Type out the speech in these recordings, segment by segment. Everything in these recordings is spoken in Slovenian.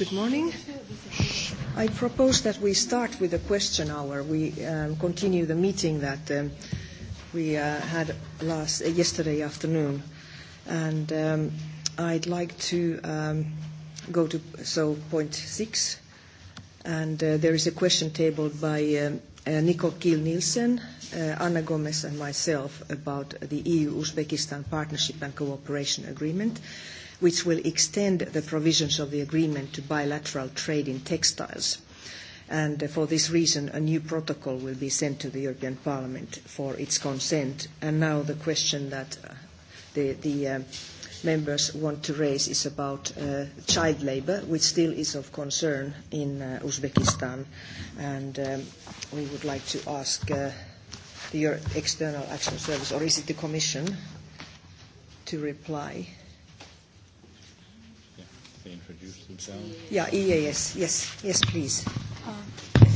Good morning. I propose that we start with a question hour. We um, continue the meeting that um, we uh, had last uh, yesterday afternoon, and um, I'd like to um, go to so point six, and uh, there is a question tabled by um, uh, Nicole Kiel Nielsen, uh, Anna Gomez, and myself about the EU-Uzbekistan partnership and cooperation agreement. Uh, which will extend the provisions of the agreement to bilateral trade in textiles. And uh, for this reason, a new protocol will be sent to the European Parliament for its consent. And now the question that uh, the, the uh, members want to raise is about uh, child labour, which still is of concern in uh, Uzbekistan. And um, we would like to ask uh, the Euro- External Action Service, or is it the Commission, to reply they introduce themselves? Yeah, EAS. Yes, yes, please. Uh,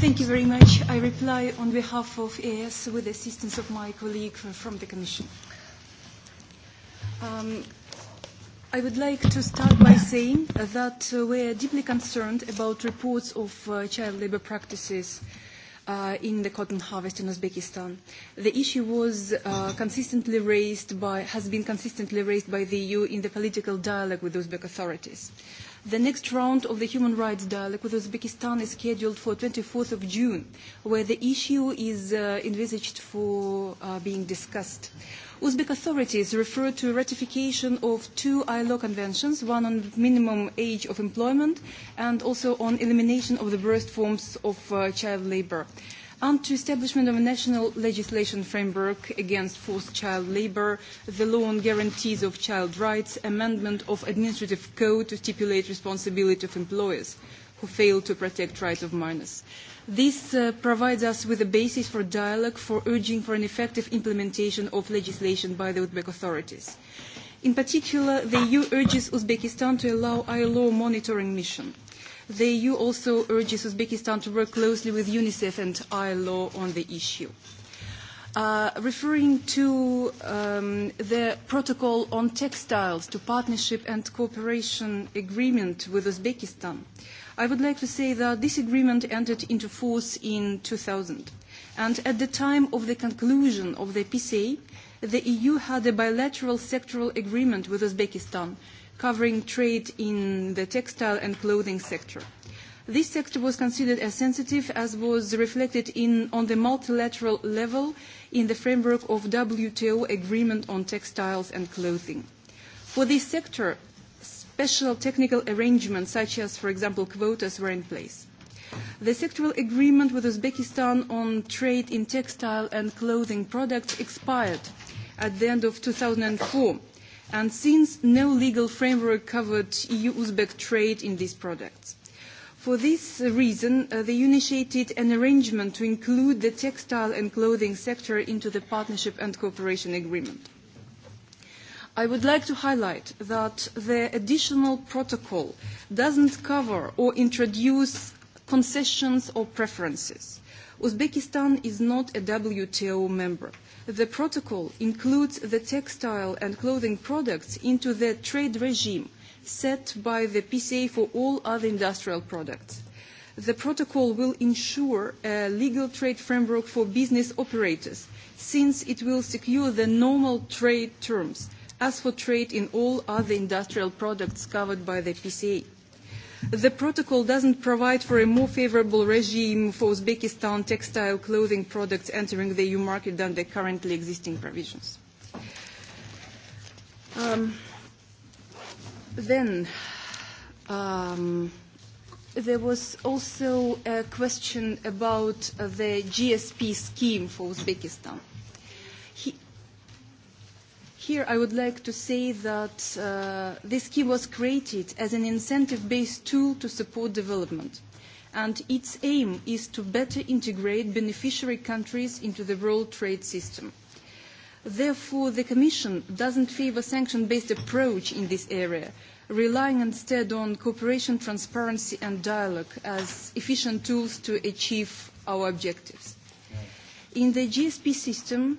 thank you very much. I reply on behalf of EAS with the assistance of my colleague from the Commission. Um, I would like to start by saying that uh, we are deeply concerned about reports of uh, child labor practices uh, uh, in the cotton harvest in Uzbekistan. The issue was uh, consistently raised by, has been consistently raised by the EU in the political dialogue with Uzbek authorities. The next round of the human rights dialogue with Uzbekistan is scheduled for 24th of June, where the issue is uh, envisaged for uh, being discussed. Uzbek authorities refer to ratification of two ILO conventions, one on minimum age of employment and also on elimination of the worst forms of uh, child labor, and to establishment of a national legislation framework against forced child labor, the law on guarantees of child rights, amendment of administrative code to stipulate responsibility of employers who fail to protect rights of minors. This uh, provides us with a basis for dialogue for urging for an effective implementation of legislation by the Uzbek authorities. In particular, the EU urges Uzbekistan to allow ILO monitoring mission. The EU also urges Uzbekistan to work closely with UNICEF and ILO on the issue. Uh, referring to um, the protocol on textiles to partnership and cooperation agreement with Uzbekistan, uh, I would like to say that this agreement entered into force in 2000. And at the time of the conclusion of the PCA, the EU had a bilateral sectoral agreement with Uzbekistan covering trade in the textile and clothing sector. This sector was considered as sensitive as was reflected in, on the multilateral level in the framework of WTO agreement on textiles and clothing. For this sector, special technical arrangements, such as, for example, quotas, were in place. The sectoral agreement with Uzbekistan on trade in textile and clothing products expired at the end of 2004, and since no legal framework covered EU Uzbek trade in these products. For this reason, uh, they initiated an arrangement to include the textile and clothing sector into the partnership and cooperation agreement. I would like to highlight that the additional protocol doesn't cover or introduce concessions or preferences. Uzbekistan is not a WTO member. The protocol includes the textile and clothing products into the trade regime set by the PCA for all other industrial products. The protocol will ensure a legal trade framework for business operators since it will secure the normal trade terms as for trade in all other industrial products covered by the PCA. The protocol doesn't provide for a more favorable regime for Uzbekistan textile clothing products entering the EU market than the currently existing provisions. Um, then, um, there was also a question about the GSP scheme for Uzbekistan. Here, I would like to say that uh, this scheme was created as an incentive-based tool to support development, and its aim is to better integrate beneficiary countries into the world trade system. Therefore, the Commission doesn't favor sanction-based approach in this area, relying instead on cooperation, transparency, and dialogue as efficient tools to achieve our objectives. In the GSP system,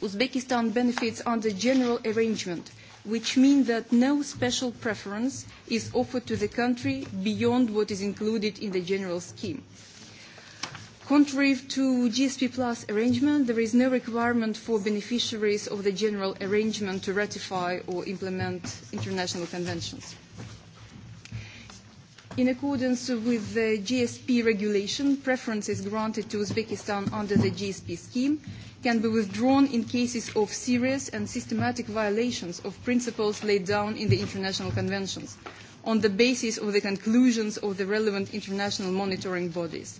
Uzbekistan benefits under general arrangement, which means that no special preference is offered to the country beyond what is included in the general scheme. Contrary to GSP Plus arrangement, there is no requirement for beneficiaries of the general arrangement to ratify or implement international conventions. In accordance with the GSP regulation, preference is granted to Uzbekistan under the GSP scheme can be withdrawn in cases of serious and systematic violations of principles laid down in the international conventions on the basis of the conclusions of the relevant international monitoring bodies.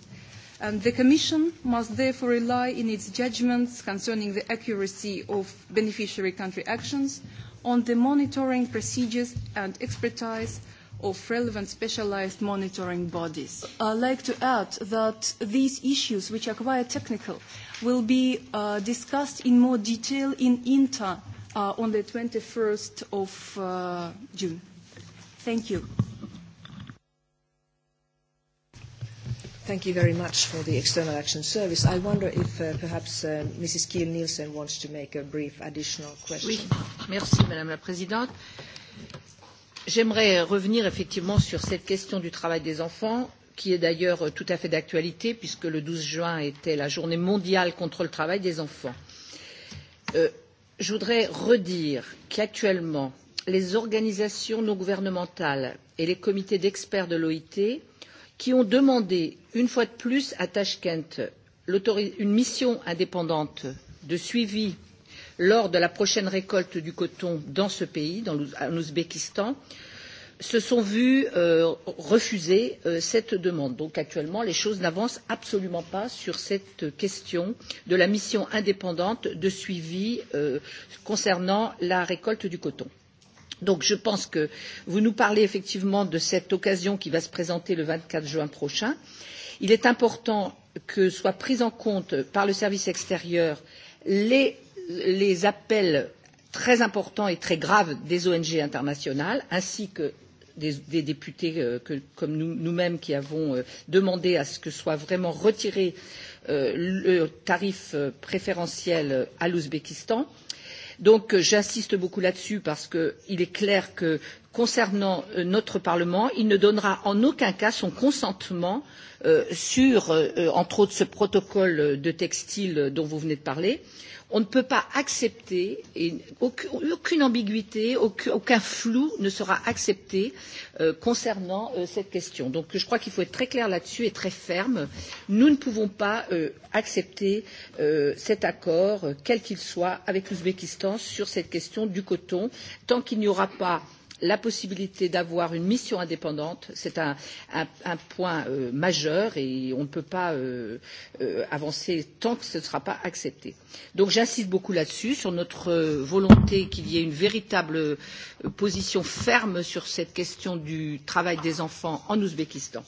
And the Commission must therefore rely in its judgments concerning the accuracy of beneficiary country actions on the monitoring procedures and expertise of relevant specialized monitoring bodies. I'd like to add that these issues, which are quite technical, will be uh, discussed in more detail in INTA uh, on the 21st of uh, June. Thank you. Thank you very much for the External Action Service. I wonder if uh, perhaps uh, Mrs. Kiel Nielsen wants to make a brief additional question. Oui. Merci, Madame la Présidente. J'aimerais revenir effectivement sur cette question du travail des enfants qui est d'ailleurs tout à fait d'actualité puisque le 12 juin était la journée mondiale contre le travail des enfants. Euh, je voudrais redire qu'actuellement, les organisations non gouvernementales et les comités d'experts de l'OIT qui ont demandé une fois de plus à Tashkent une mission indépendante de suivi lors de la prochaine récolte du coton dans ce pays, dans en Ouzbékistan, se sont vus euh, refuser euh, cette demande. Donc actuellement, les choses n'avancent absolument pas sur cette question de la mission indépendante de suivi euh, concernant la récolte du coton. Donc je pense que vous nous parlez effectivement de cette occasion qui va se présenter le 24 juin prochain. Il est important que soient prises en compte par le service extérieur les, les appels très importants et très graves des ONG internationales, ainsi que des, des députés euh, que, comme nous-mêmes nous qui avons euh, demandé à ce que soit vraiment retiré euh, le tarif euh, préférentiel euh, à l'Ouzbékistan. Donc euh, j'insiste beaucoup là-dessus parce qu'il est clair que concernant euh, notre Parlement, il ne donnera en aucun cas son consentement euh, sur, euh, entre autres, ce protocole euh, de textile euh, dont vous venez de parler. On ne peut pas accepter, et aucune, aucune ambiguïté, aucun, aucun flou ne sera accepté euh, concernant euh, cette question. Donc je crois qu'il faut être très clair là-dessus et très ferme. Nous ne pouvons pas euh, accepter euh, cet accord, euh, quel qu'il soit, avec l'Ouzbékistan sur cette question du coton, tant qu'il n'y aura pas la possibilité d'avoir une mission indépendante. C'est un, un, un point euh, majeur et on ne peut pas euh, euh, avancer tant que ce ne sera pas accepté. Donc j'insiste beaucoup là-dessus, sur notre euh, volonté qu'il y ait une véritable euh, position ferme sur cette question du travail des enfants en Ouzbékistan.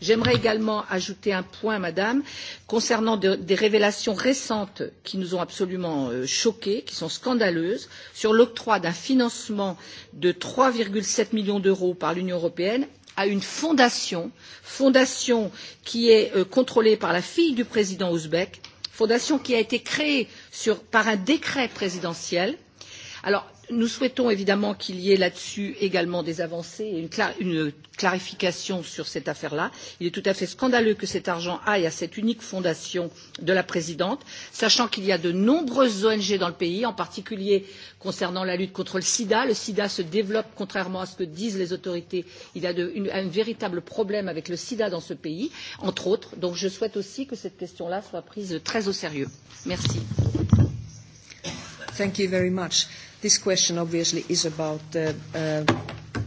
J'aimerais également ajouter un point, Madame, concernant de, des révélations récentes qui nous ont absolument euh, choquées, qui sont scandaleuses, sur l'octroi d'un financement de 3,7 millions d'euros par l'Union européenne à une fondation, fondation qui est euh, contrôlée par la fille du président ouzbek, fondation qui a été créée sur, par un décret présidentiel. Alors, nous souhaitons évidemment qu'il y ait là-dessus également des avancées et une, cla une clarification sur cette affaire-là. Il est tout à fait scandaleux que cet argent aille à cette unique fondation de la présidente, sachant qu'il y a de nombreuses ONG dans le pays, en particulier concernant la lutte contre le sida. Le sida se développe, contrairement à ce que disent les autorités. Il y a de, une, un véritable problème avec le sida dans ce pays, entre autres. Donc je souhaite aussi que cette question-là soit prise très au sérieux. Merci. Thank you very much this question obviously is about uh, uh,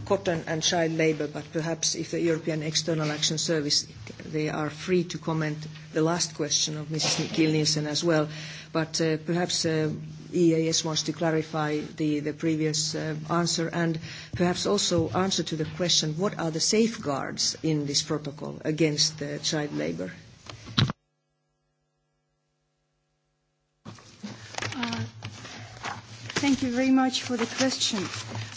cotton and child labour, but perhaps if the European External Action Service, they are free to comment the last question of Mrs. Nikil Nielsen as well. But uh, perhaps uh, EAS wants to clarify the, the previous uh, answer and perhaps also answer to the question what are the safeguards in this protocol against uh, child labour? Thank you very much for the question.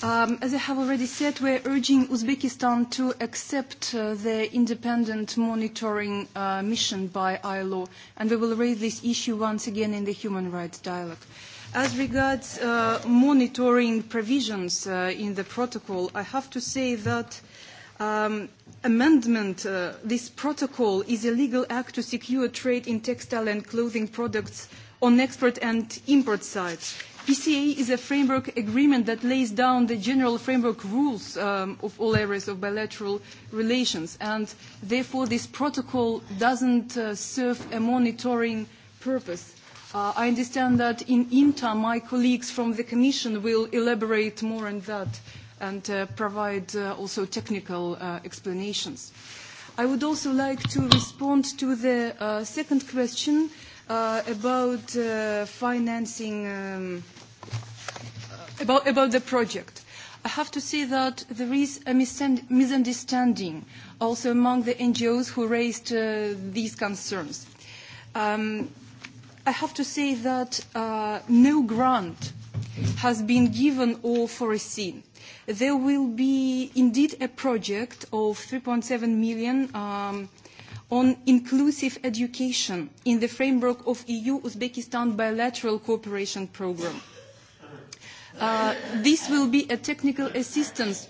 Um, as I have already said, we're urging Uzbekistan to accept uh, the independent monitoring uh, mission by ILO, and we will raise this issue once again in the human rights dialogue. As regards uh, monitoring provisions uh, in the protocol, I have to say that um, amendment, uh, this protocol is a legal act to secure trade in textile and clothing products on export and import sites. PCA is a framework agreement that lays down the general framework rules um, of all areas of bilateral relations, and therefore this protocol doesn't uh, serve a monitoring purpose. Uh, I understand that in INTA, my colleagues from the Commission will elaborate more on that and uh, provide uh, also technical uh, explanations. I would also like to respond to the uh, second question uh, about uh, financing um, about, about the project. I have to say that there is a misunderstanding also among the NGOs who raised uh, these concerns. Um, I have to say that uh, no grant has been given or foreseen. There will be indeed a project of 3.7 million um, on inclusive education in the framework of EU-Uzbekistan bilateral cooperation program. Uh, this will be a technical assistance,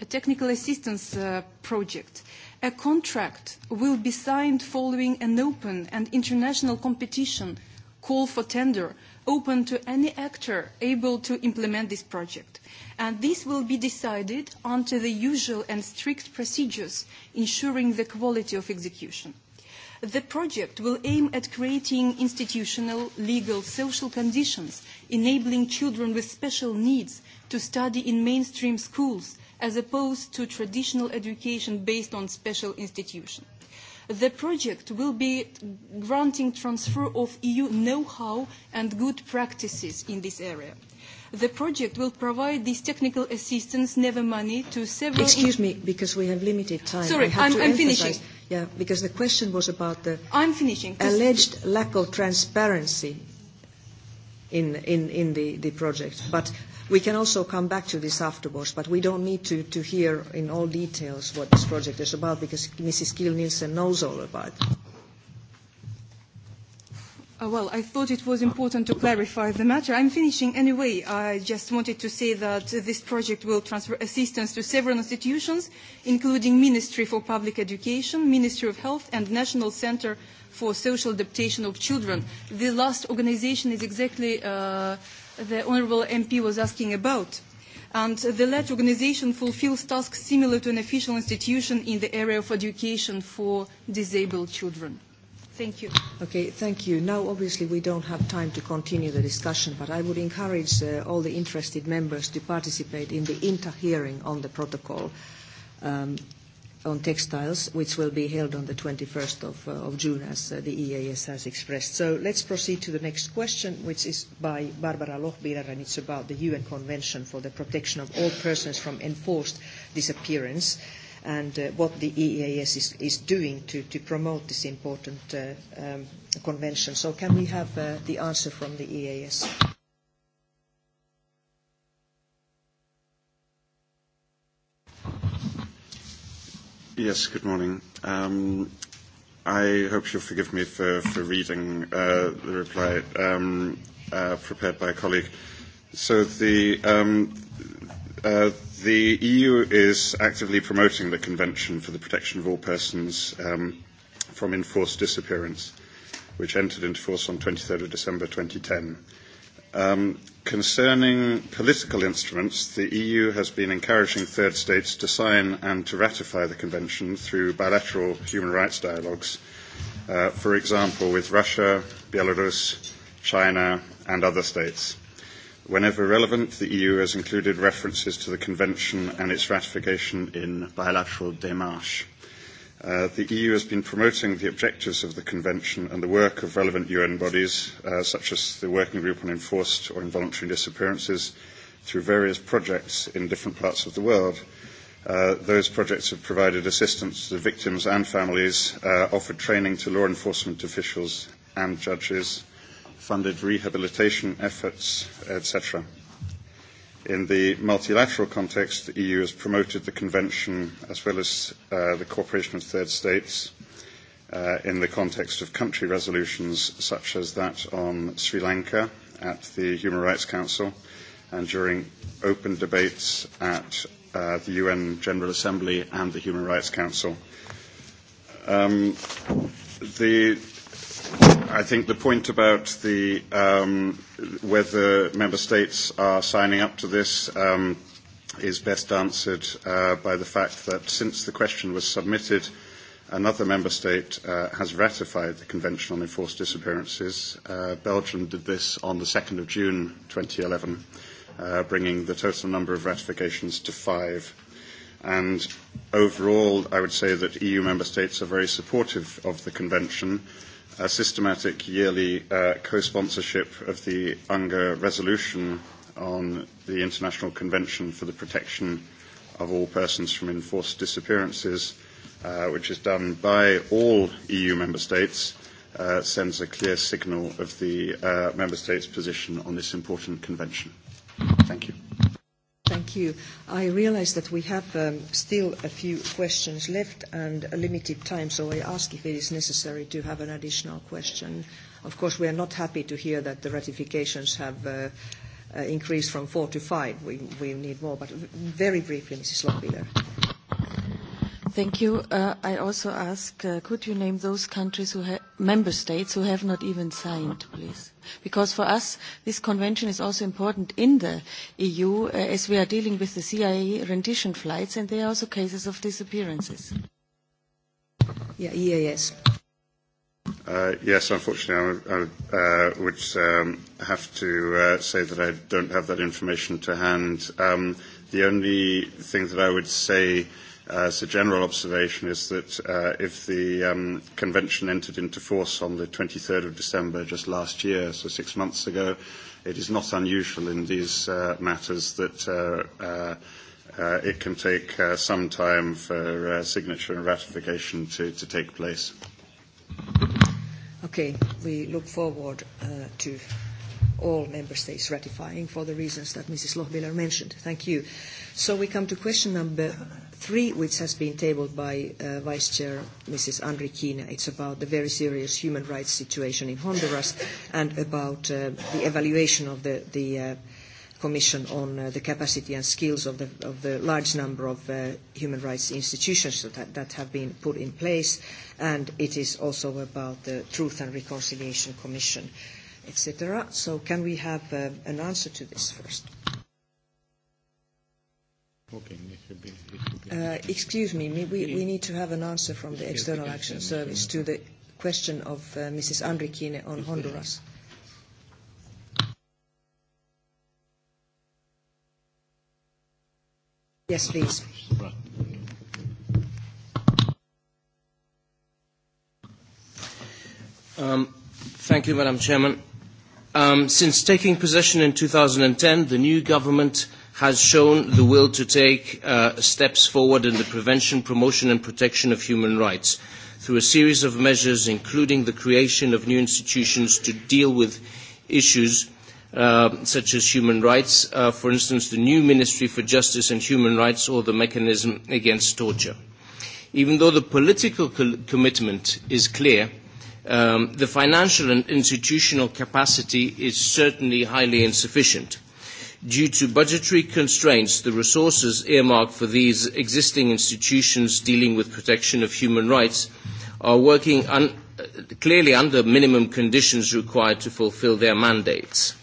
a technical assistance uh, project. A contract will be signed following an open and international competition call for tender open to any actor able to implement this project. And this will be decided under the usual and strict procedures ensuring the quality of execution. The project will aim at creating institutional, legal, social conditions enabling children with special needs to study in mainstream schools as opposed to traditional education based on special institutions. The project will be granting transfer of EU know-how and good practices in this area. The project will provide this technical assistance, never money, to several... Excuse me, because we have limited time. Sorry, I have I'm, to I'm finishing. Yeah, because the question was about the I'm finishing, alleged lack of transparency in, in, in the, the project. But we can also come back to this afterwards, but we don't need to, to hear in all details what this project is about because Mrs. Gil Nielsen knows all about it. Uh, well, I thought it was important to clarify the matter. I'm finishing anyway. I just wanted to say that this project will transfer assistance to several institutions, including Ministry for Public Education, Ministry of Health, and National Center for Social Adaptation of Children. The last organization is exactly uh, the Honorable MP was asking about. And the latter organization fulfills tasks similar to an official institution in the area of education for disabled children. Thank you. Okay, thank you. Now, obviously, we don't have time to continue the discussion, but I would encourage uh, all the interested members to participate in the inter-hearing on the protocol um, on textiles, which will be held on the 21st of, uh, of June, as uh, the EAS has expressed. So let's proceed to the next question, which is by Barbara Lochbier, and it's about the UN Convention for the Protection of All Persons from Enforced Disappearance. Uh, and uh, what the EEAS is, is doing to, to promote this important uh, um, convention. So can we have uh, the answer from the EAS? E yes, good morning. Um, I hope you'll forgive me for, for reading uh, the reply um, uh, prepared by a colleague. So the, um, uh, The EU is actively promoting the Convention for the Protection of All Persons um, from Enforced Disappearance, which entered into force on 23rd of December 2010. Um, concerning political instruments, the EU has been encouraging third states to sign and to ratify the Convention through bilateral human rights dialogues, uh, for example, with Russia, Belarus, China, and other states. Whenever relevant, the EU has included references to the Convention and its ratification in bilateral démarches. Uh, the EU has been promoting the objectives of the Convention and the work of relevant UN bodies, uh, such as the Working Group on Enforced or Involuntary Disappearances, through various projects in different parts of the world. Uh, those projects have provided assistance to the victims and families, uh, offered training to law enforcement officials and judges, uh, funded rehabilitation efforts, etc. In the multilateral context, the EU has promoted the Convention as well as uh, the cooperation of third states uh, in the context of country resolutions such as that on Sri Lanka at the Human Rights Council and during open debates at uh, the UN General Assembly and the Human Rights Council. Um, the I think the point about the um, whether member states are signing up to this um, is best answered uh, by the fact that since the question was submitted, another member state uh, has ratified the Convention on Enforced Disappearances. Uh, Belgium did this on the 2nd of June 2011, uh, bringing the total number of ratifications to five. And overall, I would say that EU member states are very supportive of the convention a systematic yearly uh, co-sponsorship of the UNGA resolution on the International Convention for the Protection of All Persons from Enforced Disappearances, uh, which is done by all EU member states, uh, sends a clear signal of the uh, member states' position on this important convention. Thank you. Thank you. I realize that we have um, still a few questions left and a limited time, so I ask if it is necessary to have an additional question. Of course, we are not happy to hear that the ratifications have uh, uh, increased from four to five. We, we need more, but very briefly, Mrs. Lopiller. Thank you. Uh, I also ask, uh, could you name those countries who have member states who have not even signed, please? Because for us, this convention is also important in the EU, uh, as we are dealing with the CIA rendition flights, and there are also cases of disappearances. Yeah, EAS. Uh, yes, unfortunately, I, I uh, would um, have to uh, say that I don't have that information to hand. Um, the only thing that I would say uh, as a general observation is that uh, if the um, convention entered into force on the 23rd of December just last year, so six months ago, it is not unusual in these uh, matters that uh, uh, uh, it can take uh, some time for uh, signature and ratification to, to take place. Okay, we look forward uh, to all member states ratifying for the reasons that Mrs. Lochbiller mentioned. Thank you. So we come to question number three, which has been tabled by uh, Vice Chair Mrs. Andrikina. It's about the very serious human rights situation in Honduras and about uh, the evaluation of the, the uh, Commission on uh, the capacity and skills of the, of the large number of uh, human rights institutions that, that have been put in place. And it is also about the Truth and Reconciliation Commission. Uh, etc. So can we have uh, an answer to this first? Uh, excuse me, we, we need to have an answer from the External Action Service to the question of uh, Mrs. Andrikine on Honduras. Yes, please. Um, thank you, Madam Chairman. Um, since taking possession in 2010, the new government has shown the will to take uh, steps forward in the prevention, promotion and protection of human rights through a series of measures, including the creation of new institutions to deal with issues uh, such as human rights, uh, for instance, the new Ministry for Justice and Human Rights or the Mechanism Against Torture. Even though the political co commitment is clear, um, the financial and institutional capacity is certainly highly insufficient. Due to budgetary constraints, the resources earmarked for these existing institutions dealing with protection of human rights are working un- uh, clearly under minimum conditions required to fulfill their mandates.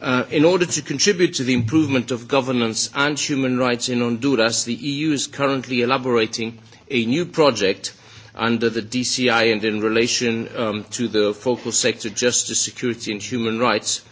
Uh, in order to contribute to the improvement of governance and human rights in Honduras, the EU is currently elaborating a new project under the DCI and in relation um, to the focal sector justice, security and human rights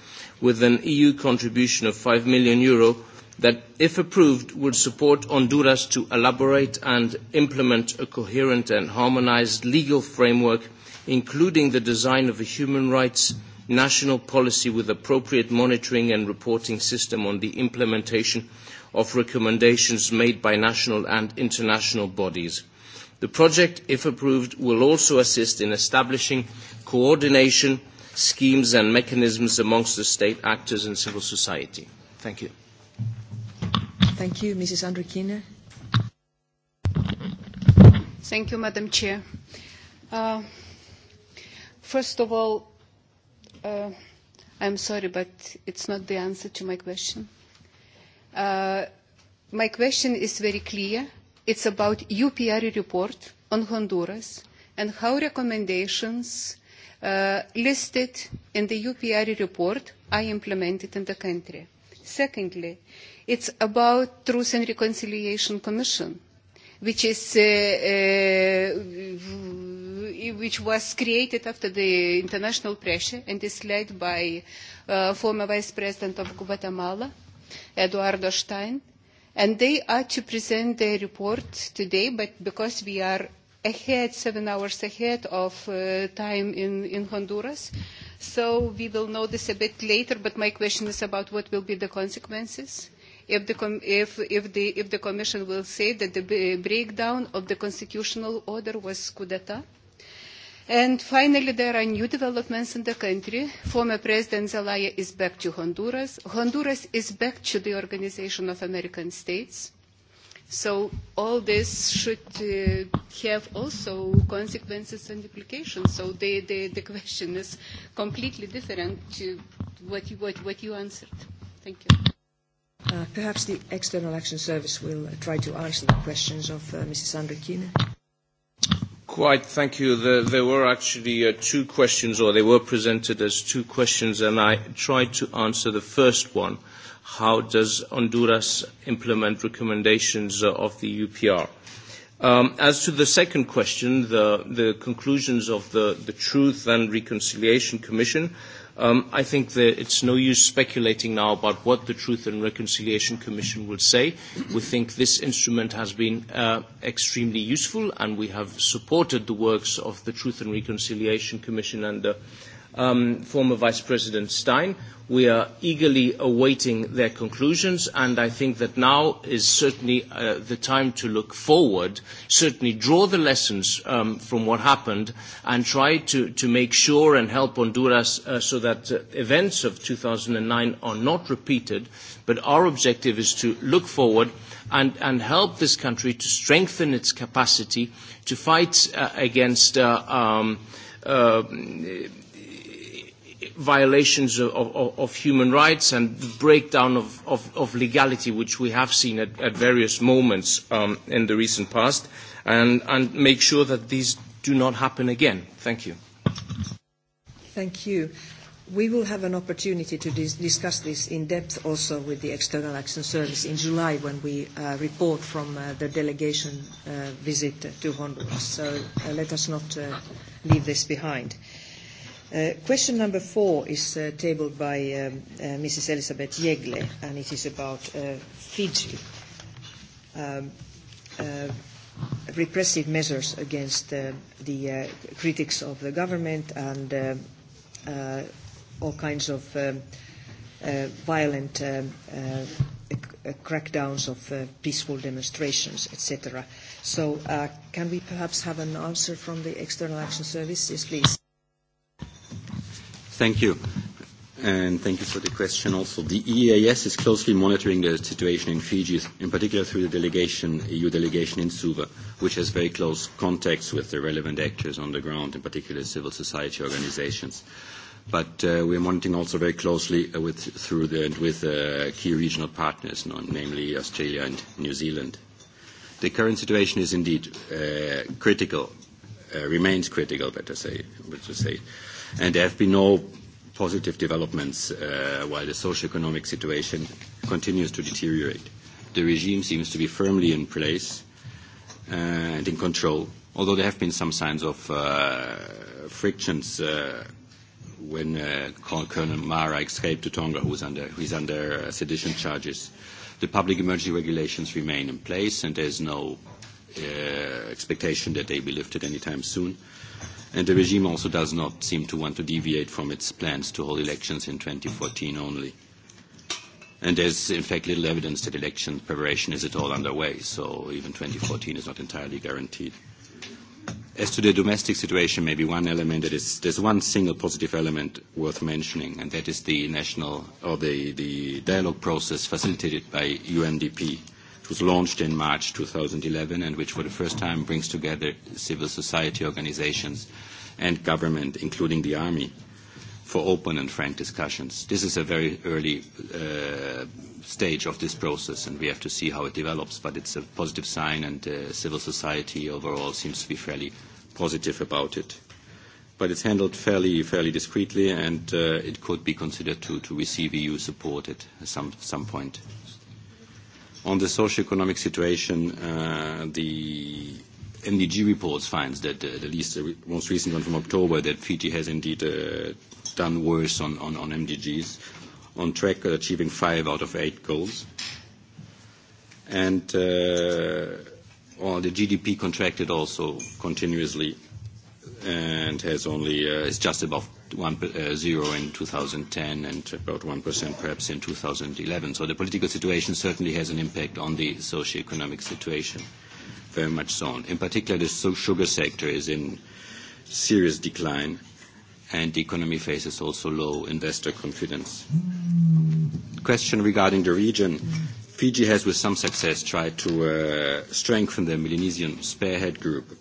with an EU contribution of 5 million euro that, if approved, would support Honduras to elaborate and implement a coherent and harmonized legal framework, including the design of a human rights national policy with appropriate monitoring and reporting system on the implementation of recommendations made by national and international bodies. The project, if approved, will also assist in establishing coordination schemes and mechanisms amongst the state actors and civil society. Thank you. Thank you, Mrs. Andrikina. Thank you, Madam Chair. Uh, first of all, uh, I'm sorry, but it's not the answer to my question. Uh, my question is very clear it is about the upr report on honduras and how recommendations uh, listed in the upr report are implemented in the country. secondly, it is about truth and reconciliation commission, which, is, uh, uh, which was created after the international pressure and is led by uh, former vice president of guatemala, eduardo stein, and they are to present their report today, but because we are ahead, seven hours ahead of uh, time in, in Honduras, so we will know this a bit later, but my question is about what will be the consequences. If the, com- if, if, the, if the Commission will say that the b- breakdown of the constitutional order was coup d'etat? And finally, there are new developments in the country. Former President Zelaya is back to Honduras. Honduras is back to the Organization of American States. So all this should uh, have also consequences and implications. So the, the, the question is completely different to what you, what, what you answered. Thank you. Uh, perhaps the External Action Service will uh, try to answer the questions of uh, Mrs. Andrikine. Quite, thank you. There, there were actually uh, two questions, or they were presented as two questions, and I tried to answer the first one. How does Honduras implement recommendations uh, of the UPR? Um, as to the second question, the, the conclusions of the, the Truth and Reconciliation Commission, uh, Um, I think that it's no use speculating now about what the Truth and Reconciliation Commission will say. We think this instrument has been uh, extremely useful, and we have supported the works of the Truth and Reconciliation Commission and the uh, um, former Vice President Stein. We are eagerly awaiting their conclusions, and I think that now is certainly uh, the time to look forward, certainly draw the lessons um, from what happened, and try to, to make sure and help Honduras uh, so that uh, events of 2009 are not repeated. But our objective is to look forward and, and help this country to strengthen its capacity to fight uh, against. Uh, um, uh, violations of, of, of human rights and the breakdown of, of, of legality, which we have seen at, at various moments um, in the recent past, and, and make sure that these do not happen again. Thank you. Thank you. We will have an opportunity to dis- discuss this in depth also with the External Action Service in July when we uh, report from uh, the delegation uh, visit to Honduras. So uh, let us not uh, leave this behind. Uh, question number four is uh, tabled by um, uh, Mrs. Elizabeth Yegle, and it is about uh, Fiji. Um, uh, Repressive measures against uh, the uh, critics of the government and uh, uh, all kinds of um, uh, violent um, uh, uh crackdowns of uh, peaceful demonstrations, etc. So, uh, can we perhaps have an answer from the External Action Service? Yes, please. Thank you. And thank you for the question also. The EEAS is closely monitoring the situation in Fiji, in particular through the delegation, EU delegation in Suva, which has very close contacts with the relevant actors on the ground, in particular civil society organizations. But uh, we are monitoring also very closely uh, with uh, key regional partners, no, namely Australia and New Zealand. The current situation is indeed critical, remains critical, better say, better say and there have been no positive developments uh, while the socio-economic situation continues to deteriorate. The regime seems to be firmly in place uh, and in control, although there have been some signs of uh, frictions uh, when uh, Colonel Mara escaped to Tonga, who is under, who is under uh, sedition charges. The public emergency regulations remain in place, and there is no Uh, expectation that they be lifted anytime soon. And the regime also does not seem to want to deviate from its plans to hold elections in 2014 only. And there's, in fact, little evidence that election preparation is at all underway, so even 2014 is not entirely guaranteed. As to the domestic situation, maybe one element that is there's one single positive element worth mentioning, and that is the national or the, the dialogue process facilitated by UNDP was launched in March 2011 and which for the first time brings together civil society organizations and government, including the army, for open and frank discussions. This is a very early uh, stage of this process and we have to see how it develops, but it's a positive sign and uh, civil society overall seems to be fairly positive about it. But it's handled fairly, fairly discreetly, and uh, it could be considered to, to receive EU support at some, some point. On the socio-economic situation, uh, the MDG reports finds that uh, the least, uh, most recent one from October that Fiji has indeed uh, done worse on, on, on MDGs, on track uh, achieving five out of eight goals. And uh, well, the GDP contracted also continuously and has only, uh, is just above 0% uh, in 2010 and about 1% perhaps in 2011. The political situation certainly has an impact on the socioeconomic situation, very much so. In particular, the sugar sector is in serious decline, and the economy faces also low investor confidence. Question regarding the region. Fiji has, with some success, tried to uh, strengthen the Melanesian Spearhead Group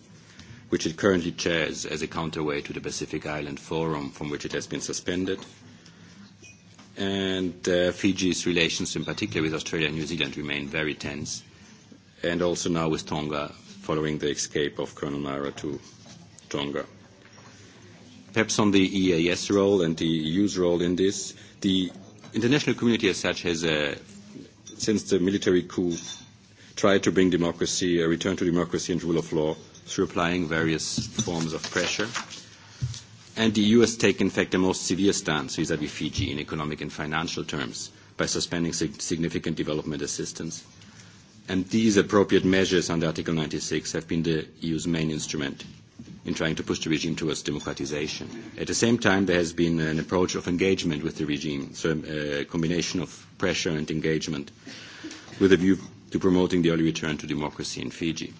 which it currently chairs as a counterweight to the Pacific Island Forum, from which it has been suspended. And uh, Fiji's relations, in particular with Australia and New Zealand, remain very tense, and also now with Tonga, following the escape of Colonel Mara to Tonga. Perhaps on the EAS role and the EU's role in this, the international community as such has, uh, since the military coup, tried to bring democracy, a return to democracy and rule of law, through applying various forms of pressure. And the EU has taken, in fact, a most severe stance vis a vis Fiji in economic and financial terms by suspending sig- significant development assistance. And these appropriate measures under Article 96 have been the EU's main instrument in trying to push the regime towards democratization. At the same time, there has been an approach of engagement with the regime, so a, uh, a combination of pressure and engagement with a view to promoting the early return to democracy in Fiji.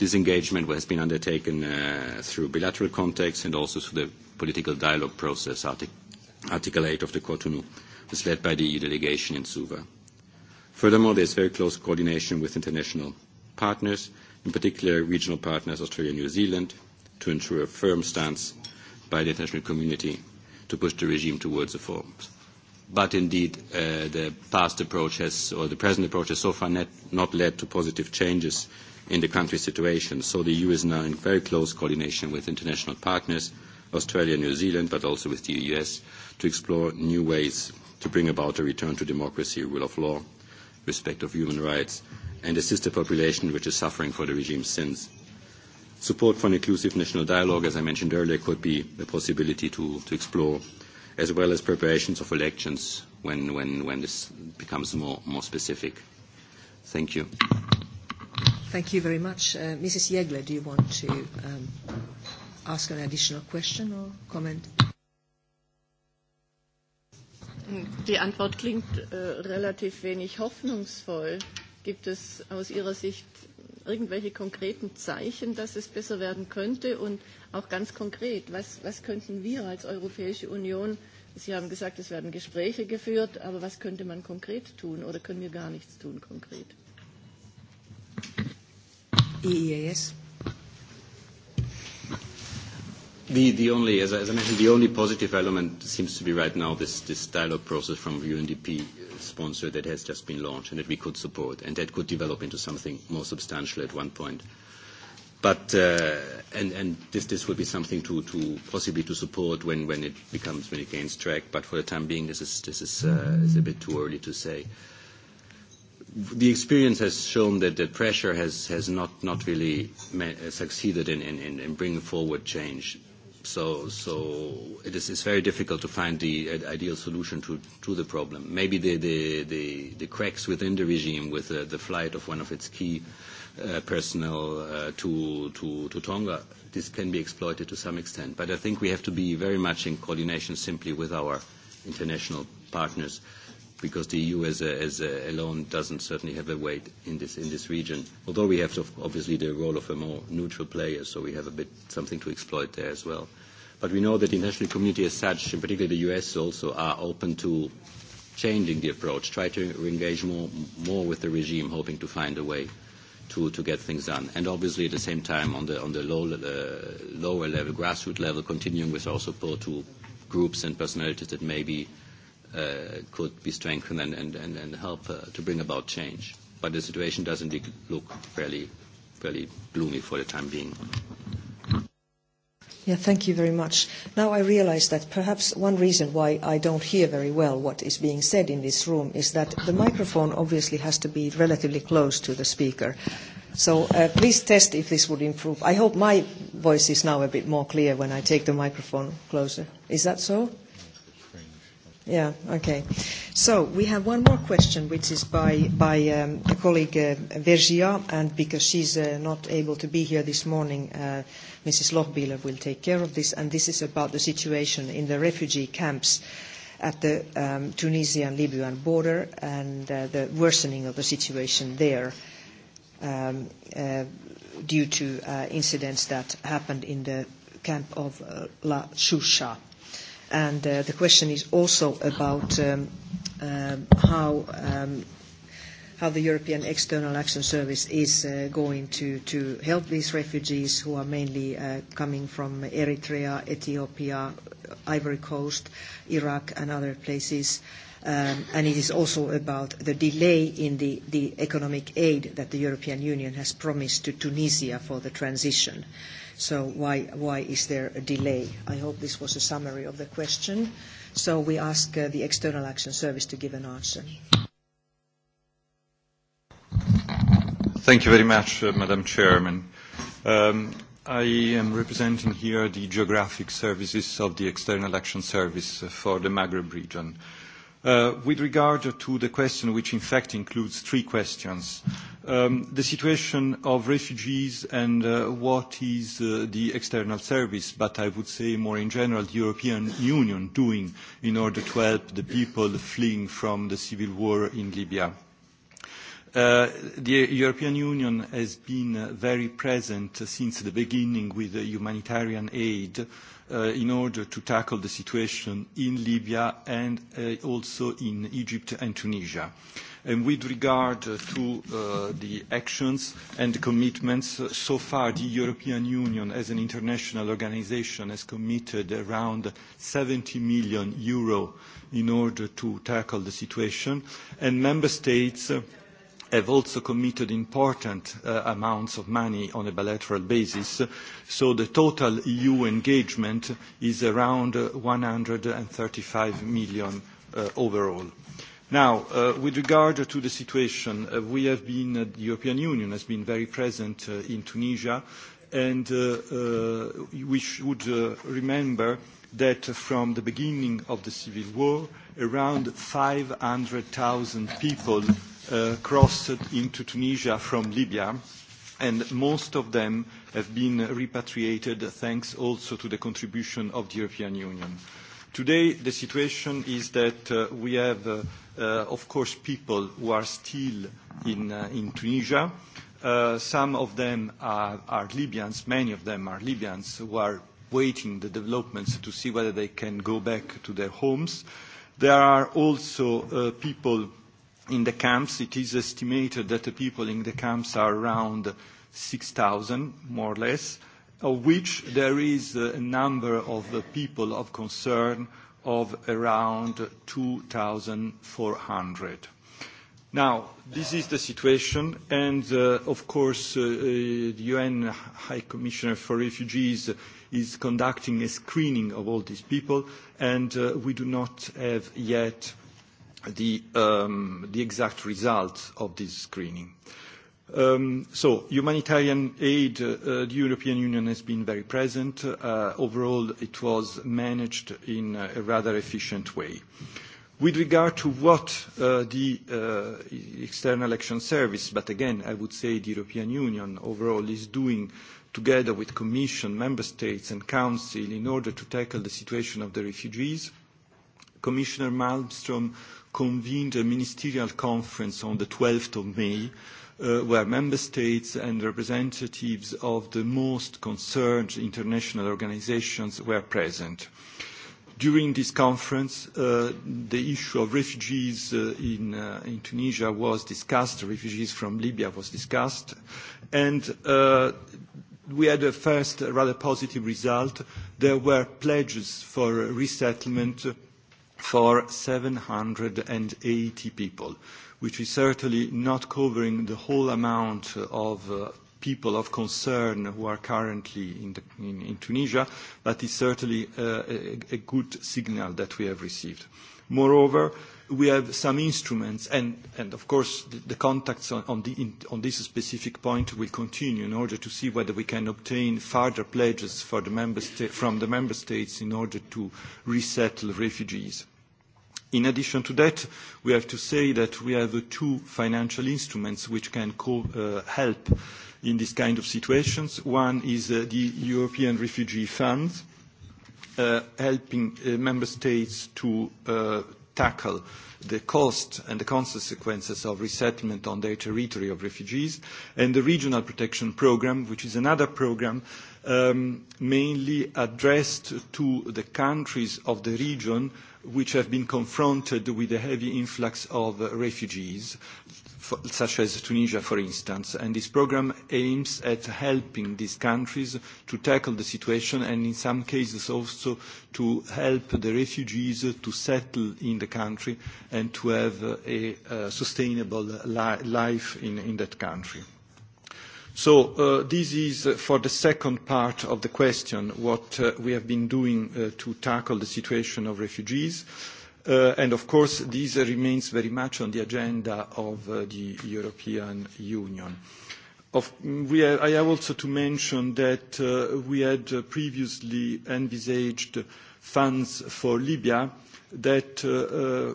This engagement has been undertaken uh, through bilateral contacts and also through the political dialogue process, Article 8 of the Cotonou, as led by the EU delegation in Suva. Furthermore, there's very close coordination with international partners, in particular regional partners, Australia, New Zealand, to ensure a firm stance by the international community to push the regime towards reforms. But indeed, uh, the past approach has, or the present approach has so far not led to positive changes in the country situation. So the EU is now in very close coordination with international partners, Australia, New Zealand, but also with the US, to explore new ways to bring about a return to democracy, rule of law, respect of human rights, and assist a population which is suffering for the regime's sins. Support for an inclusive national dialogue, as I mentioned earlier, could be the possibility to, to explore, as well as preparations of elections when, when, when this becomes more, more specific. Thank you. Thank you very much. Uh, Mrs. Yegler, do you want to um, ask an additional question or comment? Die Antwort klingt äh, relativ wenig hoffnungsvoll. Gibt es aus Ihrer Sicht irgendwelche konkreten Zeichen, dass es besser werden könnte? Und auch ganz konkret, was, was könnten wir als Europäische Union, Sie haben gesagt, es werden Gespräche geführt, aber was könnte man konkret tun oder können wir gar nichts tun konkret? Thank you. EEAS? The only, as I mentioned, the only positive element seems to be right now this dialogue process from the UNDP sponsor that has just been launched and that we could support, and that could develop into something more substantial at one point. But uh, and this would be something to possibly to support when it becomes, when it gains track. But for the time being, this is uh, a bit too early to say the experience has shown that the pressure has, has not, not really met, succeeded in, in, in bringing forward change. So, so it is it's very difficult to find the uh, ideal solution to, to the problem. Maybe the, the, the, the cracks within the regime with uh, the flight of one of its key uh, personnel uh, to, to, to Tonga, this can be exploited to some extent. But I think we have to be very much in coordination simply with our international partners because the EU as, a, as a alone doesn't certainly have a weight in this, in this region. Although we have to, obviously the role of a more neutral player, so we have a bit something to exploit there as well. But we know that the international community as such, and particularly the US also, are open to changing the approach, try to engage more, more with the regime, hoping to find a way to, to get things done. And obviously at the same time, on the, on the low, uh, lower level, grassroots level, continuing with our support to groups and personalities that may be uh, could be strengthened and, and, and, and help uh, to bring about change. But the situation doesn't look fairly, fairly gloomy for the time being. Yeah, thank you very much. Now I realize that perhaps one reason why I don't hear very well what is being said in this room is that the microphone obviously has to be relatively close to the speaker. So uh, please test if this would improve. I hope my voice is now a bit more clear when I take the microphone closer. Is that so? Yeah, okay. So we have one more question, which is by um, a colleague, uh, Virginia, and because she's uh, not able to be here this morning, uh, Mrs. Lochbihler will take care of this, and this is about the situation in the refugee camps at the um, Tunisia-Libya border and the worsening of the situation there um, due to incidents that happened in the camp of La Choucha. And uh, the question is also about um, um, how, um, how the European External Action Service is uh, going to, to help these refugees who are mainly uh, coming from Eritrea, Ethiopia, Ivory Coast, Iraq, and other places. Um, and it is also about the delay in the, the economic aid that the European Union has promised to Tunisia for the transition. Uh, Why is there a delay? I hope this was a summary of the question. We ask uh, the External Action Service to give an answer. Thank you very much, uh, Madam Chairman. Um, I am representing here the geographic services of the External Action Service uh, for the Maghreb region. Uh, with regard to the question, which in fact includes three questions, um, the situation of refugees and uh, what is uh, the external service, but I would say more in general, the European Union doing in order to help the people fleeing from the civil war in Libya. The European Union has been very present since the beginning with the humanitarian aid, uh, in order to tackle the situation in Libya and uh, also in Egypt and Tunisia. And with regard uh, to uh, the actions and the commitments, uh, so far the European Union as an international organization has committed around 70 million euro in order to tackle the situation. And member states uh, have also committed important uh, amounts of money on a bilateral basis. So the total EU engagement is around 135 uh, million uh, overall. Now, uh, with regard to the situation, uh, we have been, uh, the European Union has been very present uh, in Tunisia, and uh, uh, we should uh, remember that from the beginning of the civil war, around 500,000 people uh, crossed into Tunisia from Libya, and most of them have been repatriated thanks also to the contribution of the European Union. Today, the situation is that uh, we have, uh, uh, of course, people who are still in, uh, in Tunisia. Uh, some of them are, are Libyans, many of them are Libyans, who are waiting the developments to see whether they can go back to their homes. There are also uh, people in the camps, it is estimated that the people in the camps are around 6,000, more or less, of which there is a number of uh, people of concern of around 2,400. Now, this is the situation, and uh, of course, uh, uh the UN High Commissioner for Refugees is conducting a screening of all these people, and uh, we do not have yet Um, the exact result of this screening. Um, so humanitarian aid, uh, uh, the European Union has been very present. Uh, overall, it was managed in a rather efficient way. With regard to what the External Action Service, but again, I would say the European Union overall, is doing together with Commission, Member States, and Council in order to tackle the situation of the refugees, Commissioner Malmström convened a ministerial conference on the 12th of May, uh, where member states and representatives of the most concerned international organizations were present. During this conference, uh, the issue of refugees uh, in, uh, in Tunisia was discussed, refugees from Libya was discussed, and uh, we had a first rather positive result. There were pledges for resettlement. Uh, for 780 people, which is certainly not covering the whole amount of uh, people of concern who are currently in, the, in, in Tunisia, but it's certainly a, a, a good signal that we have received. Moreover, we have some instruments, and, and of course the, the contacts on, on, the, in, on this specific point will continue in order to see whether we can obtain further pledges for the member sta- from the member states in order to resettle refugees. In addition to that, we have to say that we have uh, two financial instruments which can co uh, help in this kind of situations. One is uh, the European Refugee Fund, uh, helping uh, member states to uh, tackle the cost and the consequences of resettlement on their territory of refugees, and the Regional Protection Programme, which is another programme um, mainly addressed to the countries of the region which have been confronted with a heavy influx of refugees, for, such as Tunisia, for instance. And this program aims at helping these countries to tackle the situation and, in some cases, also to help the refugees to settle in the country and to have a, a sustainable li- life in, in that country. So uh, this is uh, for the second part of the question, what uh, we have been doing uh, to tackle the situation of refugees. Uh, and of course, this remains very much on the agenda of uh, the European Union. Of, we have, I have also to mention that uh, we had uh, previously envisaged funds for Libya that uh,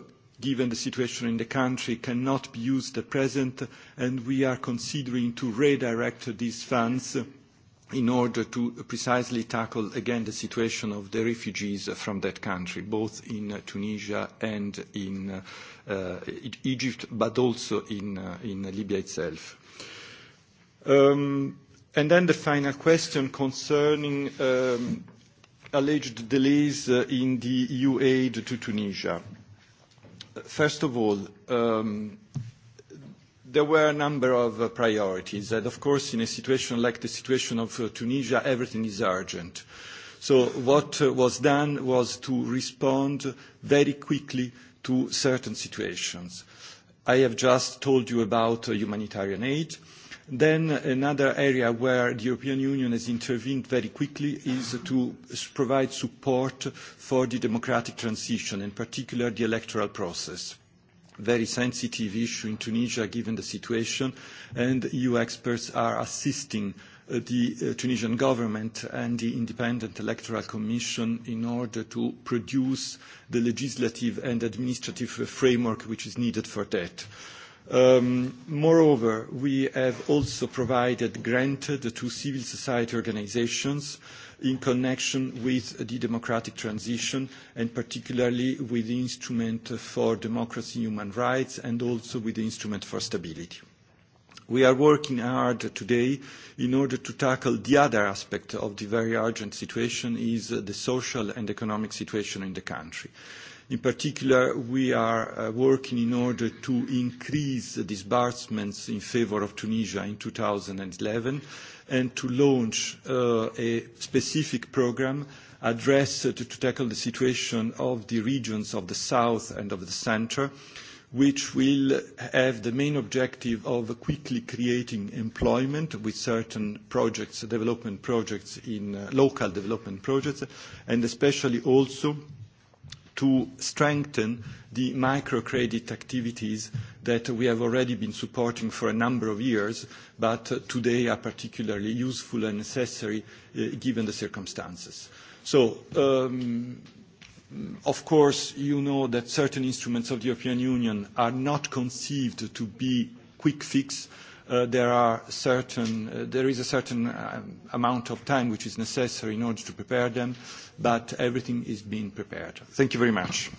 uh, given the situation in the country, cannot be used at present, and we are considering to redirect these funds in order to precisely tackle again the situation of the refugees from that country, both in uh, Tunisia and in uh, uh, e-, Egypt, but also in Libya itself. Um, then the final question concerning um, alleged delays in the EU aid to Tunisia. First of all, um, there were a number of uh, priorities. And of course, in a situation like the situation of uh, Tunisia, everything is urgent. So what uh, was done was to respond very quickly to certain situations. I have just told you about uh, humanitarian aid. Uh, Another area where the European Union has intervened very quickly is to provide support for the democratic transition, in particular the electoral process. Very sensitive issue in Tunisia, given the situation, and EU experts are assisting uh, the uh, Tunisian government and the Independent Electoral Commission in order to produce the legislative and administrative framework which is needed for that. Um, moreover, we have also provided grant to civil society organizations in connection with the democratic transition and particularly with the instrument for democracy and human rights and also with the instrument for stability. We are working hard today in order to tackle the other aspect of the very urgent situation is the social and economic situation in the country. In particular, we are uh, working in order to increase the disbursements in favor of Tunisia in 2011 and to launch uh, a specific program addressed to, to tackle the situation of the regions of the south and of the center, which will have the main objective of quickly creating employment with certain projects, development projects in uh, local development projects, and especially also to strengthen the microcredit activities that we have already been supporting for a number of years, but uh, today are particularly useful and necessary, uh, given the circumstances. So, um, of course, you know that certain instruments of the European Union are not conceived to be quick fix, Uh, there are certain uh, there is a certain uh, amount of time which is necessary in order to prepare them but everything is being prepared thank you very much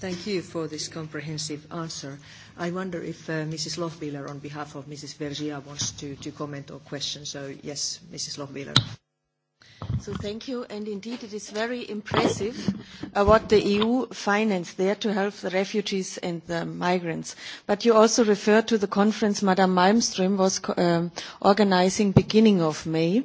thank you for this comprehensive answer i wonder if uh, mrs lofbiller on behalf of mrs vergia wants to, to comment or question so yes mrs lofbiller Thank you. Indeed, it is very impressive uh, what the EU financed there to help the refugees and the migrants. You also refer to the conference Madame Malmström was um, organizing beginning of May.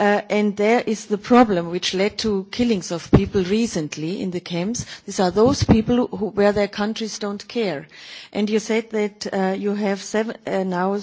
Uh, there is the problem which led to killings of people recently in the camps. These are those people where their countries don't care. You said that uh, you have now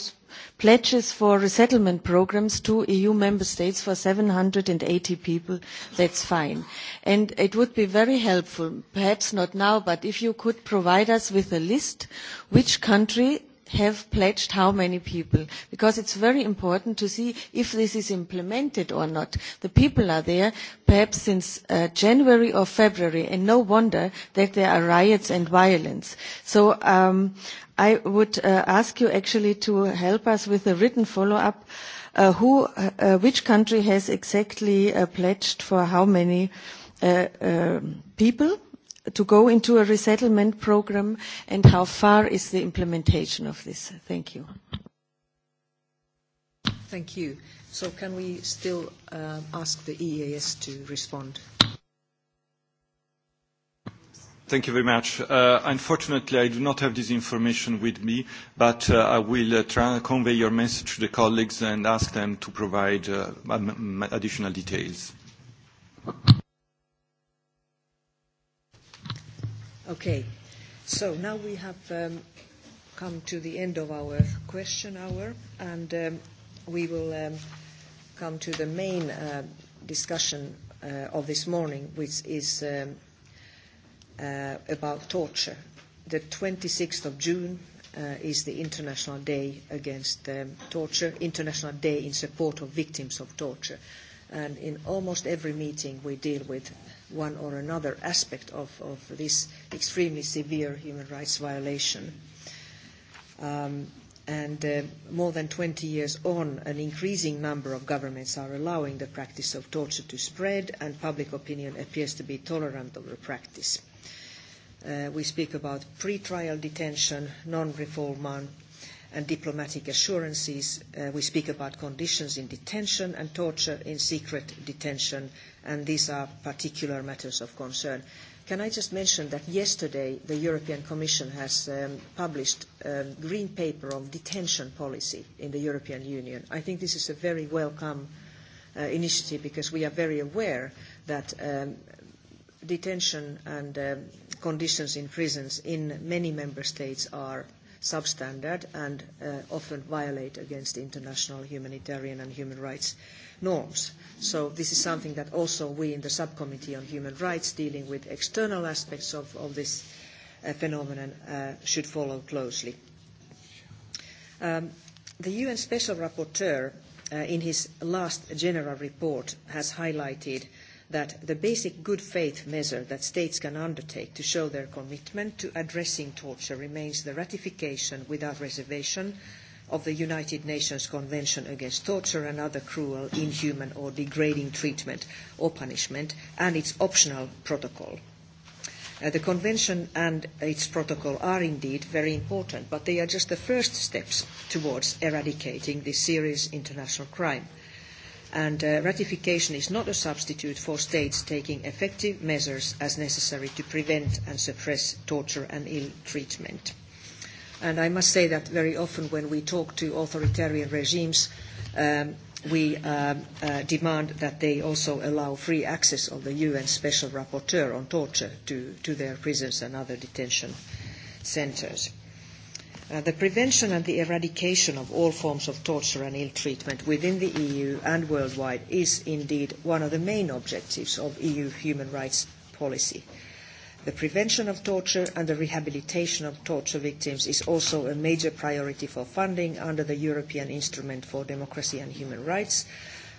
pledges for resettlement programs to EU member states for 780 people, that's fine. And it would be very helpful, perhaps not now, but if you could provide us with a list which country have pledged how many people, because it's very important to see if this is implemented or not. The people are there, perhaps since uh, January or February, and no wonder that there are riots and violence. So um, I would uh, ask you actually to help us with a written follow-up. Uh, who, uh, uh which country has exactly uh, pledged for how many uh, uh, people to go into a resettlement program, and how far is the implementation of this? Thank you. Thank you. So, can we still uh, ask the EAS to respond? Thank you very much. Uh, unfortunately, I do not have this information with me, but uh, I will uh, try and convey your message to the colleagues and ask them to provide additional details. Okay. So now we have um, come to the end of our question hour, and um, we will um, come to the main discussion of this morning, which is uh, about torture. The 26th of June uh, is the International Day Against um, Torture, International Day in Support of Victims of Torture. And in almost every meeting, we deal with one or another aspect of, of this extremely severe human rights violation. Um, and uh, more than 20 years on, an increasing number of governments are allowing the practice of torture to spread, and public opinion appears to be tolerant of the practice. Uh, we speak about pretrial detention, non-refoulement, and diplomatic assurances. Uh, we speak about conditions in detention and torture in secret detention, and these are particular matters of concern. Can I just mention that yesterday the European Commission has um, published a um, green paper on detention policy in the European Union. I think this is a very welcome uh, initiative because we are very aware that um, detention and uh, conditions in prisons in many member states are substandard and uh, often violate against international humanitarian and human rights norms. So this is something that also we in the subcommittee on human rights dealing with external aspects of, of this uh, phenomenon uh, should follow closely. Um, the UN Special Rapporteur uh, in his last general report has highlighted uh, that the basic good faith measure that states can undertake to show their commitment to addressing torture remains the ratification without reservation of the United Nations Convention Against Torture and Other Cruel, Inhuman or Degrading Treatment or Punishment and its optional protocol. Uh, the convention and its protocol are indeed very important, but they are just the first steps towards eradicating this serious international crime and uh, ratification is not a substitute for states taking effective measures as necessary to prevent and suppress torture and ill treatment. And I must say that very often when we talk to authoritarian regimes, um, we uh, uh, demand that they also allow free access of the UN special rapporteur on torture to, to their prisons and other detention centres. Uh, the prevention and the eradication of all forms of torture and ill treatment within the EU and worldwide is indeed one of the main objectives of EU human rights policy. The prevention of torture and the rehabilitation of torture victims is also a major priority for funding under the European Instrument for Democracy and Human Rights.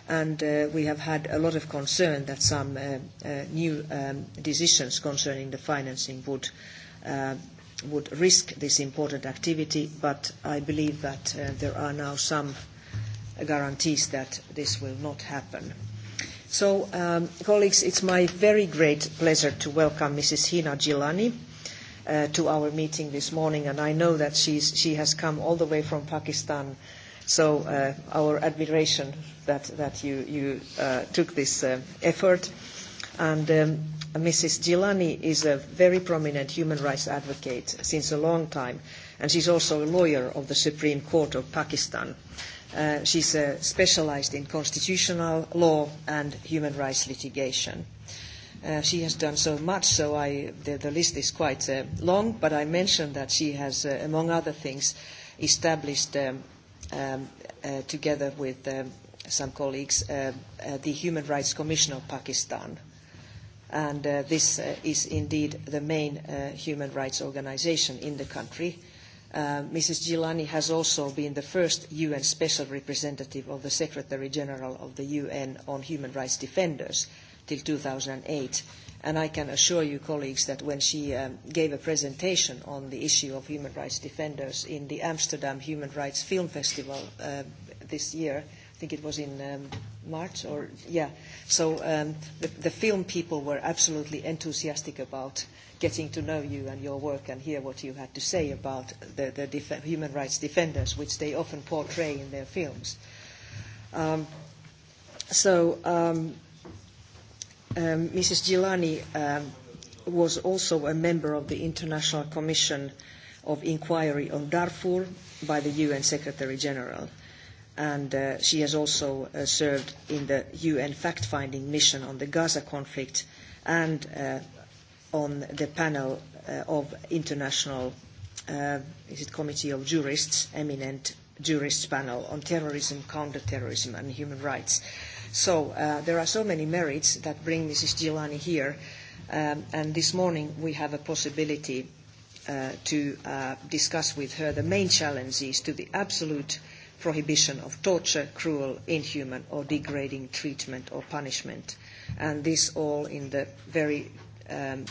And uh, we have had a lot of concern that some uh, uh, new um, decisions concerning the financing would uh, would risk this important activity, but I believe that uh, there are now some guarantees that this will not happen. So, um, colleagues, it's my very great pleasure to welcome Mrs. Hina Gillani uh, to our meeting this morning, and I know that she has come all the way from Pakistan, so uh, our admiration that you took this effort and um, Mrs. Gilani is a very prominent human rights advocate since a long time, and she's also a lawyer of the Supreme Court of Pakistan. Uh, she's uh, specialized in constitutional law and human rights litigation. Uh, she has done so much, so I, the, the list is quite uh, long, but I mentioned that she has, uh, among other things, established, um, um, uh, together with um, some colleagues, uh, uh, the Human Rights Commission of Pakistan, and uh, this uh, is indeed the main uh, human rights organization in the country. Uh, Mrs. Gilani has also been the first UN special representative of the Secretary General of the UN on human rights defenders till 2008. And I can assure you, colleagues, that when she um, gave a presentation on the issue of human rights defenders in the Amsterdam Human Rights Film Festival uh, this year, I think it was in um, March or yeah. So um, the, the film people were absolutely enthusiastic about getting to know you and your work and hear what you had to say about the, the def- human rights defenders, which they often portray in their films. Um, so um, um, Mrs. Gilani um, was also a member of the International Commission of Inquiry on Darfur by the UN Secretary General. Uh, and uh, she has also uh, served in the UN fact-finding mission on the Gaza conflict and uh, on the panel uh, of international uh, is it committee of jurists, eminent jurists panel on terrorism, counter-terrorism and human rights. So uh, there are so many merits that bring Mrs. Gilani here, um, and this morning we have a possibility uh, to uh, discuss with her the main challenges to the absolute uh, prohibition of torture, cruel, inhuman or degrading treatment or punishment. And this all in the very um,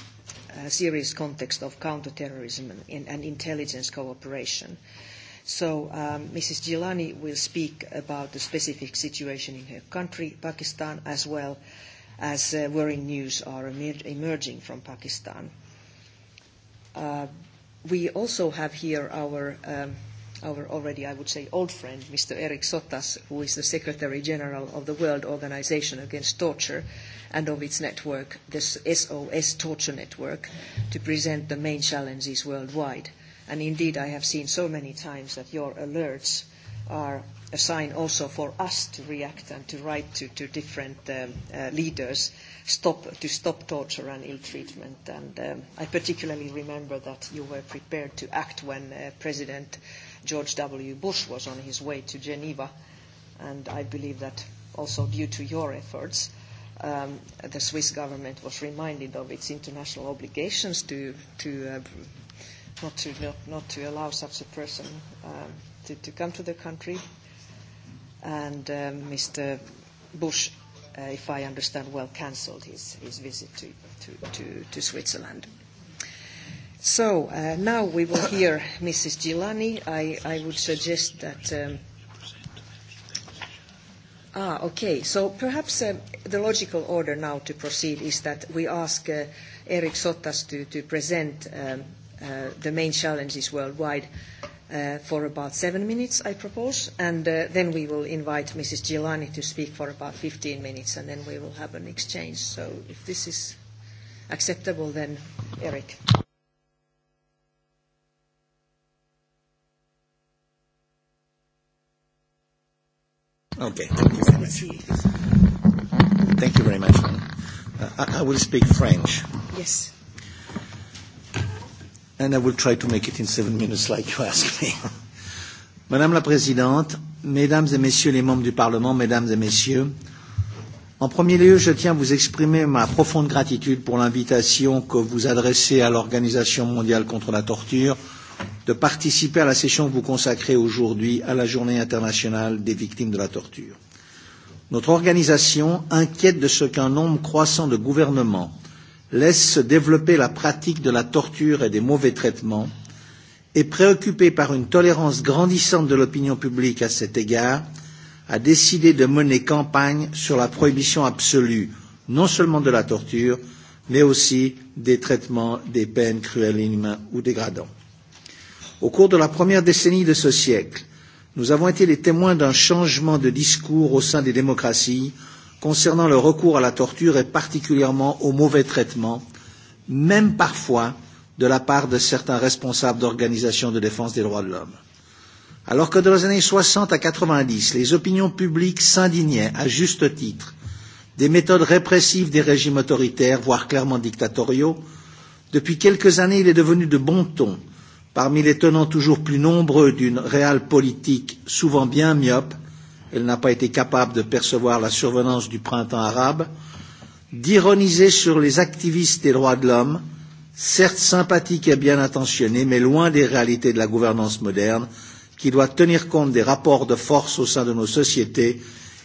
uh, serious context of counterterrorism and, and intelligence cooperation. So um, Mrs. Gilani will speak about the specific situation in her country, Pakistan, as well as uh, worrying news are emer- emerging from Pakistan. Uh, we also have here our um, our already, I would say, old friend, Mr. Eric Sotas, who is the Secretary General of the World Organization Against Torture and of its network, the SOS Torture Network, to present the main challenges worldwide. And indeed, I have seen so many times that your alerts are a sign also for us to react and to write to, to different um, uh, leaders stop, to stop torture and ill treatment. And um, I particularly remember that you were prepared to act when uh, President uh, George W. Bush was on his way to Geneva, and I believe that also due to your efforts, um, the Swiss government was reminded of its international obligations to, to, uh, not, to not, not to allow such a person um, to, to come to the country. And um, Mr. Bush, uh, if I understand well, cancelled his, his visit to, to, to, to Switzerland. So uh, now we will hear Mrs. Gilani. I, I would suggest that. Um, ah, okay. So perhaps uh, the logical order now to proceed is that we ask uh, Eric Sotas to, to present um, uh, the main challenges worldwide. Uh, for about seven minutes, I propose, and uh, then we will invite Mrs. Gilani to speak for about 15 minutes, and then we will have an exchange. So if this is acceptable, then Eric. Okay. Thank you very much. Uh, I, I will speak French. Yes. And I will try to make it in seven minutes like you asked me. Madame la Présidente, Mesdames et Messieurs les membres du Parlement, Mesdames et Messieurs, en premier lieu, je tiens à vous exprimer ma profonde gratitude pour l'invitation que vous adressez à l'Organisation mondiale contre la torture, de participer à la session que vous consacrez aujourd'hui à la journée internationale des victimes de la torture. Notre organisation inquiète de ce qu'un nombre croissant de gouvernements laisse se développer la pratique de la torture et des mauvais traitements et préoccupée par une tolérance grandissante de l'opinion publique à cet égard, a décidé de mener campagne sur la prohibition absolue non seulement de la torture, mais aussi des traitements, des peines cruelles, inhumaines ou dégradantes. Au cours de la première décennie de ce siècle, nous avons été les témoins d'un changement de discours au sein des démocraties concernant le recours à la torture et particulièrement au mauvais traitement, même parfois de la part de certains responsables d'organisations de défense des droits de l'homme. Alors que dans les années 60 à 90, les opinions publiques s'indignaient, à juste titre, des méthodes répressives des régimes autoritaires, voire clairement dictatoriaux, depuis quelques années, il est devenu de bon ton Parmi les tenants toujours plus nombreux d'une réelle politique souvent bien myope, elle n'a pas été capable de percevoir la survenance du printemps arabe, d'ironiser sur les activistes des droits de l'homme, certes sympathiques et bien intentionnés, mais loin des réalités de la gouvernance moderne, qui doit tenir compte des rapports de force au sein de nos sociétés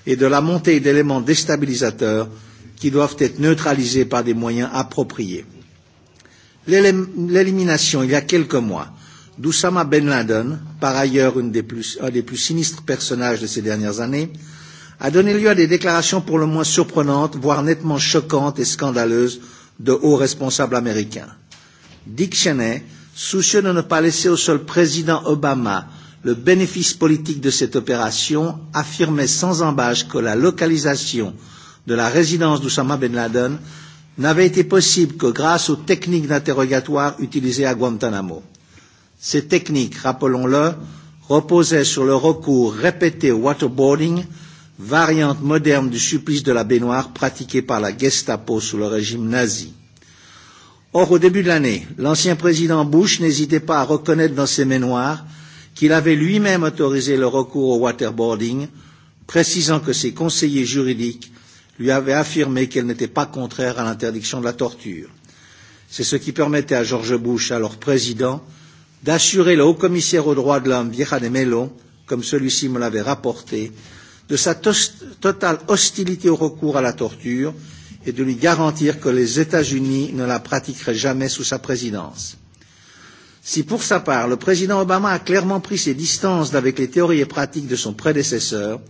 et de la montée d'éléments déstabilisateurs qui doivent être neutralisés par des moyens appropriés. L'élimination, il y a quelques mois, d'Oussama Ben Laden, par ailleurs une des plus, un des plus sinistres personnages de ces dernières années, a donné lieu à des déclarations pour le moins surprenantes, voire nettement choquantes et scandaleuses de hauts responsables américains. Dick Cheney, soucieux de ne pas laisser au seul président Obama le bénéfice politique de cette opération, affirmait sans embâche que la localisation de la résidence d'Oussama Ben Laden n'avait été possible que grâce aux techniques d'interrogatoire utilisées à Guantanamo. Ces techniques, rappelons-le, reposaient sur le recours répété au waterboarding, variante moderne du supplice de la baignoire pratiqué par la Gestapo sous le régime nazi. Or, au début de l'année, l'ancien président Bush n'hésitait pas à reconnaître dans ses mémoires qu'il avait lui-même autorisé le recours au waterboarding, précisant que ses conseillers juridiques lui avaient affirmé qu'elle n'était pas contraire à l'interdiction de la torture. C'est ce qui permettait à George Bush, alors président, d'assurer le haut-commissaire aux droits de l'homme, Vieja de Melo, comme celui-ci me l'avait rapporté, de sa totale hostilité au recours à la torture et de lui garantir que les États-Unis ne la pratiqueraient jamais sous sa présidence. Si pour sa part, le président Obama a clairement pris ses distances avec les théories et pratiques de son prédécesseur,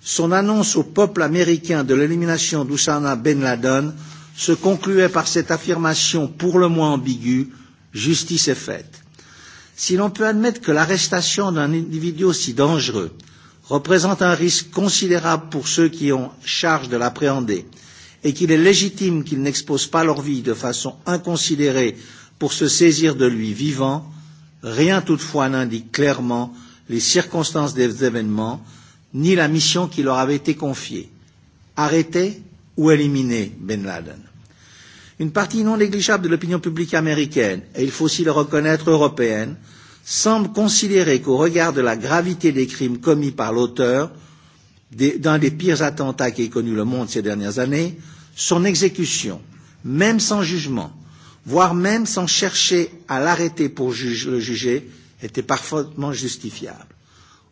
son annonce au peuple américain de l'élimination d'Oussama Ben Laden se concluait par cette affirmation pour le moins ambiguë, justice est faite. Si l'on peut admettre que l'arrestation d'un individu aussi dangereux représente un risque considérable pour ceux qui ont charge de l'appréhender et qu'il est légitime qu'ils n'exposent pas leur vie de façon inconsidérée pour se saisir de lui vivant, rien toutefois n'indique clairement les circonstances des événements ni la mission qui leur avait été confiée arrêter ou éliminer Ben Laden une partie non négligeable de l'opinion publique américaine, et il faut aussi le reconnaître européenne, semble considérer qu'au regard de la gravité des crimes commis par l'auteur d'un des pires attentats qui ait connu le monde ces dernières années, son exécution, même sans jugement, voire même sans chercher à l'arrêter pour juge, le juger, était parfaitement justifiable.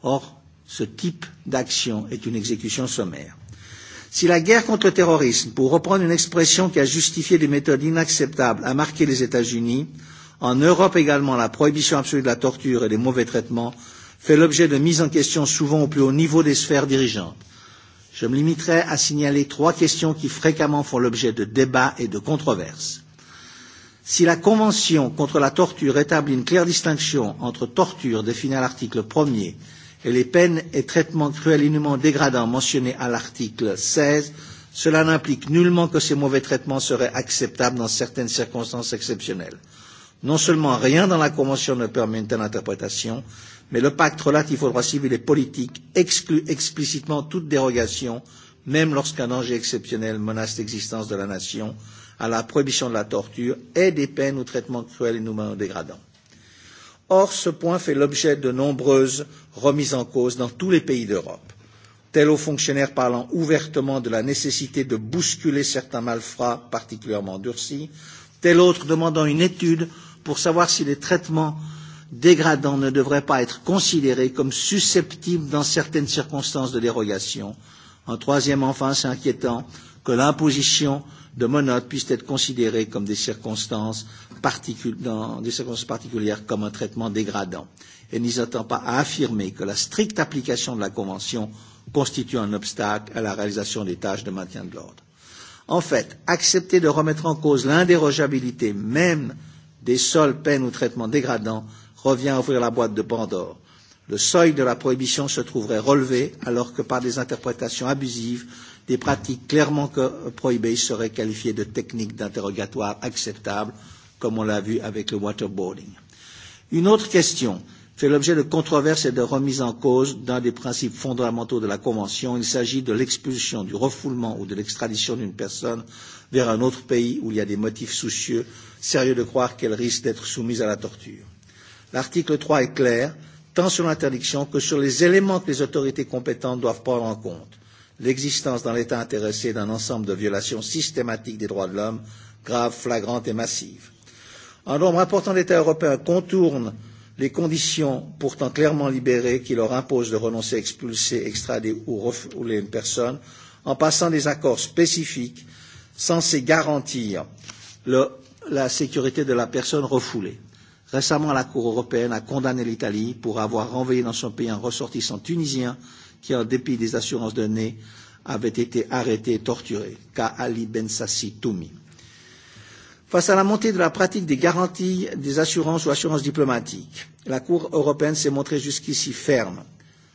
Or, ce type d'action est une exécution sommaire. Si la guerre contre le terrorisme, pour reprendre une expression qui a justifié des méthodes inacceptables, a marqué les États-Unis, en Europe également, la prohibition absolue de la torture et des mauvais traitements fait l'objet de mises en question souvent au plus haut niveau des sphères dirigeantes. Je me limiterai à signaler trois questions qui fréquemment font l'objet de débats et de controverses. Si la Convention contre la torture établit une claire distinction entre torture définie à l'article 1er et les peines et traitements cruels, inhumains, dégradants mentionnés à l'article 16, cela n'implique nullement que ces mauvais traitements seraient acceptables dans certaines circonstances exceptionnelles. Non seulement rien dans la Convention ne permet une telle interprétation, mais le pacte relatif aux droits civils et politiques exclut explicitement toute dérogation, même lorsqu'un danger exceptionnel menace l'existence de la nation, à la prohibition de la torture et des peines ou traitements cruels, inhumains ou dégradants. Or, ce point fait l'objet de nombreuses remises en cause dans tous les pays d'Europe. Tel aux fonctionnaires parlant ouvertement de la nécessité de bousculer certains malfrats particulièrement durcis, tel autre demandant une étude pour savoir si les traitements dégradants ne devraient pas être considérés comme susceptibles dans certaines circonstances de dérogation. Un troisième enfin s'inquiétant que l'imposition de monote puissent être considérées comme des circonstances, dans, des circonstances particulières comme un traitement dégradant et n'y attend pas à affirmer que la stricte application de la Convention constitue un obstacle à la réalisation des tâches de maintien de l'ordre. En fait, accepter de remettre en cause l'indérogeabilité même des seules peines ou traitements dégradants revient à ouvrir la boîte de Pandore. Le seuil de la prohibition se trouverait relevé alors que par des interprétations abusives, des pratiques clairement euh, prohibées seraient qualifiées de techniques d'interrogatoire acceptables, comme on l'a vu avec le waterboarding. Une autre question fait l'objet de controverses et de remises en cause d'un des principes fondamentaux de la Convention. Il s'agit de l'expulsion, du refoulement ou de l'extradition d'une personne vers un autre pays où il y a des motifs soucieux, sérieux de croire qu'elle risque d'être soumise à la torture. L'article 3 est clair, tant sur l'interdiction que sur les éléments que les autorités compétentes doivent prendre en compte l'existence dans l'État intéressé d'un ensemble de violations systématiques des droits de l'homme, graves, flagrantes et massives. Un nombre important d'États européens contourne les conditions pourtant clairement libérées qui leur imposent de renoncer à expulser, extrader ou refouler une personne en passant des accords spécifiques censés garantir le, la sécurité de la personne refoulée. Récemment, la Cour européenne a condamné l'Italie pour avoir renvoyé dans son pays un ressortissant tunisien qui, en dépit des assurances données, avait été arrêté et torturé, Ka Ali Ben Sassi Toumi. Face à la montée de la pratique des garanties des assurances ou assurances diplomatiques, la Cour européenne s'est montrée jusqu'ici ferme.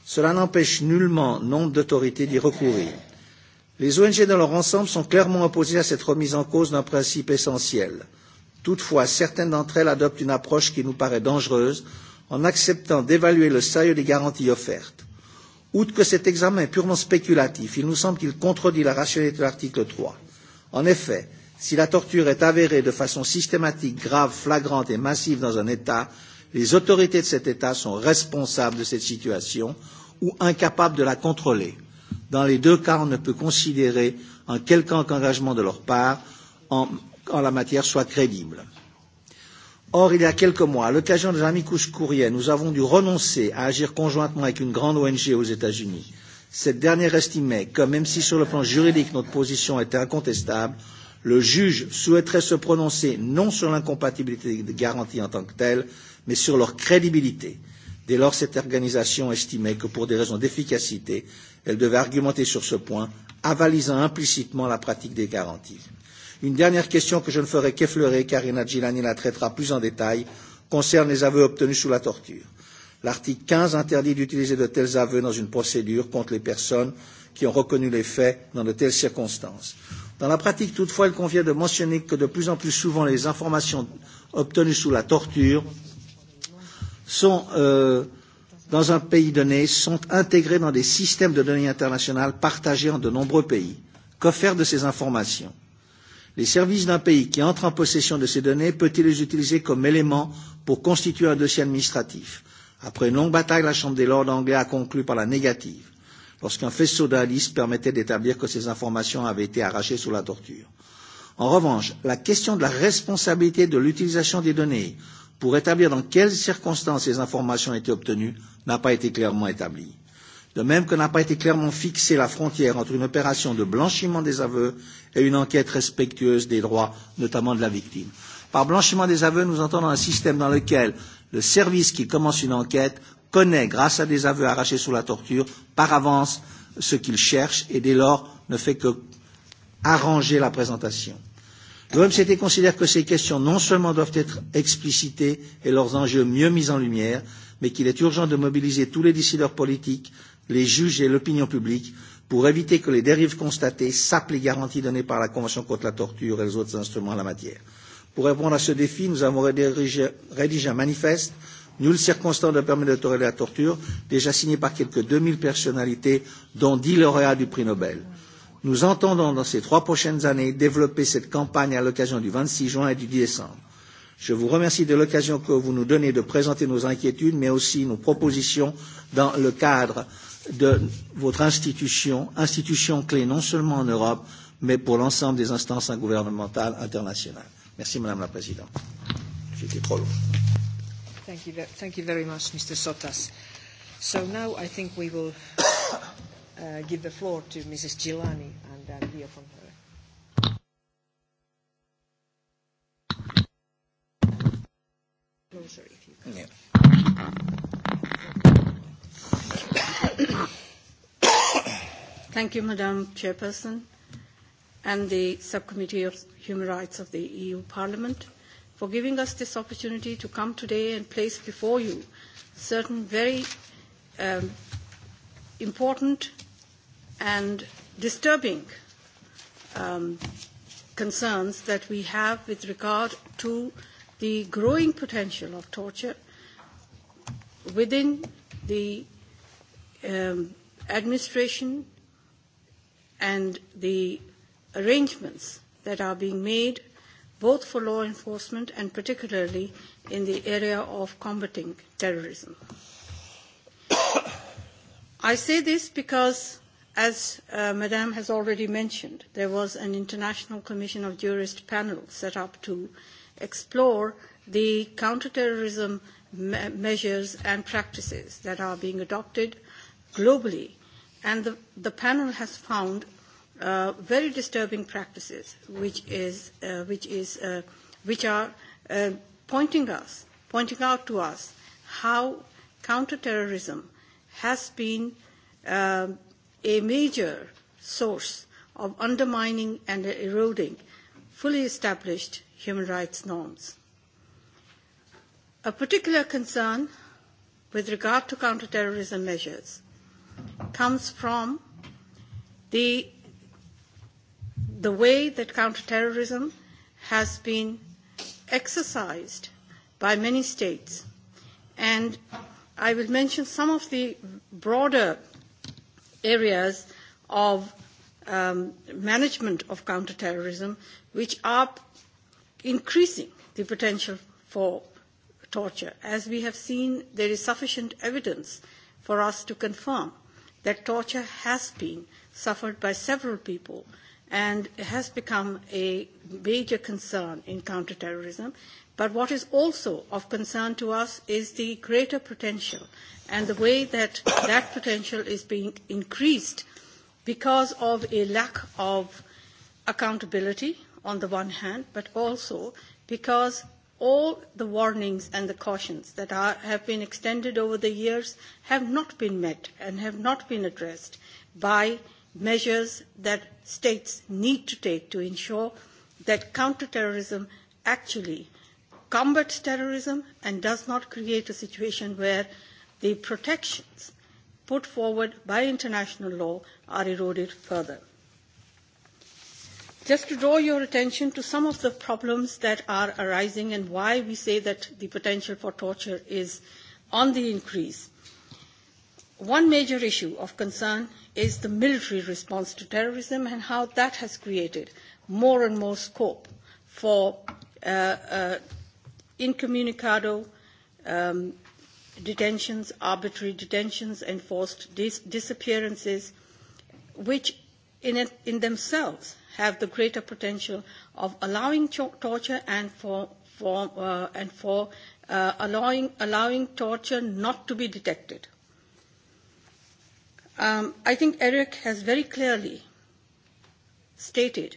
Cela n'empêche nullement nombre d'autorités d'y recourir. Les ONG dans leur ensemble sont clairement opposées à cette remise en cause d'un principe essentiel. Toutefois, certaines d'entre elles adoptent une approche qui nous paraît dangereuse en acceptant d'évaluer le sérieux des garanties offertes. Outre que cet examen est purement spéculatif, il nous semble qu'il contredit la rationalité de l'article 3. En effet, si la torture est avérée de façon systématique, grave, flagrante et massive dans un État, les autorités de cet État sont responsables de cette situation ou incapables de la contrôler. Dans les deux cas, on ne peut considérer un quelconque engagement de leur part en, en la matière soit crédible. Or, il y a quelques mois, à l'occasion des Amicus Courriers, nous avons dû renoncer à agir conjointement avec une grande ONG aux États-Unis. Cette dernière estimait que, même si sur le plan juridique notre position était incontestable, le juge souhaiterait se prononcer non sur l'incompatibilité des garanties en tant que telles, mais sur leur crédibilité. Dès lors, cette organisation estimait que, pour des raisons d'efficacité, elle devait argumenter sur ce point, avalisant implicitement la pratique des garanties. Une dernière question que je ne ferai qu'effleurer, car Irina Gilani la traitera plus en détail, concerne les aveux obtenus sous la torture. L'article 15 interdit d'utiliser de tels aveux dans une procédure contre les personnes qui ont reconnu les faits dans de telles circonstances. Dans la pratique, toutefois, il convient de mentionner que de plus en plus souvent, les informations obtenues sous la torture sont, euh, dans un pays donné, sont intégrées dans des systèmes de données internationales partagés en de nombreux pays. Que faire de ces informations les services d'un pays qui entre en possession de ces données peut-il les utiliser comme élément pour constituer un dossier administratif Après une longue bataille, la Chambre des lords anglais a conclu par la négative, lorsqu'un faisceau d'indices permettait d'établir que ces informations avaient été arrachées sous la torture. En revanche, la question de la responsabilité de l'utilisation des données pour établir dans quelles circonstances ces informations étaient obtenues n'a pas été clairement établie. De même que n'a pas été clairement fixée la frontière entre une opération de blanchiment des aveux et une enquête respectueuse des droits, notamment de la victime. Par blanchiment des aveux, nous entendons un système dans lequel le service qui commence une enquête connaît, grâce à des aveux arrachés sous la torture, par avance ce qu'il cherche et dès lors ne fait que arranger la présentation. L'OMCT considère que ces questions non seulement doivent être explicitées et leurs enjeux mieux mis en lumière, mais qu'il est urgent de mobiliser tous les décideurs politiques, les juges et l'opinion publique pour éviter que les dérives constatées sapent les garanties données par la Convention contre la torture et les autres instruments en la matière. Pour répondre à ce défi, nous avons rédigé, rédigé un manifeste Nulle circonstance ne permet de tolérer la torture, déjà signé par quelques 2000 personnalités, dont 10 lauréats du prix Nobel. Nous entendons, dans ces trois prochaines années, développer cette campagne à l'occasion du 26 juin et du 10 décembre. Je vous remercie de l'occasion que vous nous donnez de présenter nos inquiétudes, mais aussi nos propositions dans le cadre euh, de votre institution, institution clé non seulement en Europe, mais pour l'ensemble des instances gouvernementales internationales. Merci, Madame la Présidente. J'étais trop long. Thank you, thank you very much, Mr. Sotas. So now I think we will uh, give the floor to Mrs. Gilani and uh, hear from her. Closer, if you can. Yeah. Thank you, Madam Chairperson and the Subcommittee of Human Rights of the EU Parliament for giving us this opportunity to come today and place before you certain very um, important and disturbing um, concerns that we have with regard to the growing potential of torture within the um, administration and the arrangements that are being made both for law enforcement and particularly in the area of combating terrorism. I say this because, as uh, Madame has already mentioned, there was an International Commission of Jurist panel set up to explore the counterterrorism me- measures and practices that are being adopted uh, globally, and the, the panel has found uh, very disturbing practices, which is uh, which is uh, which are uh, pointing us, pointing out to us how counterterrorism has been uh, a major source of undermining and eroding fully established human rights norms. A particular concern with regard to counterterrorism measures comes from the, the way that counterterrorism has been exercised by many states. And I will mention some of the broader areas of um, management of counterterrorism, which are increasing the potential for torture. As we have seen, there is sufficient evidence for us to confirm that torture has been suffered by several people and has become a major concern in counterterrorism. But what is also of concern to us is the greater potential and the way that that potential is being increased because of a lack of accountability on the one hand, but also because all the warnings and the cautions that are, have been extended over the years have not been met and have not been addressed by measures that states need to take to ensure that counterterrorism actually combats terrorism and does not create a situation where the protections put forward by international law are eroded further. Just to draw your attention to some of the problems that are arising and why we say that the potential for torture is on the increase. One major issue of concern is the military response to terrorism and how that has created more and more scope for uh, uh, incommunicado um, detentions, arbitrary detentions, enforced dis- disappearances, which in, a, in themselves have the greater potential of allowing cho- torture and for, for, uh, and for uh, allowing, allowing torture not to be detected. Um, I think Eric has very clearly stated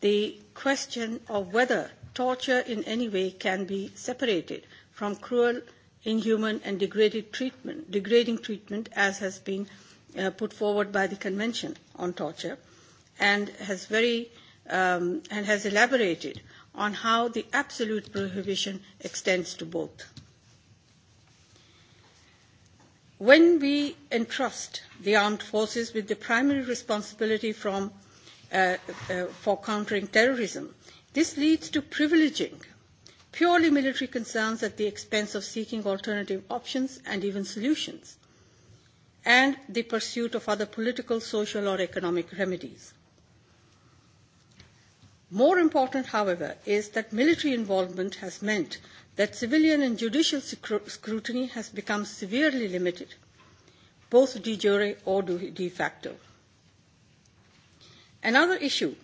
the question of whether torture in any way can be separated from cruel, inhuman and degraded treatment, degrading treatment as has been uh, put forward by the Convention on Torture and has very um, and has elaborated on how the absolute prohibition extends to both. When we entrust the armed forces with the primary responsibility from, uh, uh, for countering terrorism, this leads to privileging purely military concerns at the expense of seeking alternative options and even solutions, and the pursuit of other political, social, or economic remedies. More important, however, is that military involvement has meant that civilian and judicial scrutiny has become severely limited, both de jure or de facto. Another issue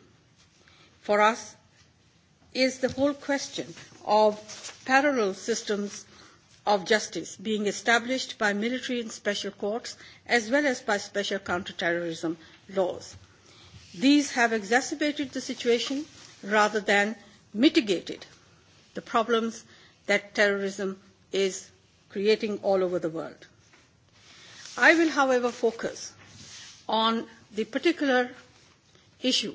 for us is the whole question of parallel systems of justice being established by military and special courts as well as by special counterterrorism laws. These have exacerbated the situation rather than mitigated the problems that terrorism is creating all over the world. I will, however, focus on the particular issue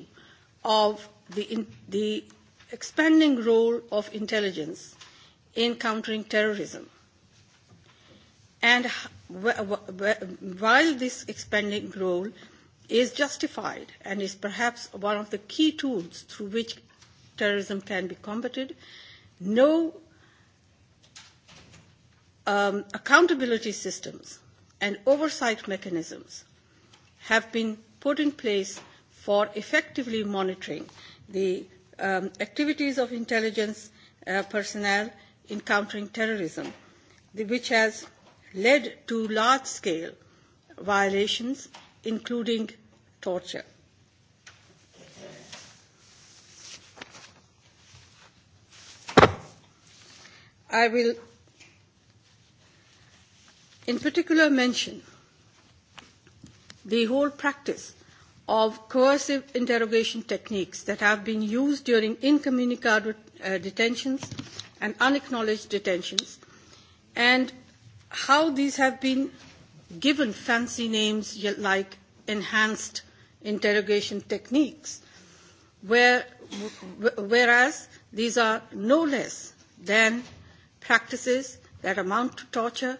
of the, in, the expanding role of intelligence in countering terrorism. And wh- wh- wh- while this expanding role is justified and is perhaps one of the key tools through which terrorism can be combated. No um, accountability systems and oversight mechanisms have been put in place for effectively monitoring the um, activities of intelligence uh, personnel in countering terrorism, the, which has led to large-scale violations, including torture. I will in particular mention the whole practice of coercive interrogation techniques that have been used during incommunicado uh, detentions and unacknowledged detentions and how these have been given fancy names like enhanced interrogation techniques, where, whereas these are no less than practices that amount to torture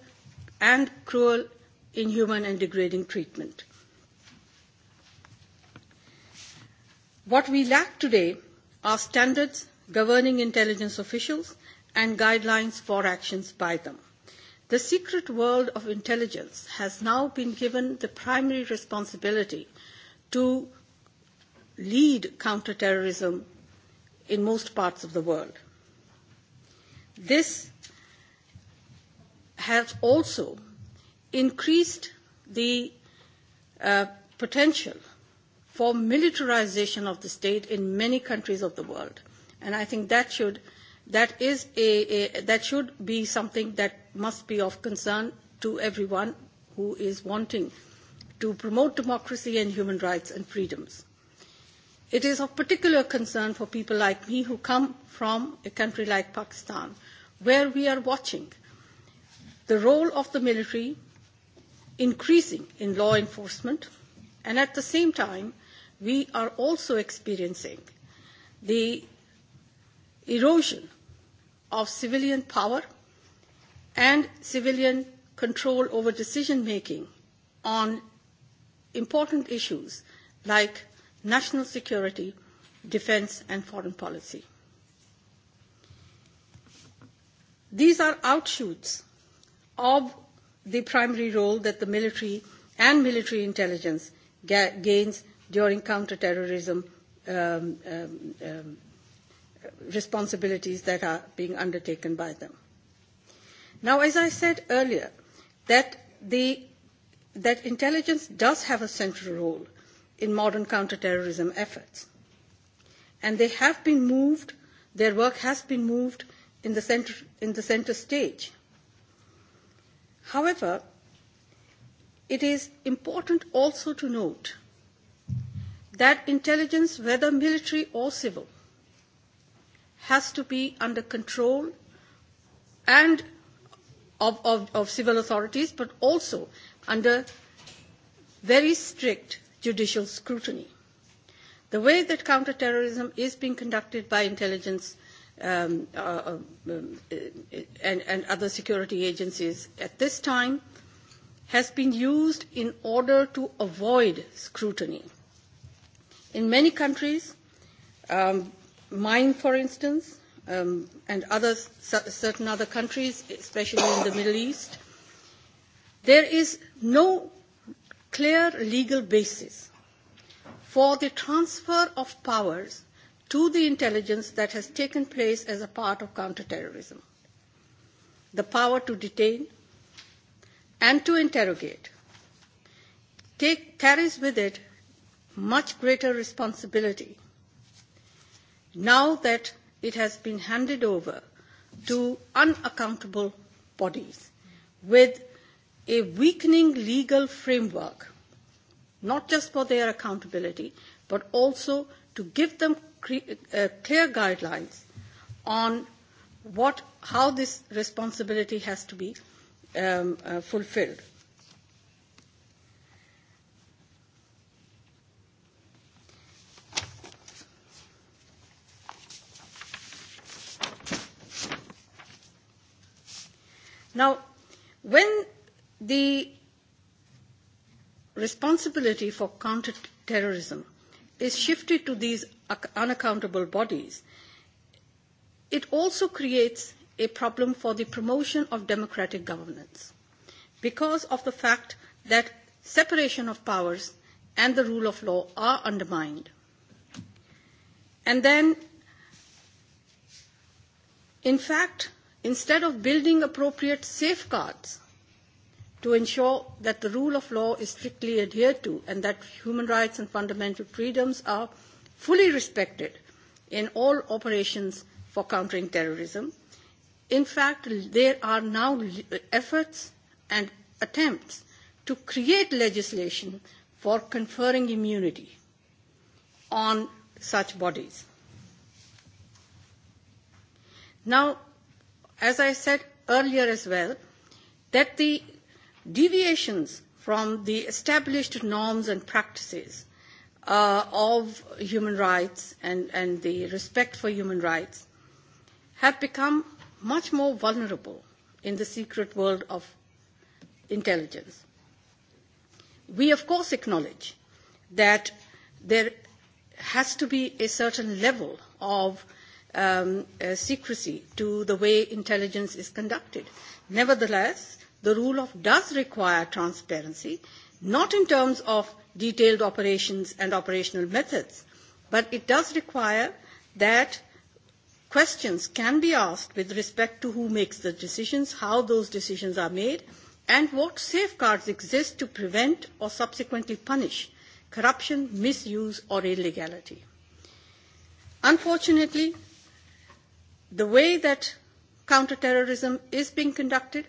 and cruel, inhuman, and degrading treatment. What we lack today are standards governing intelligence officials and guidelines for actions by them. The secret world of intelligence has now been given the primary responsibility to lead counterterrorism in most parts of the world. This has also increased the uh, potential for militarization of the state in many countries of the world. And I think that should, that is a, a, that should be something that must be of concern to everyone who is wanting uh, to promote democracy and human rights and freedoms. It is of particular concern for people like me who come from a country like Pakistan, where we are watching the role of the military increasing in law enforcement, and at the same time, we are also experiencing the erosion of civilian power and civilian control over decision making on important issues like national security, defence and foreign policy. These are outshoots of the primary role that the military and military intelligence ga- gains during counterterrorism um, um, um, responsibilities that are being undertaken by them. Now, as I said earlier, that the that intelligence does have a central role in modern counterterrorism efforts. And they have been moved, their work has been moved in the center, in the center stage. However, it is important also to note that intelligence, whether military or civil, has to be under control and of, of, of civil authorities, but also under very strict judicial scrutiny. The way that counterterrorism is being conducted by intelligence um, uh, um, uh, and, and other security agencies at this time has been used in order to avoid scrutiny. In many countries, um, mine, for instance, um, and other, certain other countries, especially in the Middle East, there is no clear legal basis for the transfer of powers to the intelligence that has taken place as a part of counterterrorism. The power to detain and to interrogate take, carries with it much greater responsibility now that it has been handed over to unaccountable bodies with a weakening legal framework, not just for their accountability, but also to give them cre- uh, clear guidelines on what, how this responsibility has to be um, uh, fulfilled. Now, when the responsibility for counterterrorism is shifted to these unaccountable bodies, it also creates a problem for the promotion of democratic governance because of the fact that separation of powers and the rule of law are undermined. And then, in fact, instead of building appropriate safeguards to ensure that the rule of law is strictly adhered to and that human rights and fundamental freedoms are fully respected in all operations for countering terrorism. In fact, there are now efforts and attempts to create legislation for conferring immunity on such bodies. Now, as I said earlier as well, that the deviations from the established norms and practices uh, of human rights and, and the respect for human rights have become much more vulnerable in the secret world of intelligence. We, of course, acknowledge that there has to be a certain level of uh, um, uh, secrecy to the way intelligence is conducted. Nevertheless, the rule of does require transparency, not in terms of detailed operations and operational methods, but it does require that questions can be asked with respect to who makes the decisions, how those decisions are made, and what safeguards exist to prevent or subsequently punish corruption, misuse, or illegality. Unfortunately, the way that counterterrorism is being conducted,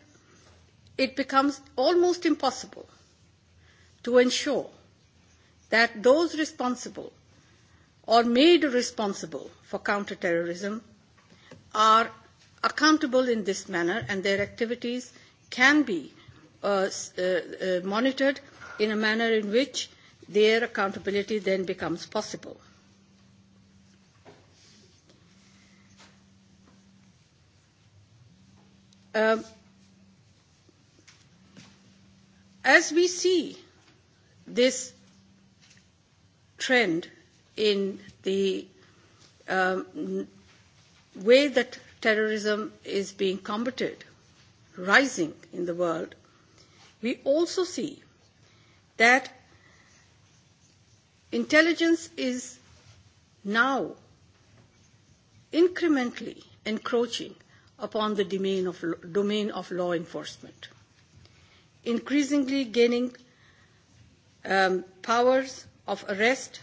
it becomes almost impossible to ensure that those responsible or made responsible for counterterrorism are accountable in this manner and their activities can be uh, uh, uh, monitored in a manner in which their accountability then becomes possible. Um, as we see this trend in the um, way that terrorism is being combated, rising in the world, we also see that intelligence is now incrementally encroaching upon the domain of, domain of law enforcement. Increasingly gaining um, powers of arrest,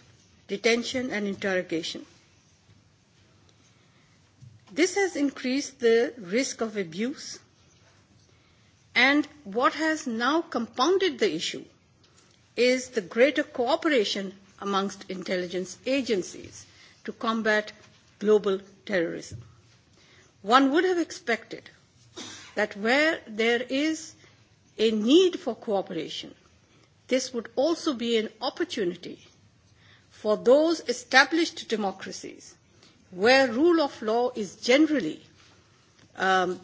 detention, and interrogation. This has increased the risk of abuse, and what has now compounded the issue is the greater cooperation amongst intelligence agencies to combat global terrorism one would have expected that where there is a need for cooperation, this would also be an opportunity for those established democracies where rule of law is generally um,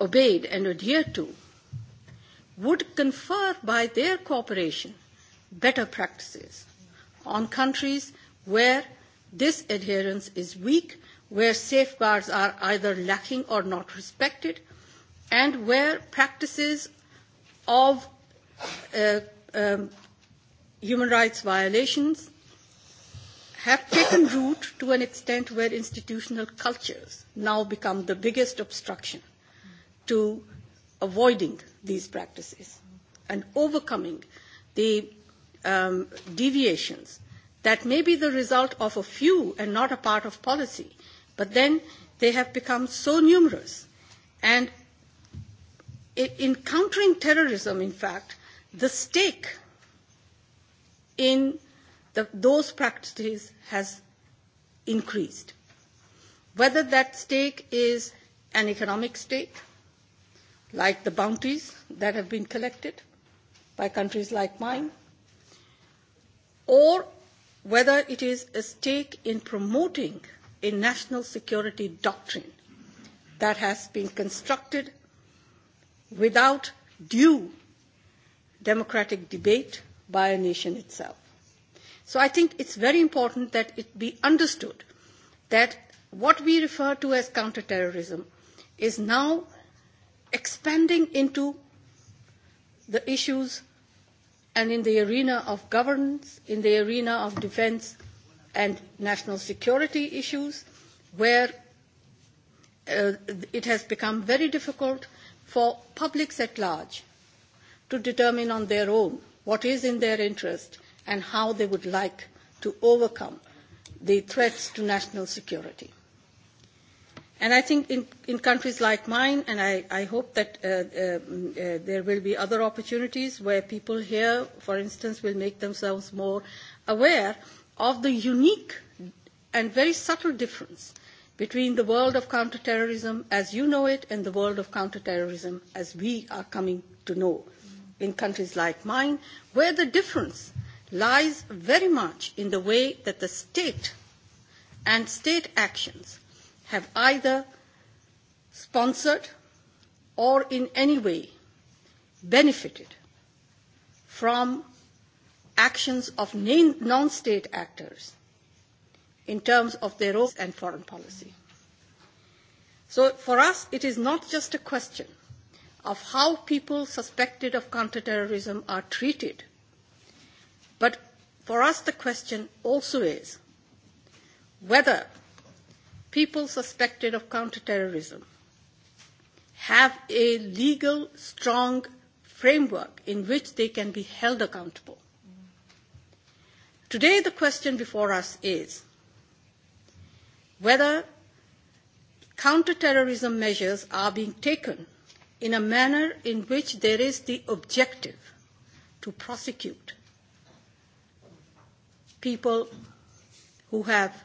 obeyed and adhered to, would confer by their cooperation better practices on countries where this adherence is weak where safeguards are either lacking or not respected, and where practices of uh, um, human rights violations have taken root to an extent where institutional cultures now become the biggest obstruction to avoiding these practices and overcoming the um, deviations that may be the result of a few and not a part of policy. But then they have become so numerous. And in countering terrorism, in fact, the stake in the, those practices has increased. Whether that stake is an economic stake, like the bounties that have been collected by countries like mine, or whether it is a stake in promoting a national security doctrine that has been constructed without due democratic debate by a nation itself. So I think it's very important that it be understood that what we refer to as counterterrorism is now expanding into the issues and in the arena of governance, in the arena of defense, and national security issues, where uh, it has become very difficult for publics at large to determine on their own what is in their interest and how they would like to overcome the threats to national security. And I think in, in countries like mine, and I, I hope that uh, uh, uh there will be other opportunities where people here, for instance, will make themselves more aware uh, of the unique and very subtle difference between the world of counterterrorism as you know it and the world of counterterrorism as we are coming to know in countries like mine, where the difference lies very much in the way that the state and state actions have either sponsored or in any way benefited from actions of non state actors in terms of their role and foreign policy. So for us, it is not just a question of how people suspected of counterterrorism are treated, but for us, the question also is whether people suspected of counterterrorism have a legal, strong framework in which they can be held accountable. Today, the question before us is whether counterterrorism measures are being taken in a manner in which there is the objective to prosecute people who have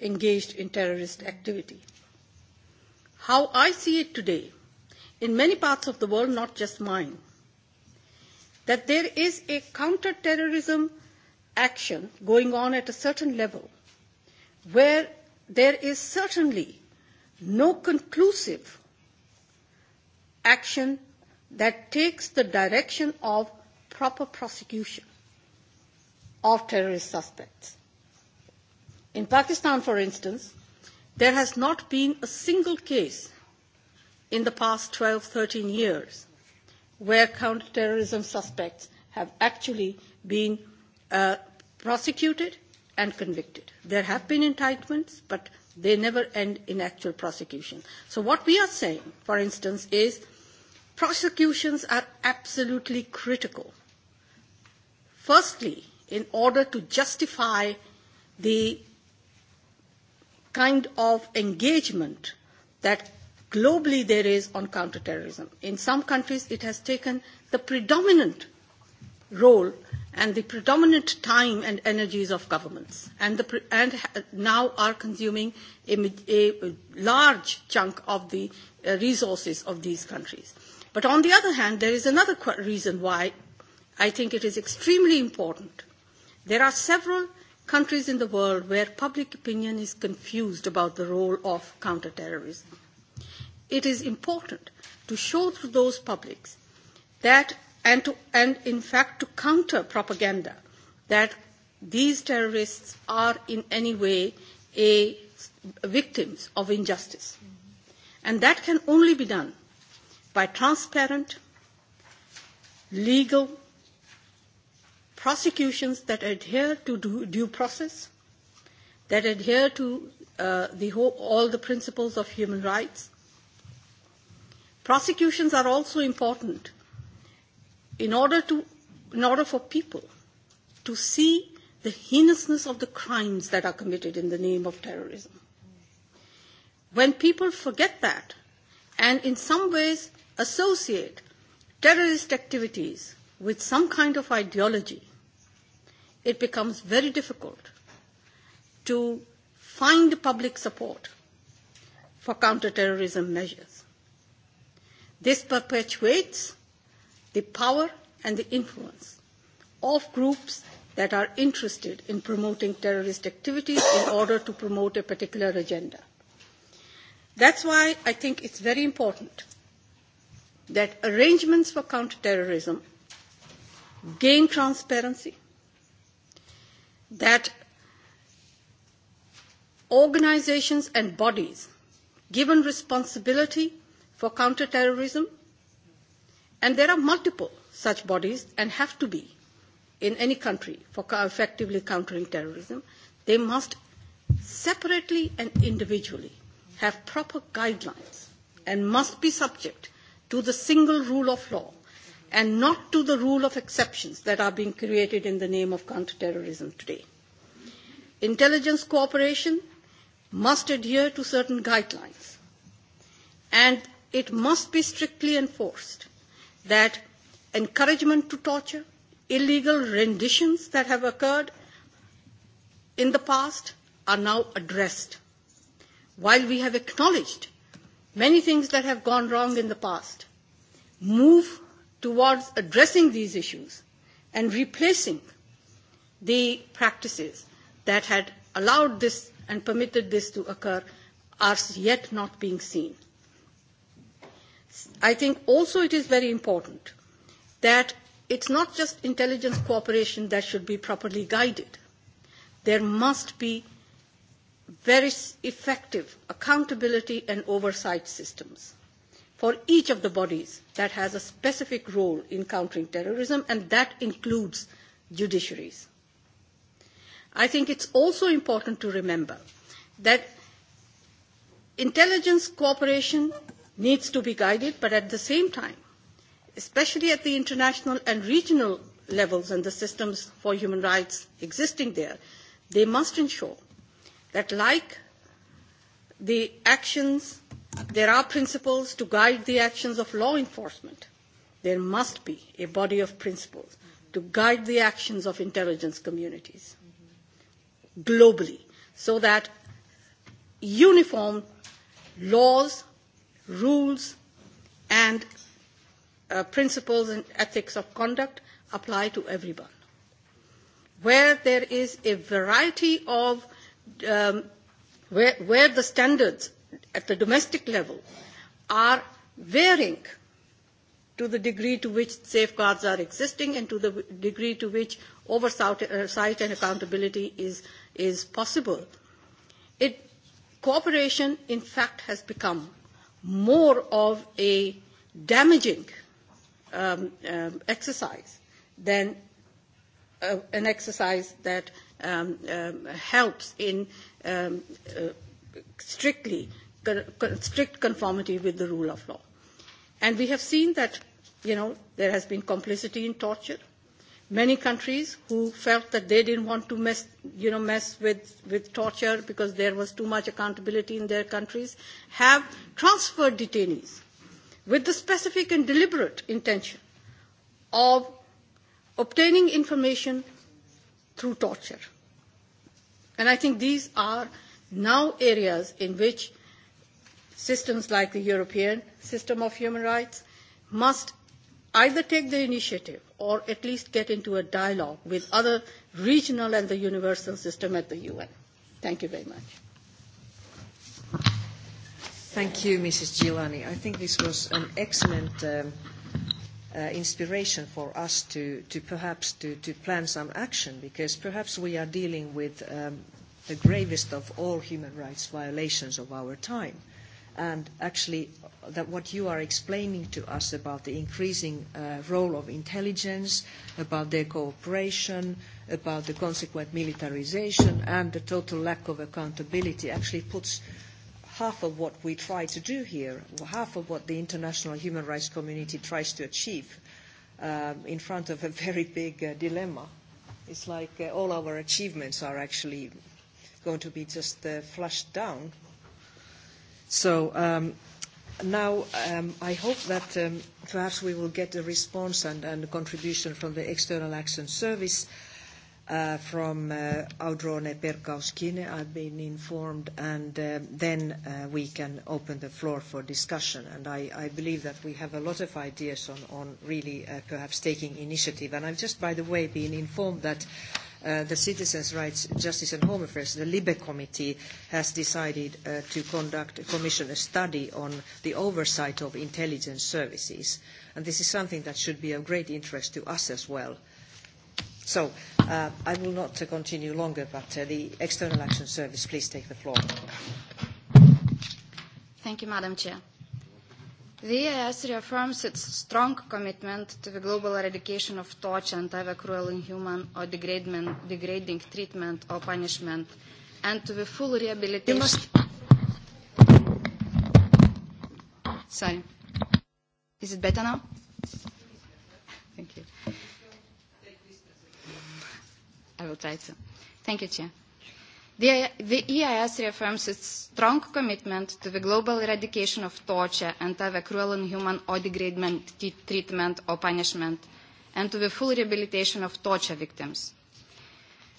engaged in terrorist activity. How I see it today, in many parts of the world, not just mine, that there is a counterterrorism terrorism action going on at a certain level where there is certainly no conclusive action that takes the direction of proper prosecution of terrorist suspects. In Pakistan, for instance, there has not been a single case in the past 12, 13 years where counterterrorism suspects have actually been Uh, prosecuted and convicted. There have been indictments, but they never end in actual prosecution. So what we are saying, for instance, is prosecutions are absolutely critical. Firstly, in order to justify the kind of engagement that globally there is on counterterrorism. In some countries, it has taken the predominant role and the predominant time and energies of governments and, the, and now are consuming a, a large chunk of the uh, resources of these countries. But on the other hand, there is another reason why I think it is extremely important. There are several countries in the world where public opinion is confused about the role of counterterrorism. It is important to show to those publics that and, to, and in fact to counter propaganda that these terrorists are in any way a, a victims of injustice. Mm-hmm. And that can only be done by transparent, legal prosecutions that adhere to due, due process, that adhere to uh, the whole, all the principles of human rights. Prosecutions are also important in order, to, in order for people to see the heinousness of the crimes that are committed in the name of terrorism. When people forget that and in some ways associate terrorist activities with some kind of ideology, it becomes very difficult to find public support for counterterrorism measures. This perpetuates the power and the influence of groups that are interested in promoting terrorist activities in order to promote a particular agenda. That's why I think it's very important that arrangements for counterterrorism gain transparency, that organizations and bodies given responsibility for counterterrorism And there are multiple such bodies and have to be in any country for effectively countering terrorism. They must separately and individually have proper guidelines and must be subject to the single rule of law and not to the rule of exceptions that are being created in the name of counterterrorism today. Intelligence cooperation must adhere to certain guidelines and it must be strictly enforced that encouragement to torture, illegal renditions that have occurred in the past are now addressed. While we have acknowledged many things that have gone wrong in the past, move towards addressing these issues and replacing the practices that had allowed this and permitted this to occur are yet not being seen. I think also it is very important that it's not just intelligence cooperation that should be properly guided. There must be very effective accountability and oversight systems for each of the bodies that has a specific role in countering terrorism, and that includes judiciaries. I think it's also important to remember that intelligence cooperation needs to be guided, but at the same time, especially at the international and regional levels and the systems for human rights existing there, they must ensure that like the actions, there are principles to guide the actions of law enforcement. There must be a body of principles to guide the actions of intelligence communities globally so that uniform laws rules and uh, principles and ethics of conduct apply to everyone. Where there is a variety of, um, where, where the standards at the domestic level are varying to the degree to which safeguards are existing and to the degree to which oversight uh, and accountability is, is possible, it, cooperation in fact has become more of a damaging um, um, exercise than uh, an exercise that um, um, helps in um, uh, strictly co- co- strict conformity with the rule of law. And we have seen that, you know, there has been complicity in torture many countries who felt that they didn't want to mess, you know, mess with, with torture because there was too much accountability in their countries, have transferred detainees with the specific and deliberate intention of obtaining information through torture. And I think these are now areas in which systems like the European system of human rights must either take the initiative or at least get into a dialogue with other regional and the universal system at the UN. Thank you very much. Thank you, Mrs. Gilani. I think this was an excellent um, uh, inspiration for us to, to perhaps to, to plan some action because perhaps we are dealing with um, the gravest of all human rights violations of our time and actually uh, that what you are explaining to us about the increasing uh, role of intelligence, about their cooperation, about the consequent militarization and the total lack of accountability actually puts half of what we try to do here, half of what the international human rights community tries to achieve um, in front of a very big uh, dilemma. It's like uh, all our achievements are actually going to be just uh, flushed down So um, now um, I hope that um, perhaps we will get a response and contribution from the External Action Service uh, from uh, Audrone Perkauskienė. I've been informed, and uh, then we can open the floor for discussion. And I believe that we have a lot of ideas on really perhaps taking initiative. And I've just, by the way, been informed that Uh, the Citizens' Rights, Justice and Home Affairs, the LIBE Committee, has decided uh, to conduct a commission a study on the oversight of intelligence services. And this is something that should be of great interest to us as well. So uh, I will not uh, continue longer, but uh, the External Action Service, please take the floor. Thank you, Madam Chair. The EAS reaffirms its strong commitment to the global eradication of torture and either cruel, inhuman or degrading, degrading treatment or punishment, and to the full rehabilitation. Must... Sorry. Is it better now? Thank you. I will try to. Thank you, Chair. The EIS e reaffirms its strong commitment to the global eradication of torture and other cruel, inhuman, or degrading treatment or punishment, and to the full rehabilitation of torture victims.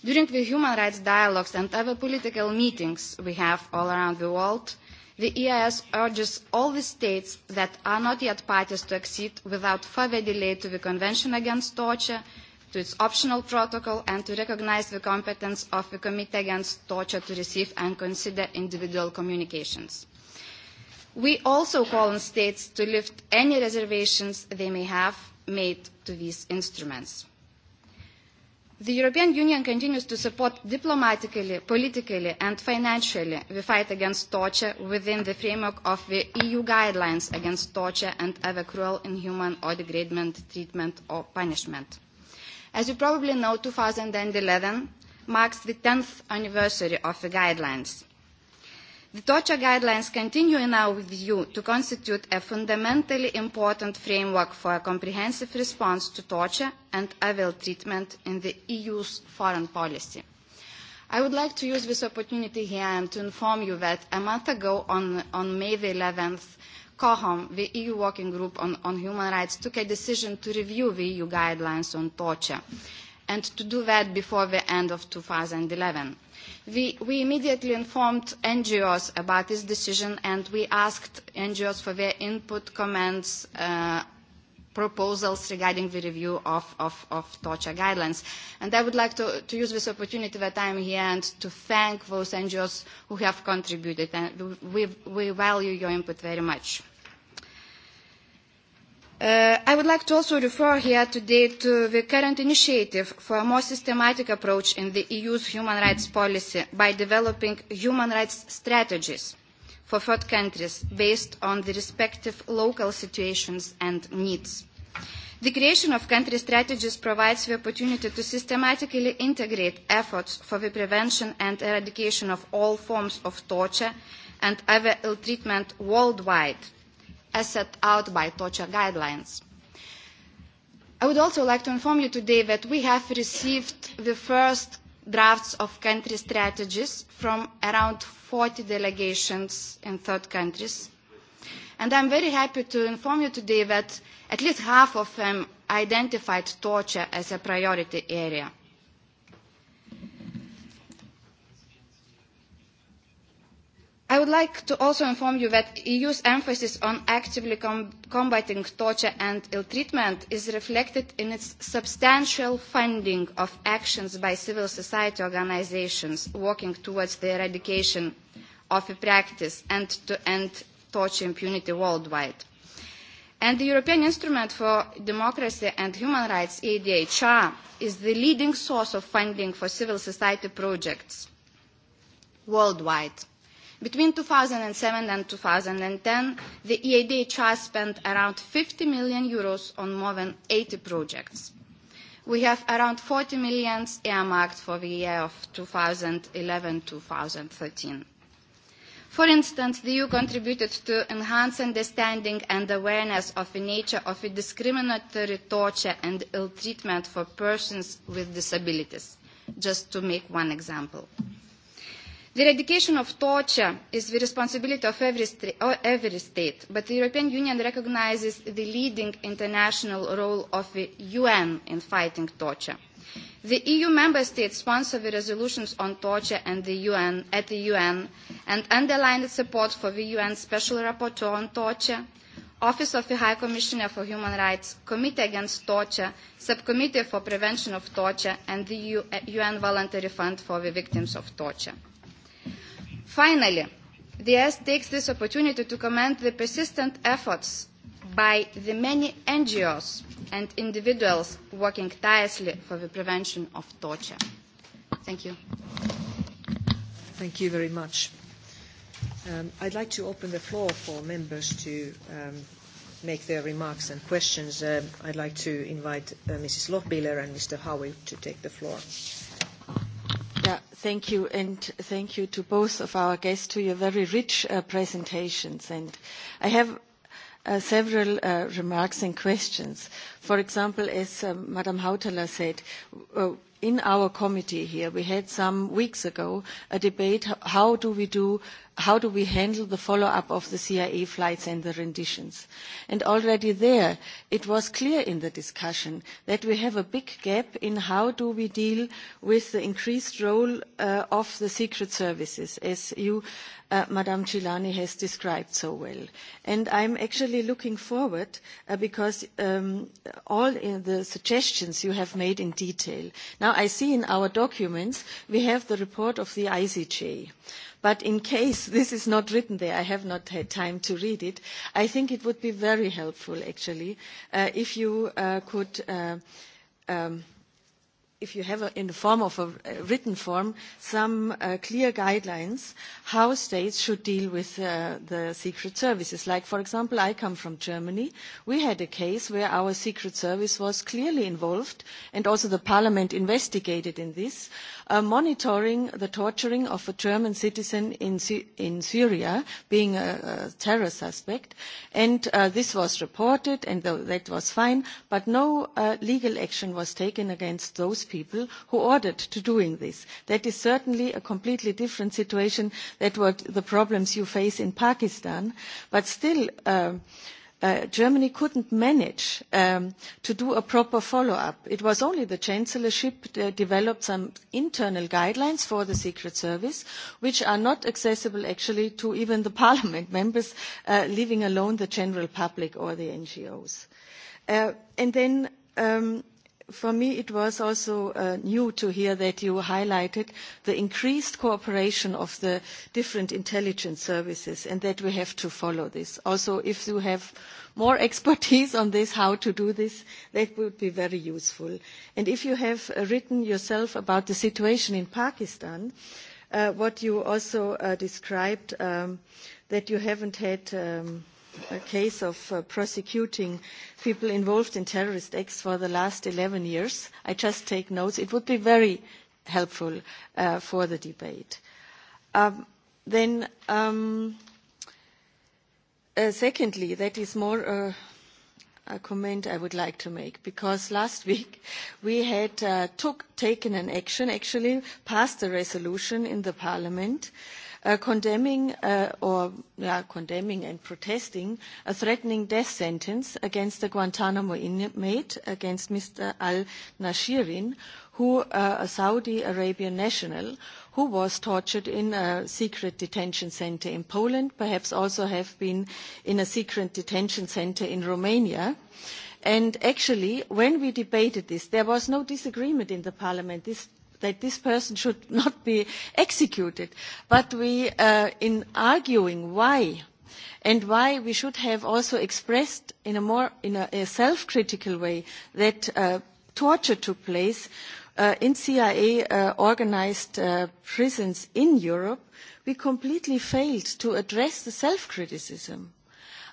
During the human rights dialogues and other political meetings we have all around the world, the EIS urges all the states that are not yet parties to accede without further delay to the Convention Against Torture to its optional protocol and to recognize the competence of the Committee Against Torture to receive and consider individual communications. We also call on states to lift any reservations they may have made to these instruments. The European Union continues to support diplomatically, politically and financially the fight against torture within the framework of the EU guidelines against torture and other cruel, inhuman or degradement treatment or punishment. As you probably know, 2011 marks the 10th anniversary of the guidelines. The torture guidelines continue now with you to constitute a fundamentally important framework for a comprehensive response to torture and evil treatment in the EU's foreign policy. I would like to use this opportunity here and to inform you that a month ago, on, on May the 11th, COHOM, the EU Working Group on, on Human Rights, took a decision to review the EU guidelines on torture and to do that before the end of 2011. We, we immediately informed NGOs about this decision and we asked NGOs for their input, comments, uh, proposals regarding the review of, of, of torture guidelines. And I would like to, to use this opportunity that I am here and to thank those NGOs who have contributed. And we, we value your input very much. Uh, I would like to also refer here today to the current initiative for a more systematic approach in the EU's human rights policy by developing human rights strategies for third countries based on the respective local situations and needs. The creation of country strategies provides the opportunity to systematically integrate efforts for the prevention and eradication of all forms of torture and other ill treatment worldwide, as set out by torture guidelines. I would also like to inform you today that we have received the first drafts of country strategies from around 40 delegations in third countries. And I'm very happy to inform you today that at least half of them identified torture as a priority area. I would like to also inform you that EU's emphasis on actively com combating torture and ill-treatment is reflected in its substantial funding of actions by civil society organizations working towards the eradication of a practice and to end torture impunity worldwide. And the European Instrument for Democracy and Human Rights, EADHR, is the leading source of funding for civil society projects worldwide. Between 2007 and 2010, the EADHR spent around 50 million euros on more than 80 projects. We have around 40 million earmarked for the year of 2011-2013. For instance, the EU contributed to enhance understanding and awareness of the nature of the discriminatory torture and ill-treatment for persons with disabilities, just to make one example. The eradication of torture is the responsibility of every, st every state, but the European Union recognizes the leading international role of the UN in fighting torture. The EU member states sponsor the resolutions on torture and the UN, at the UN and underline its support for the UN Special Rapporteur on Torture, Office of the High Commissioner for Human Rights, Committee Against Torture, Subcommittee for Prevention of Torture, and the UN Voluntary Fund for the Victims of Torture. Finally, the S takes this opportunity to commend the persistent efforts by the many NGOs and individuals working tirelessly for the prevention of torture. Thank you. Thank you very much. Um, I'd like to open the floor for members to um, make their remarks and questions. Um, I'd like to invite uh, Mrs. Lochbiller and Mr. Howie to take the floor. Yeah. Thank you, and thank you to both of our guests to your very rich uh, presentations. I have uh, several uh, remarks and questions. For example, as um, Madame Hautala said, in our committee here, we had some weeks ago a debate, how do we do how do we handle the follow up of the CIA flights and the renditions? And already there, it was clear in the discussion that we have a big gap in how do we deal with the increased role uh, of the secret services, as you, uh, Madame Chilani, has described so well. And I'm actually looking forward uh, because um, all in the suggestions you have made in detail. Now, I see in our documents we have the report of the ICJ. But in case this is not written there, I have not had time to read it, I think it would be very helpful, actually, uh, if you uh, could uh, um, if you have a, in the form of a, a written form some uh, clear guidelines how states should deal with uh, the secret services. Like, for example, I come from Germany. We had a case where our secret service was clearly involved, and also the parliament investigated in this, uh, monitoring the torturing of a German citizen in, in Syria, being a, a terror suspect. And uh, this was reported, and the, that was fine, but no uh, legal action was taken against those people people who ordered to doing this. That is certainly a completely different situation than what the problems you face in Pakistan. But still, uh, uh, Germany couldn't manage um, to do a proper follow-up. It was only the chancellorship that developed some internal guidelines for the Secret Service, which are not accessible actually to even the parliament members, uh, leaving alone the general public or the NGOs. Uh, and then um, for me, it was also uh, new to hear that you highlighted the increased cooperation of the different intelligence services and that we have to follow this. Also, if you have more expertise on this, how to do this, that would be very useful. And if you have uh, written yourself about the situation in Pakistan, uh, what you also uh, described, um, that you haven't had. Um, a case of uh, prosecuting people involved in terrorist acts for the last 11 years. I just take notes. It would be very helpful uh, for the debate. Um, then, um, uh, secondly, that is more uh, a comment I would like to make, because last week we had uh, took, taken an action, actually passed a resolution in the parliament uh, Uh, condemning uh, or yeah, condemning and protesting a threatening death sentence against a Guantanamo inmate, against Mr. Al Nashirin, who uh, a Saudi Arabian national, who was tortured in a secret detention center in Poland, perhaps also have been in a secret detention center in Romania. And actually, when we debated this, there was no disagreement in the parliament. This that this person should not be executed. But we, uh, in arguing why, and why we should have also expressed in a more in a, a self-critical way that uh, torture took place uh, in CIA uh, organized uh, prisons in Europe, we completely failed to address the self-criticism. Uh,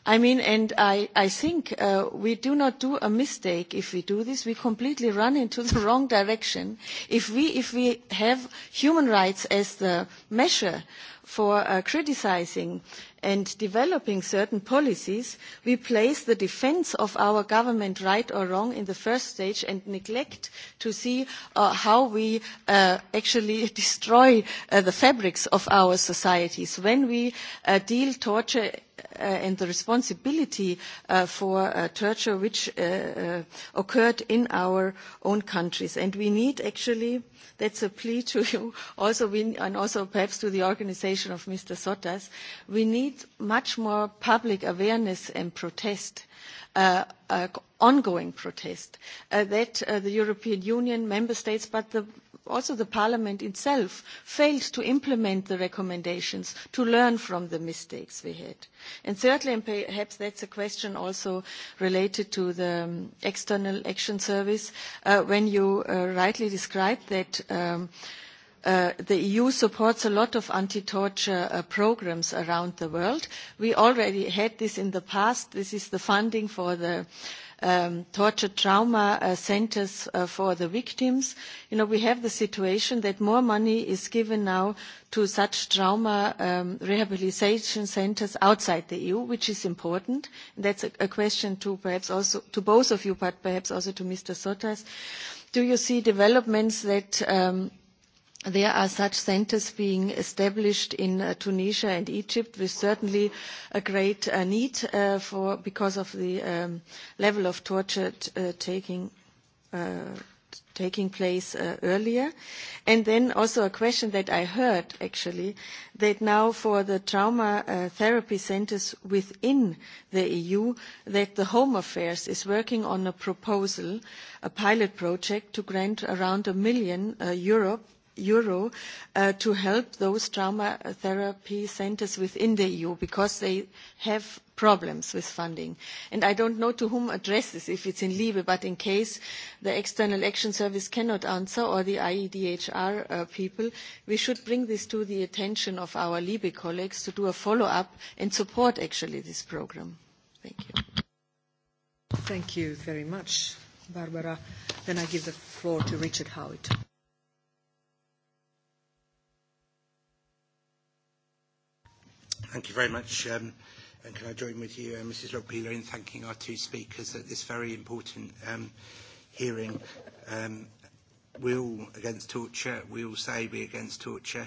I mean, and I, I think uh, we do not do a mistake if we do this. We completely run into the wrong direction. If we, if we have human rights as the measure for uh, criticizing and developing certain policies, we place the defense of our government right or wrong in the first stage and neglect to see uh, how we uh, actually destroy uh, the fabrics of our societies. When we uh, deal torture uh, and the responsibility uh, for uh, torture which uh, uh, occurred in our own countries. And we need actually, that's a plea to you also, we, and also perhaps to the organization presentation of Mr. Sottas, we need much more public awareness and protest. Uh, uh, ongoing protest uh, that uh, the European Union, member states, but the, also the Parliament itself failed to implement the recommendations to learn from the mistakes we had. And thirdly, and perhaps that's a question also related to the um, External Action Service, uh, when you uh, rightly described that um, Uh, the EU supports a lot of anti-torture uh, programs around the world. We already had this in the past. This is the funding for the um, torture trauma uh, centers uh, for the victims. You know, we have the situation that more money is given now to such trauma um, rehabilitation centers outside the EU, which is important. That's a, a question to perhaps also to both of you, but perhaps also to Mr. Sotas. Do you see developments that um, there are such centres being established in uh, Tunisia and Egypt with certainly a great uh, need uh, for, because of the um, level of torture t- uh, taking, uh, t- taking place uh, earlier. And then also a question that I heard actually that now for the trauma uh, therapy centres within the EU that the Home Affairs is working on a proposal, a pilot project to grant around a million uh, Europe million euro uh, to help those trauma therapy centers within the EU because they have problems with funding. I don't know to whom address this, if it's in Liebe, but in case the External Action Service cannot answer or the IEDHR uh, people, we should bring this to the attention of our Liebe colleagues to do a follow-up and support actually this program. Thank you. Thank you very much, Barbara. I give the floor to Richard Howitt. thank you very much. Um, and can I join with you and uh, Mrs. Rockpeeler in thanking our two speakers at this very important um, hearing? Um, we're all against torture. We all say we're against torture.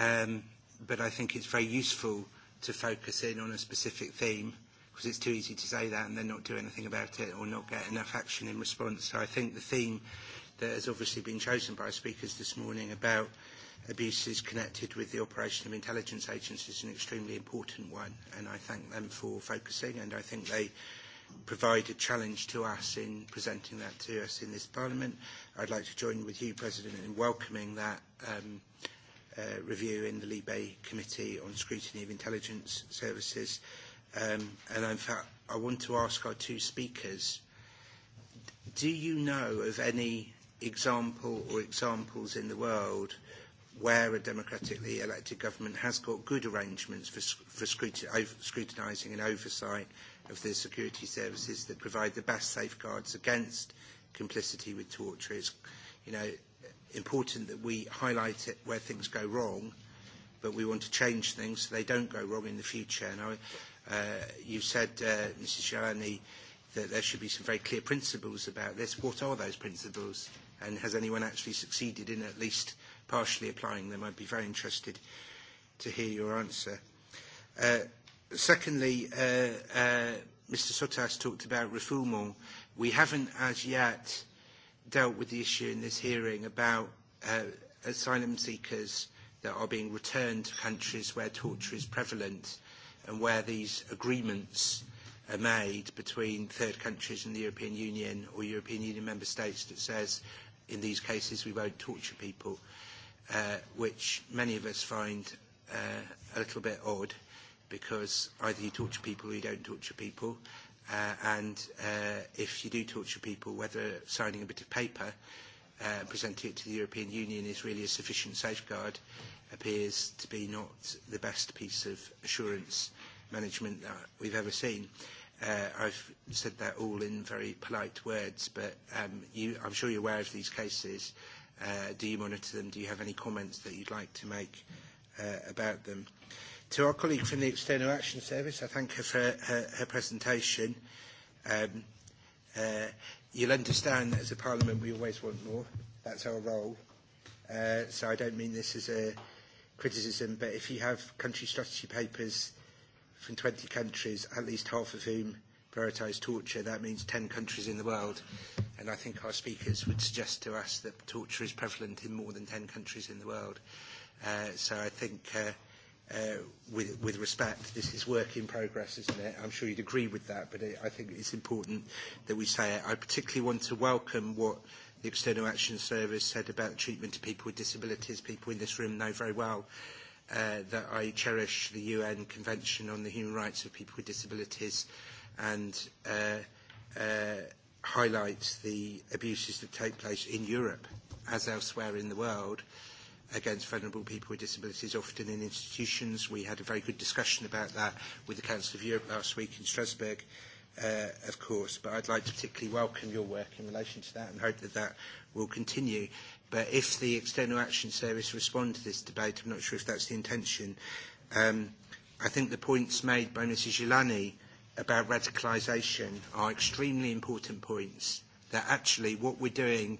Um, but I think it's very useful to focus in on a specific theme because it's too easy to say that and then not do anything about it or not get enough action in response. So I think the theme that has obviously been chosen by our speakers this morning about abuses connected with the operation of intelligence agencies is an extremely important one, and I thank them for focusing, and I think they provide a challenge to us in presenting that to us in this Parliament. I'd like to join with you, President, in welcoming that um, uh, review in the Libe Committee on Scrutiny of Intelligence Services. Um, and in fact, I want to ask our two speakers, do you know of any example or examples in the world where a democratically elected government has got good arrangements for, for scrutinising and oversight of the security services that provide the best safeguards against complicity with torture. It's you know, important that we highlight it where things go wrong, but we want to change things so they don't go wrong in the future. And I, uh, you said, uh, Mrs. Shalani, that there should be some very clear principles about this. What are those principles? And has anyone actually succeeded in at least partially applying them. I'd be very interested to hear your answer. Uh, secondly, uh, uh, Mr. Sotas talked about refoulement. We haven't as yet dealt with the issue in this hearing about uh, asylum seekers that are being returned to countries where torture is prevalent and where these agreements are made between third countries and the European Union or European Union member states that says in these cases we won't torture people. Uh, Uh, which many of us find uh, a little bit odd because either you torture people or you don't torture people. Uh, and uh, if you do torture people, whether signing a bit of paper uh, and presenting it to the European Union is really a sufficient safeguard appears to be not the best piece of assurance management that we've ever seen. Uh, I've said that all in very polite words, but um, you, I'm sure you're aware of these cases uh, Uh, do you monitor them? Do you have any comments that you'd like to make uh, about them? To our colleague from the External Action Service, I thank her for her, her presentation. Um, uh, you'll understand that as a parliament, we always want more. That's our role. Uh, so I don't mean this as a criticism, but if you have country strategy papers from 20 countries, at least half of whom uh, prioritise torture, that means 10 countries in the world. And I think our speakers would suggest to us that torture is prevalent in more than 10 countries in the world. Uh, so I think, uh, uh, with, with respect, this is work in progress, isn't it? I'm sure you'd agree with that, but it, I think it's important that we say it. I particularly want to welcome what the External Action Service said about treatment of people with disabilities. People in this room know very well uh, that I cherish the UN Convention on the Human Rights of People with Disabilities and uh, uh, highlights the abuses that take place in Europe, as elsewhere in the world, against vulnerable people with disabilities, often in institutions. We had a very good discussion about that with the Council of Europe last week in Strasbourg, uh, of course. But I'd like to particularly welcome your work in relation to that and hope that that will continue. But if the External Action Service respond to this debate, I'm not sure if that's the intention. Um, I think the points made by Mrs. Yulani uh, about radicalisation are extremely important points. That actually, what we're doing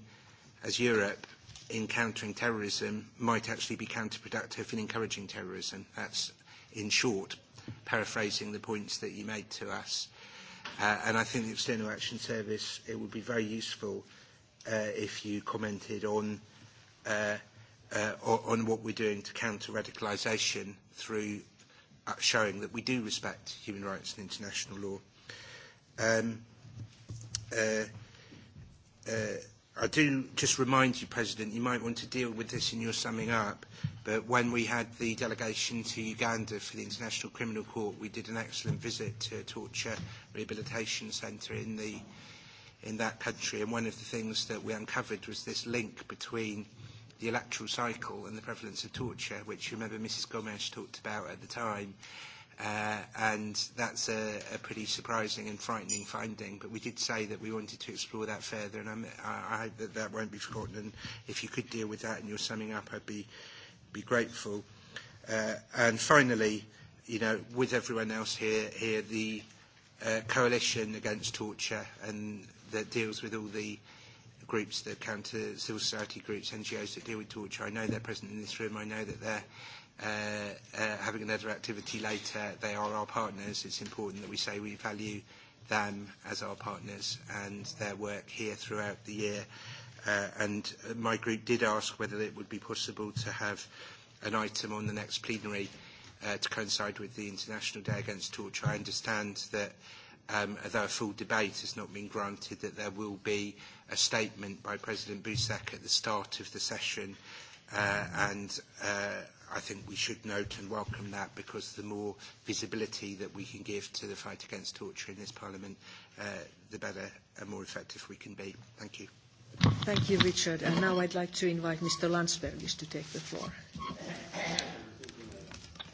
as Europe in countering terrorism might actually be counterproductive in encouraging terrorism. That's, in short, paraphrasing the points that you made to us. Uh, and I think the External Action Service, it would be very useful uh, if you commented on, uh, uh, on what we're doing to counter radicalisation through Uh, showing that we do respect human rights and international law. Um, uh, uh, I do just remind you, President, you might want to deal with this in your summing up, but when we had the delegation to Uganda for the International Criminal Court, we did an excellent visit to a torture rehabilitation centre in, in that country, and one of the things that we uncovered was this link between the electoral cycle and the prevalence of torture, which you remember Mrs. Gomes talked about at the time. Uh, and that's a, a pretty surprising and frightening finding. But we did say that we wanted to explore that further, and I'm, I, I hope that that won't be forgotten. And if you could deal with that in your summing up, I'd be, be grateful. Uh, and finally, you know, with everyone else here, here the uh, coalition against torture and that deals with all the uh, groups that counter civil society groups, NGOs that deal with torture. I know they're present in this room. I know that they're uh, uh, having another activity later. They are our partners. It's important that we say we value them as our partners and their work here throughout the year. Uh, and my group did ask whether it would be possible to have an item on the next plenary uh, to coincide with the International Day Against Torture. I understand that um, although a full debate has not been granted, that there will be a statement by President Busek at the start of the session, uh, and uh, I think we should note and welcome that because the more visibility that we can give to the fight against torture in this Parliament, uh, the better and more effective we can be. Thank you. Thank you, Richard. And now I'd like to invite Mr. Landsbergis to take the floor.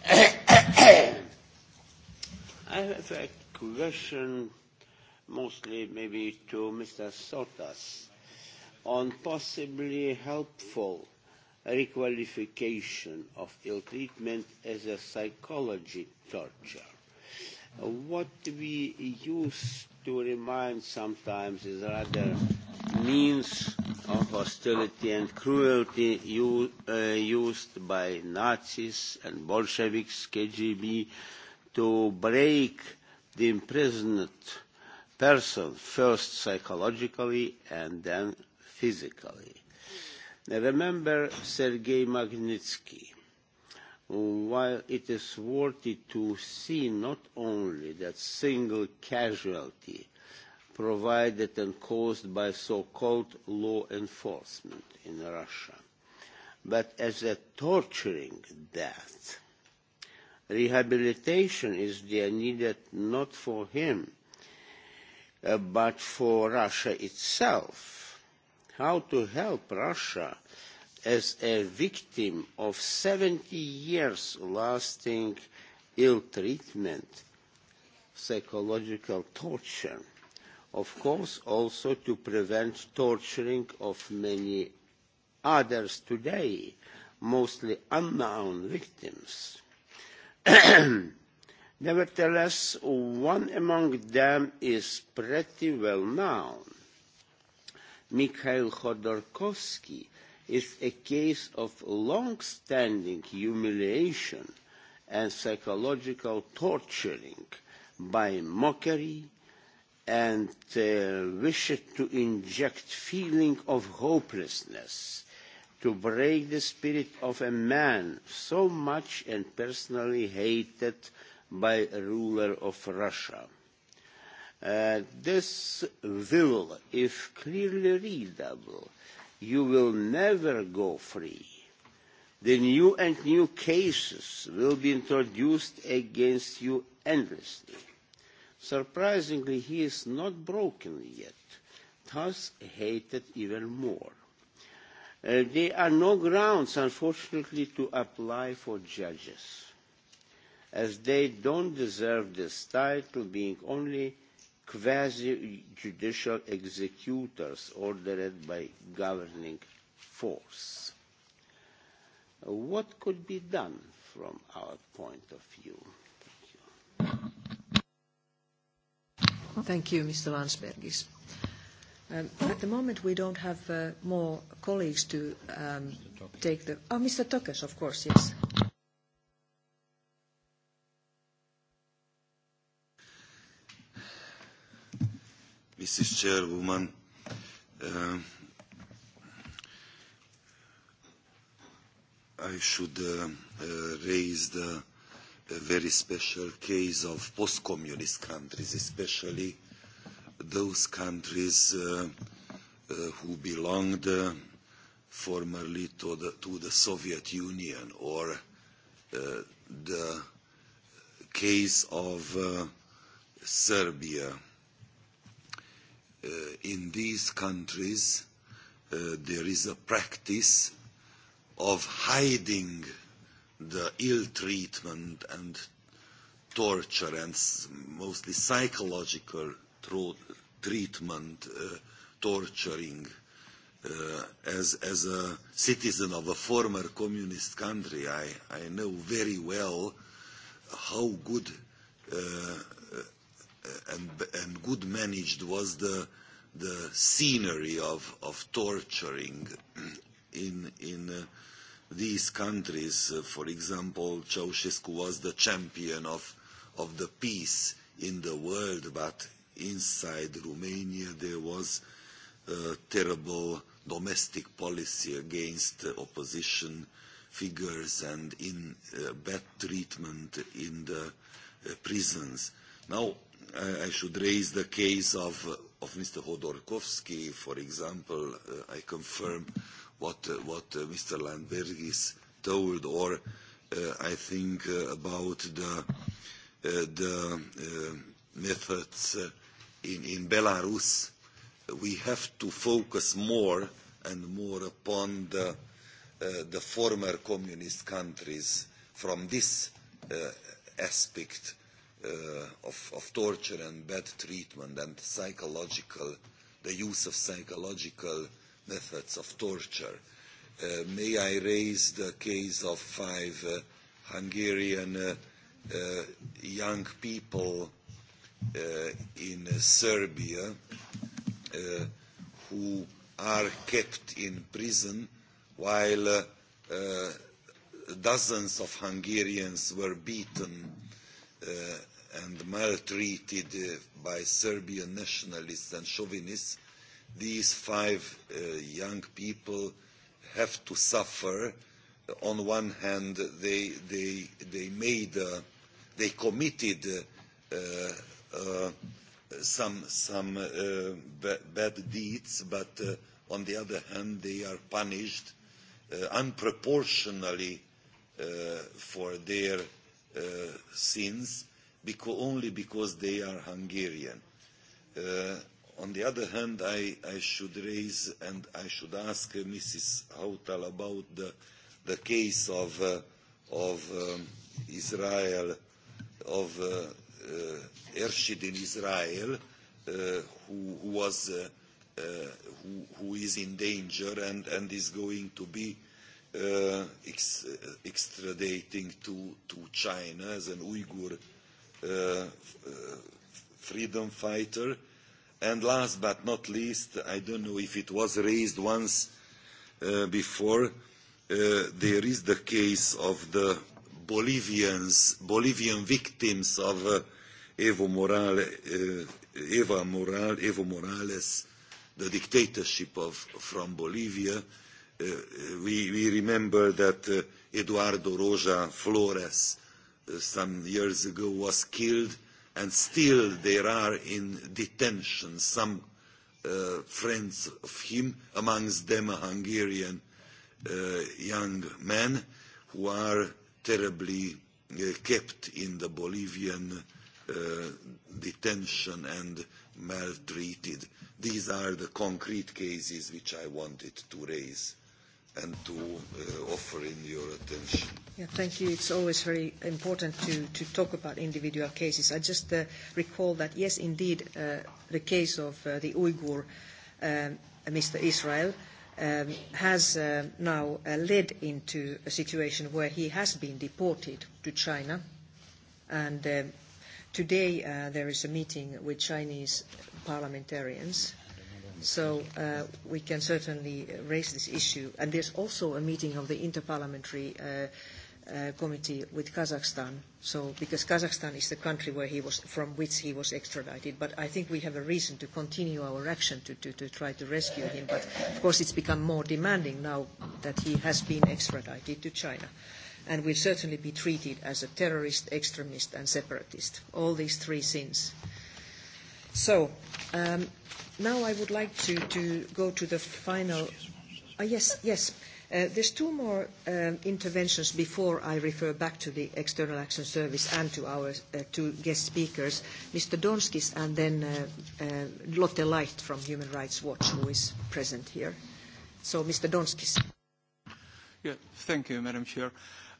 I have a question mostly maybe to Mr. Sotas, on possibly helpful requalification of ill treatment as a psychology torture. What we use to remind sometimes is rather means of hostility and cruelty you, uh, used by Nazis and Bolsheviks, KGB, to break the imprisonment person, first psychologically and then physically. Remember Sergei Magnitsky. While it is worthy to see not only that single casualty provided and caused by so-called law enforcement in Russia, but as a torturing death, rehabilitation is there needed not for him, Uh, but for Russia itself. How to help Russia as a victim of 70 years lasting ill treatment, psychological torture? Of course, also to prevent torturing of many others today, mostly unknown victims. nevertheless one among them is pretty well known mikhail khodorkovsky is a case of long-standing humiliation and psychological torturing by mockery and uh, wish to inject feeling of hopelessness to break the spirit of a man so much and personally hated by ruler of Russia. Uh, this will is clearly readable. You will never go free. The new and new cases will be introduced against you endlessly. Surprisingly, he is not broken yet, thus hated even more. Uh, there are no grounds, unfortunately, to apply for judges as they don't deserve this title, being only quasi judicial executors ordered by governing force. What could be done from our point of view? Thank you, Thank you Mr. Landsbergis. Um, at the moment, we don't have uh, more colleagues to um, take the. Oh, Mr. Tokas, of course, yes. visi čia ir man e, I should uh, uh, raise the very special case of post-communist countries, especially those countries uh, uh, who belonged uh, formerly to the, to the Soviet Union or uh, the case of uh, Serbia uh, in these countries uh, there is a practice of hiding the ill treatment and torture and mostly psychological tro- treatment, uh, torturing. Uh, as, as a citizen of a former communist country, I, I know very well how good uh, and, and good managed was the, the scenery of, of torturing in, in uh, these countries. Uh, for example, Ceausescu was the champion of, of the peace in the world, but inside Romania there was a terrible domestic policy against uh, opposition figures and in uh, bad treatment in the uh, prisons. Now, I should raise the case of of Mr. Hodorkovsky, for example. Uh, I confirm what uh, what uh, Mr. Landbergis told, or uh, I think uh, about the uh, the uh, methods uh, in in Belarus. We have to focus more and more upon the uh, the former communist countries from this uh, aspect. Uh, uh, of, of torture and bad treatment and psychological, the use of psychological methods of torture. Uh, may I raise the case of five uh, Hungarian uh, uh, young people uh, in uh, Serbia uh, who are kept in prison while uh, uh, dozens of Hungarians were beaten uh, and maltreated uh, by Serbian nationalists and chauvinists, these five uh, young people have to suffer. On one hand, they, they, they, made, uh, they committed uh, uh, some, some uh, b- bad deeds, but uh, on the other hand, they are punished uh, unproportionally uh, for their uh, sins because, only because they are Hungarian. Uh, on the other hand, I, I should raise and I should ask uh, Mrs. Hautal about the, the case of, uh, of um, Israel, of uh, uh, Ershid in Israel, uh, who, who, was, uh, uh, who, who is in danger and, and is going to be uh, ex, uh, extraditing to, to China as an Uyghur uh, uh, freedom fighter. And last but not least, I don't know if it was raised once uh, before, uh, there is the case of the Bolivians, Bolivian victims of uh, Evo, Morale, uh, Eva Moral, Evo Morales, the dictatorship of, from Bolivia. Uh, we, we remember that uh, Eduardo Roja Flores, uh, some years ago was killed and still there are in detention some uh, friends of him, amongst them a Hungarian uh, young man who are terribly uh, kept in the Bolivian uh, detention and maltreated. These are the concrete cases which I wanted to raise and to uh, offer in your attention. Yeah, thank you. It's always very important to, to talk about individual cases. I just uh, recall that, yes, indeed, uh, the case of uh, the Uyghur, um, Mr. Israel, um, has uh, now uh, led into a situation where he has been deported to China. And uh, today uh, there is a meeting with Chinese parliamentarians so uh, we can certainly raise this issue. And there's also a meeting of the Inter-Parliamentary uh, uh, Committee with Kazakhstan, so because Kazakhstan is the country where he was, from which he was extradited. But I think we have a reason to continue our action to try to rescue him. But of course, it's become more demanding now that he has been extradited to China, and will certainly be treated as a terrorist, extremist, and separatist. All these three sins, So, um, now I would like to go to the final. Uh, yes, yes. Uh, there's two more um, interventions before I refer back to the External Action Service and to our uh, two guest speakers, Mr. Donskis and then Lotte Leicht from Human Rights Watch, who is present here. So, Mr. Donskis. Yeah. Thank you, Madam Chair.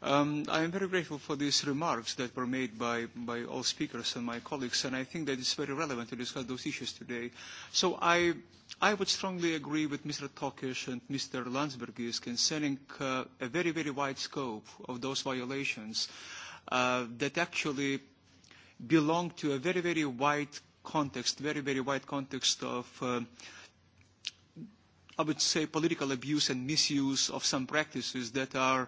Um, I am very grateful for these remarks that were made by, by all speakers and my colleagues, and I think that it's very relevant to discuss those issues today. So I, I would strongly agree with Mr. Tokish and Mr. Landsbergis concerning uh, a very, very wide scope of those violations uh, that actually belong to a very, very wide context, very, very wide context of, uh, I would say, political abuse and misuse of some practices that are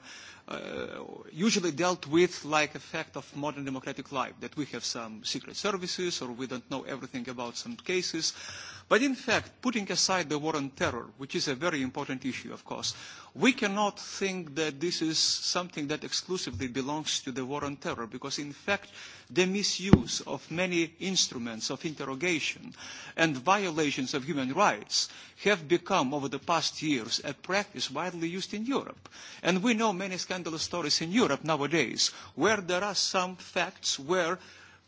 Uh, usually dealt with like a fact of modern democratic life, that we have some secret services or we don't know everything about some cases. But in fact, putting aside the war on terror, which is a very important issue, of course, we cannot think that this is something that exclusively belongs to the war on terror, because in fact, the misuse of many instruments of interrogation and violations of human rights have become, over the past years, a practice widely used in Europe. And we know many scandals scandalous stories in Europe nowadays, where there are some facts where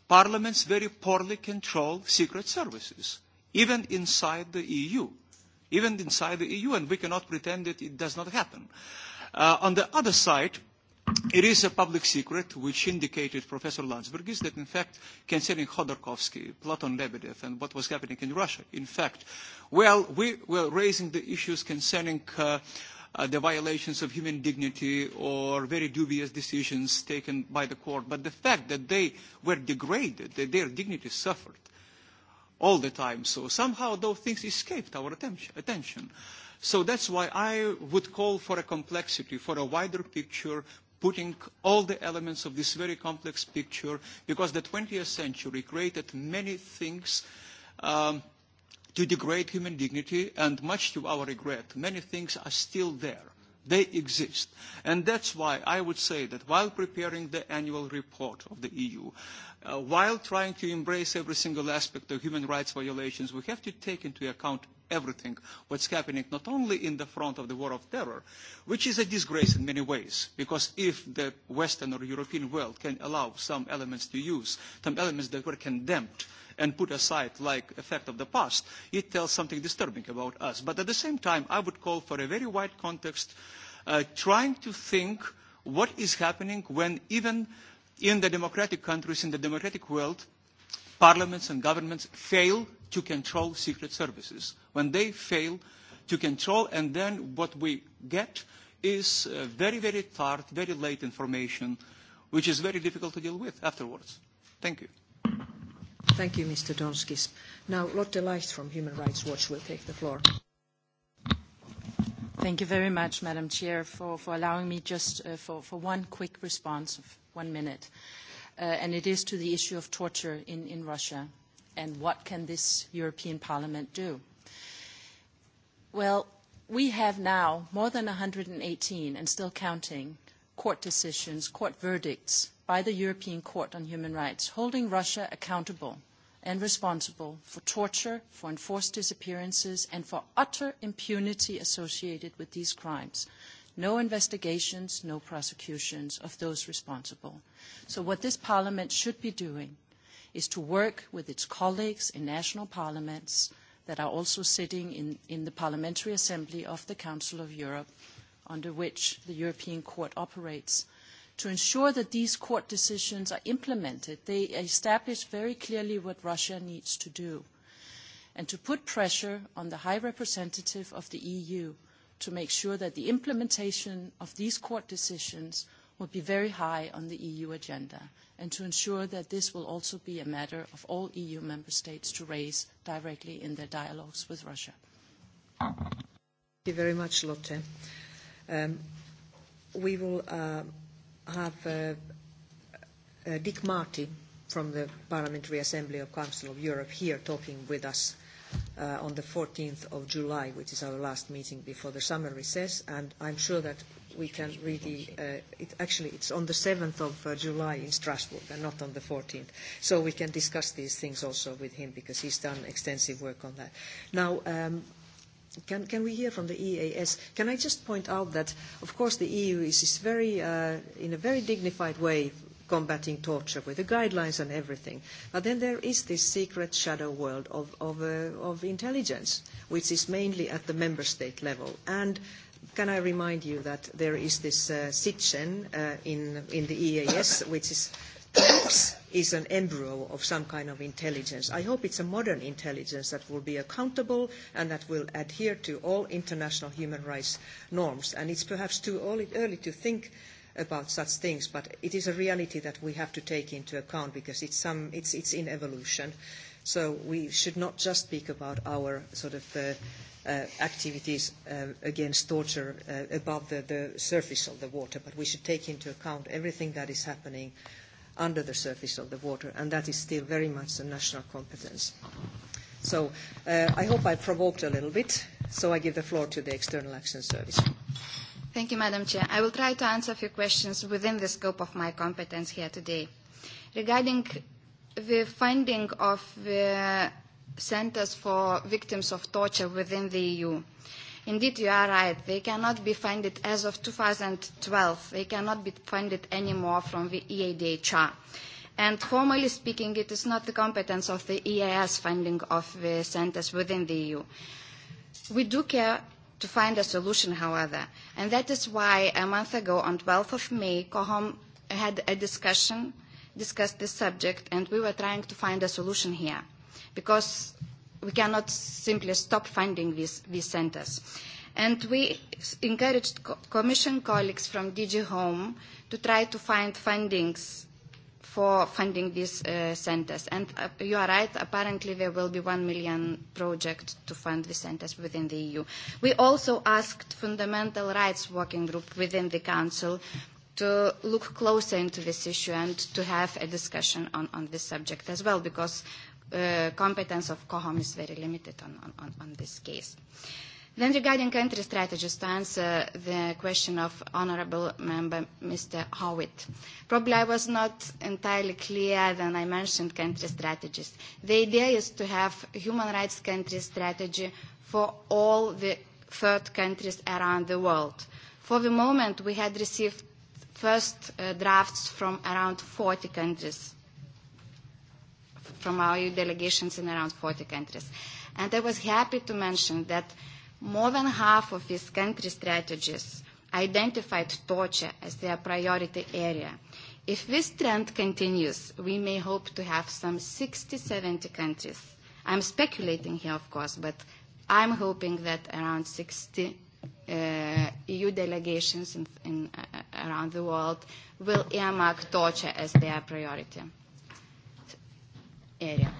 parliaments very poorly control secret services, even inside the EU. Even inside the EU, and we cannot pretend that it does not happen. Uh, on the other side, it is a public secret, which indicated Professor Landsbergis, that in fact, concerning Khodorkovsky, Platon Lebedev, and what was happening in Russia, in fact, well, we were raising the issues concerning uh, uh, the violations of human dignity or very dubious decisions taken by the court, but the fact that they were degraded, that their dignity suffered all the time. So somehow those things escaped our attention. So that's why I would call for a complexity, for a wider picture, putting all the elements of this very complex picture, because the 20th century created many things. Um, to degrade human dignity, and much to our regret, many things are still there. They exist. And that's why I would say that while preparing the annual report of the EU, uh, while trying to embrace every single aspect of human rights violations, we have to take into account everything what's happening not only in the front of the war of terror, which is a disgrace in many ways, because if the Western or European world can allow some elements to use, some elements that were condemned and put aside like effect of the past, it tells something disturbing about us. But at the same time, I would call for a very wide context, uh, trying to think what is happening when even in the democratic countries, in the democratic world, parliaments and governments fail to control secret services when they fail to control, and then what we get is very, very tart, very late information, which is very difficult to deal with afterwards. Thank you. Thank you, Mr. Donskis. Now, Lotte Leicht from Human Rights Watch will take the floor. Thank you very much, Madam Chair, for, for allowing me just uh, for, for one quick response of one minute. Uh, and it is to the issue of torture in, in Russia and what can this European Parliament do? Well, we have now more than 118 and still counting court decisions, court verdicts by the European Court on Human Rights holding Russia accountable and responsible for torture, for enforced disappearances, and for utter impunity associated with these crimes. No investigations, no prosecutions of those responsible. So what this parliament should be doing is to work with its colleagues in national parliaments that are also sitting in, in the Parliamentary Assembly of the Council of Europe, under which the European Court operates. To ensure that these court decisions are implemented, they establish very clearly what Russia needs to do, and to put pressure on the High Representative of the EU to make sure that the implementation of these court decisions will be very high on the EU agenda and to ensure that this will also be a matter of all EU member states to raise directly in their dialogues with Russia. Thank you very much, Lotte. Um, we will uh, have uh, uh, Dick Marty from the Parliamentary Assembly of Council of Europe here talking with us uh, on the 14th of July, which is our last meeting before the summer recess. And I'm sure that we can really, uh, it, actually, it's on the 7th of uh, July in Strasbourg and not on the 14th. So we can discuss these things also with him because he's done extensive work on that. Now, um, can, can we hear from the EAS? Can I just point out that, of course, the EU is, is very, uh, in a very dignified way combating torture with the guidelines and everything. But then there is this secret shadow world of, of, uh, of intelligence, which is mainly at the member state level. And can I remind you that there is this uh, SITGEN uh, in the EAS, which is perhaps an embryo of some kind of intelligence. I hope it's a modern intelligence that will be accountable and that will adhere to all international human rights norms. It's perhaps too early to think about such things, but it is a reality that we have to take into account because it's in evolution. We should not just speak about our sort of uh, uh, activities uh, against torture uh, above the, the surface of the water, but we should take into account everything that is happening under the surface of the water, and that is still very much a national competence. So uh, I hope I provoked a little bit, so I give the floor to the External Action Service. Thank you, Madam Chair. I will try to answer a few questions within the scope of my competence here today. Regarding the finding of the centers for victims of torture within the EU. Indeed, you are right. They cannot be funded as of 2012. They cannot be funded anymore from the EADHR. And formally speaking, it is not the competence of the EAS funding of the centers within the EU. We do care to find a solution, however. And that is why a month ago, on 12th of May, COHOM had a discussion, discussed this subject, and we were trying to find a solution here because we cannot simply stop funding these, these centers. And we encouraged co Commission colleagues from DG Home to try to find fundings for funding these uh, centers. And uh, you are right, apparently there will be one million project to fund the centers within the EU. We also asked Fundamental Rights Working Group within the Council to look closer into this issue and to have a discussion on, on this subject as well, because uh, Uh, competence of COHOM is very limited on, on, on this case. Then regarding country strategies, to answer the question of Honorable Member Mr. Howitt. Probably I was not entirely clear when I mentioned country strategies. The idea is to have a human rights country strategy for all the third countries around the world. For the moment, we had received first uh, drafts from around 40 countries from our EU delegations in around 40 countries. And I was happy to mention that more than half of these country strategies identified torture as their priority area. If this trend continues, we may hope to have some 60, 70 countries. I'm speculating here, of course, but I'm hoping that around 60 uh, EU delegations in, in, uh, around the world will earmark torture as their priority area.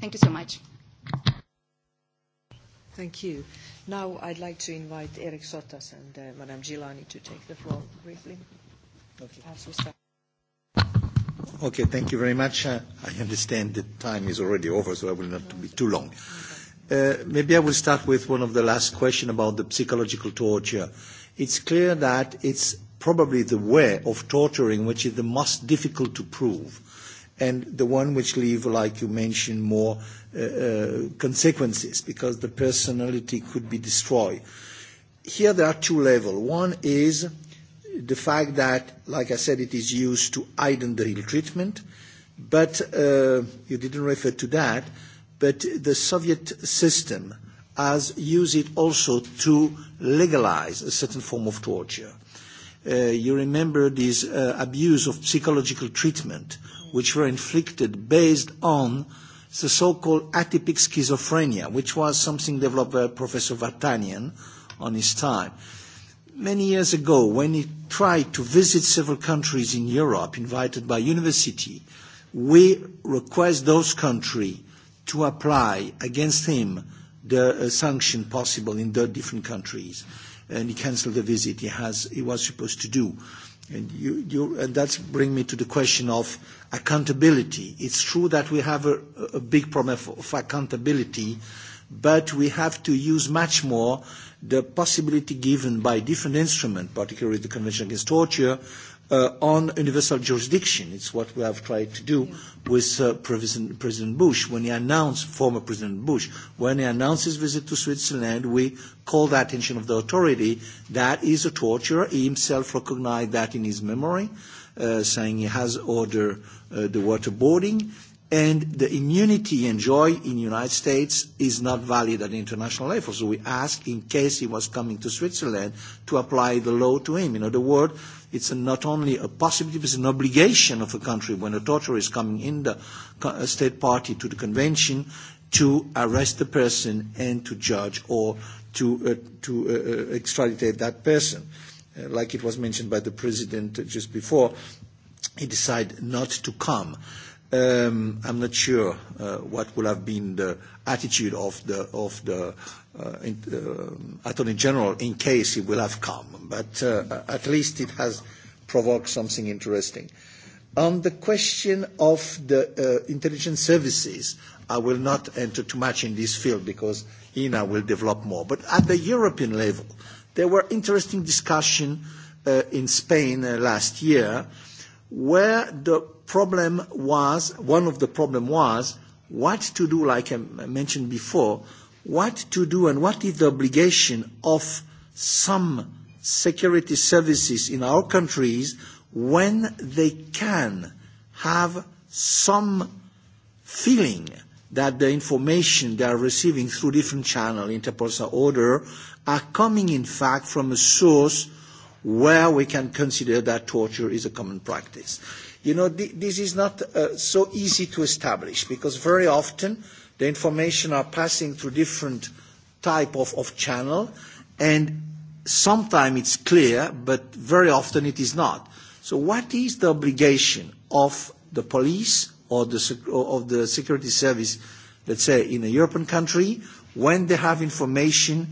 Thank you so much. Thank you. Now I'd like to invite Eric Sotas and uh, Madame Gilani to take the floor briefly. Okay. Okay, thank you very much. Uh, I understand that time is already over, so I will not be too long. Uh, maybe I will start with one of the last questions about the psychological torture. It's clear that it's probably the way of torturing which is the most difficult to prove. Uh, and the one which leave, like you mentioned, more uh, uh, consequences because the personality could be destroyed. Here there are two levels. One is the fact that, like I said, it is used to hide the real treatment, but uh, you didn't refer to that, but the Soviet system has used it also to legalize a certain form of torture. Uh, you remember these uh, abuse of psychological treatment which were inflicted based on the so-called atypic schizophrenia, which was something developed by Professor Vartanian on his time. Many years ago, when he tried to visit several countries in Europe, invited by university, we request those countries to apply against him the uh, sanction possible in the different countries. Uh, and he cancelled the visit he has he was supposed to do and you, you and that's bring me to the question of accountability it's true that we have a, a big problem of, of accountability but we have to use much more the possibility given by different instruments, particularly the Convention Against Torture, uh, on universal jurisdiction. It's what we have tried to do yeah. with uh, President, President Bush when he announced, former President Bush, when he announced his visit to Switzerland, we called the attention of the authority that is a torturer. He himself recognized that in his memory, uh, saying he has ordered uh, the waterboarding and the immunity enjoyed in the United States is not valid at international level. So we asked, in case he was coming to Switzerland, to apply the law to him. In other words, it's a, not only a possibility, but it's an obligation of a country when a torturer is coming in the a state party to the convention to arrest the person and to judge or to, uh, to uh, uh, extradite that person. Uh, like it was mentioned by the president just before, he decided not to come um, I'm not sure uh, what will have been the attitude of the, of the uh, in, uh, Attorney General in case it will have come, but uh, at least it has provoked something interesting. On the question of the uh, intelligence services, I will not enter too much in this field because INA will develop more. But at the European level, there were interesting discussions uh, in Spain uh, last year uh, where the problem was, one of the problem was, what to do, like I mentioned before, what to do and what is the obligation of some security services in our countries when they can have some feeling that the information they are receiving through different channels, Interpol's order, are coming in fact from a source where we can consider that torture is a common practice. You know, th- this is not uh, so easy to establish because very often the information are passing through different type of, of channel and sometimes it's clear, but very often it is not. So what is the obligation of the police or, the sec- or of the security service, let's say, in a European country, when they have information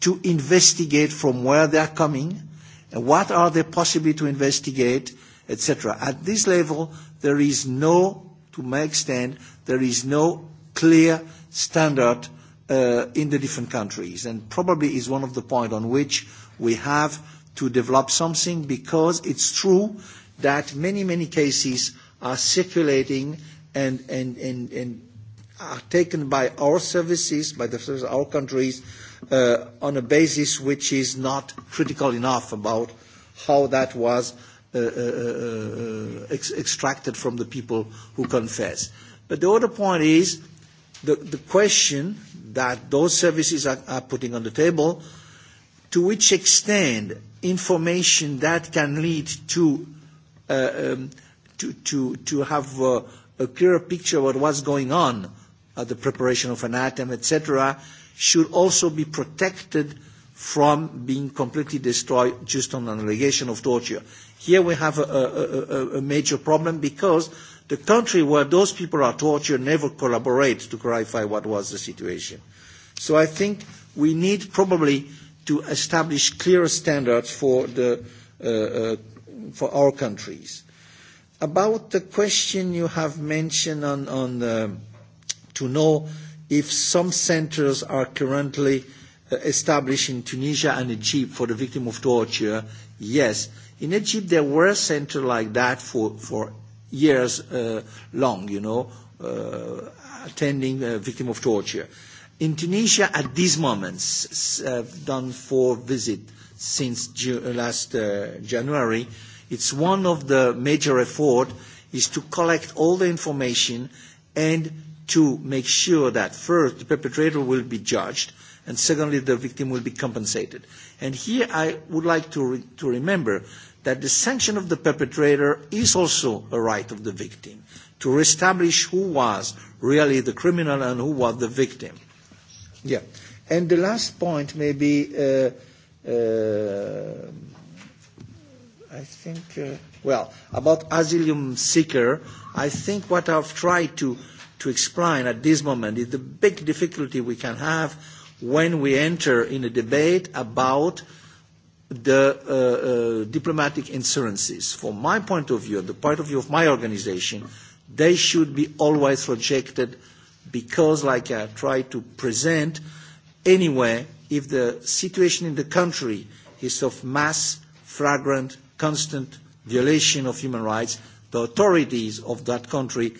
to investigate from where they are coming – What are they possibly to investigate, et cetera. At this level, there is no, to my extent, there is no clear standard uh, in the different countries, and probably is one of the point on which we have to develop something, because it's true that many, many cases are circulating and are taken by our services, by the service of our countries, uh, on a basis which is not critical enough about how that was uh, uh, uh, uh, ex- extracted from the people who confess. But the other point is the, the question that those services are, are putting on the table to which extent information that can lead to, uh, um, to, to, to have uh, a clearer picture of what was going on at the preparation of an item, etc should also be protected from being completely destroyed just on an allegation of torture. Here we have a, a, a, a major problem because the country where those people are tortured never collaborates to clarify what was the situation. So I think we need probably to establish clearer standards for, the, uh, uh, for our countries. About the question you have mentioned on, on the, um, to know if some centres are currently uh, established in Tunisia and Egypt for the victim of torture, yes. In Egypt, there were centres like that for, for years uh, long, you know, uh, attending a uh, victim of torture. In Tunisia, at these moments, I've done four visits since Ju- uh, last uh, January, it's one of the major efforts is to collect all the information and to make sure that first the perpetrator will be judged and secondly the victim will be compensated. And here I would like to, re to remember that the sanction of the perpetrator is also a right of the victim to reestablish who was really the criminal and who was the victim. Yeah. And the last point may be, uh, uh, I think, uh, well, about asylum seeker, I think what I've tried to, uh, to explain at this moment is the big difficulty we can have when we enter in a debate about the uh, uh, diplomatic insurances. From my point of view, the point of view of my organization, they should be always rejected because, like I try to present, anyway, if the situation in the country is of mass, flagrant, constant violation of human rights, the authorities of that country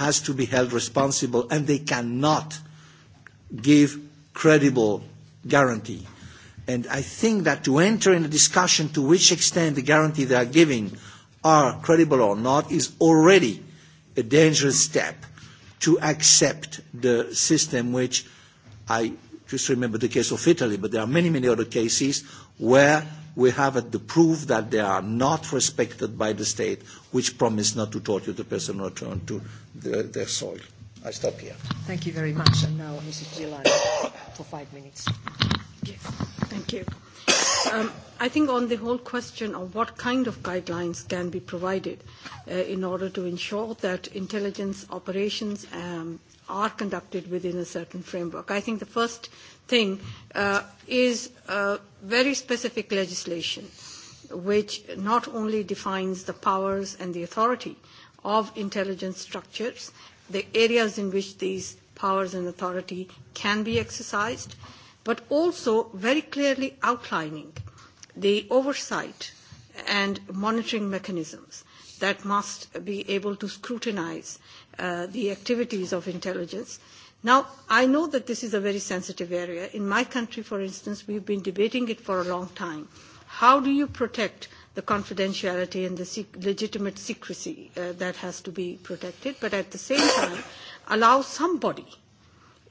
has to be held responsible and they cannot give credible guarantee. And I think that to enter in a discussion to which extent the guarantee they are giving are credible or not is already a dangerous step to accept the system which I just remember the case of Italy, but there are many, many other cases where we have the proof that they are not respected by the state, which promised not to torture the person or return to the, their soil. I stop here. Thank you very much. And now, Mrs. Gillan, for five minutes. Thank you. Um, I think on the whole question of what kind of guidelines can be provided uh, in order to ensure that intelligence operations um, are conducted within a certain framework, I think the first thing uh, is uh, very specific legislation which not only defines the powers and the authority of intelligence structures, the areas in which these powers and authority can be exercised, but also very clearly outlining the oversight and monitoring mechanisms that must be able to scrutinize uh, the activities of intelligence uh, Now, I know that this is a very sensitive area. In my country, for instance, we've been debating it for a long time. How do you protect the confidentiality and the sec- legitimate secrecy uh, that has to be protected, but at the same time, allow somebody,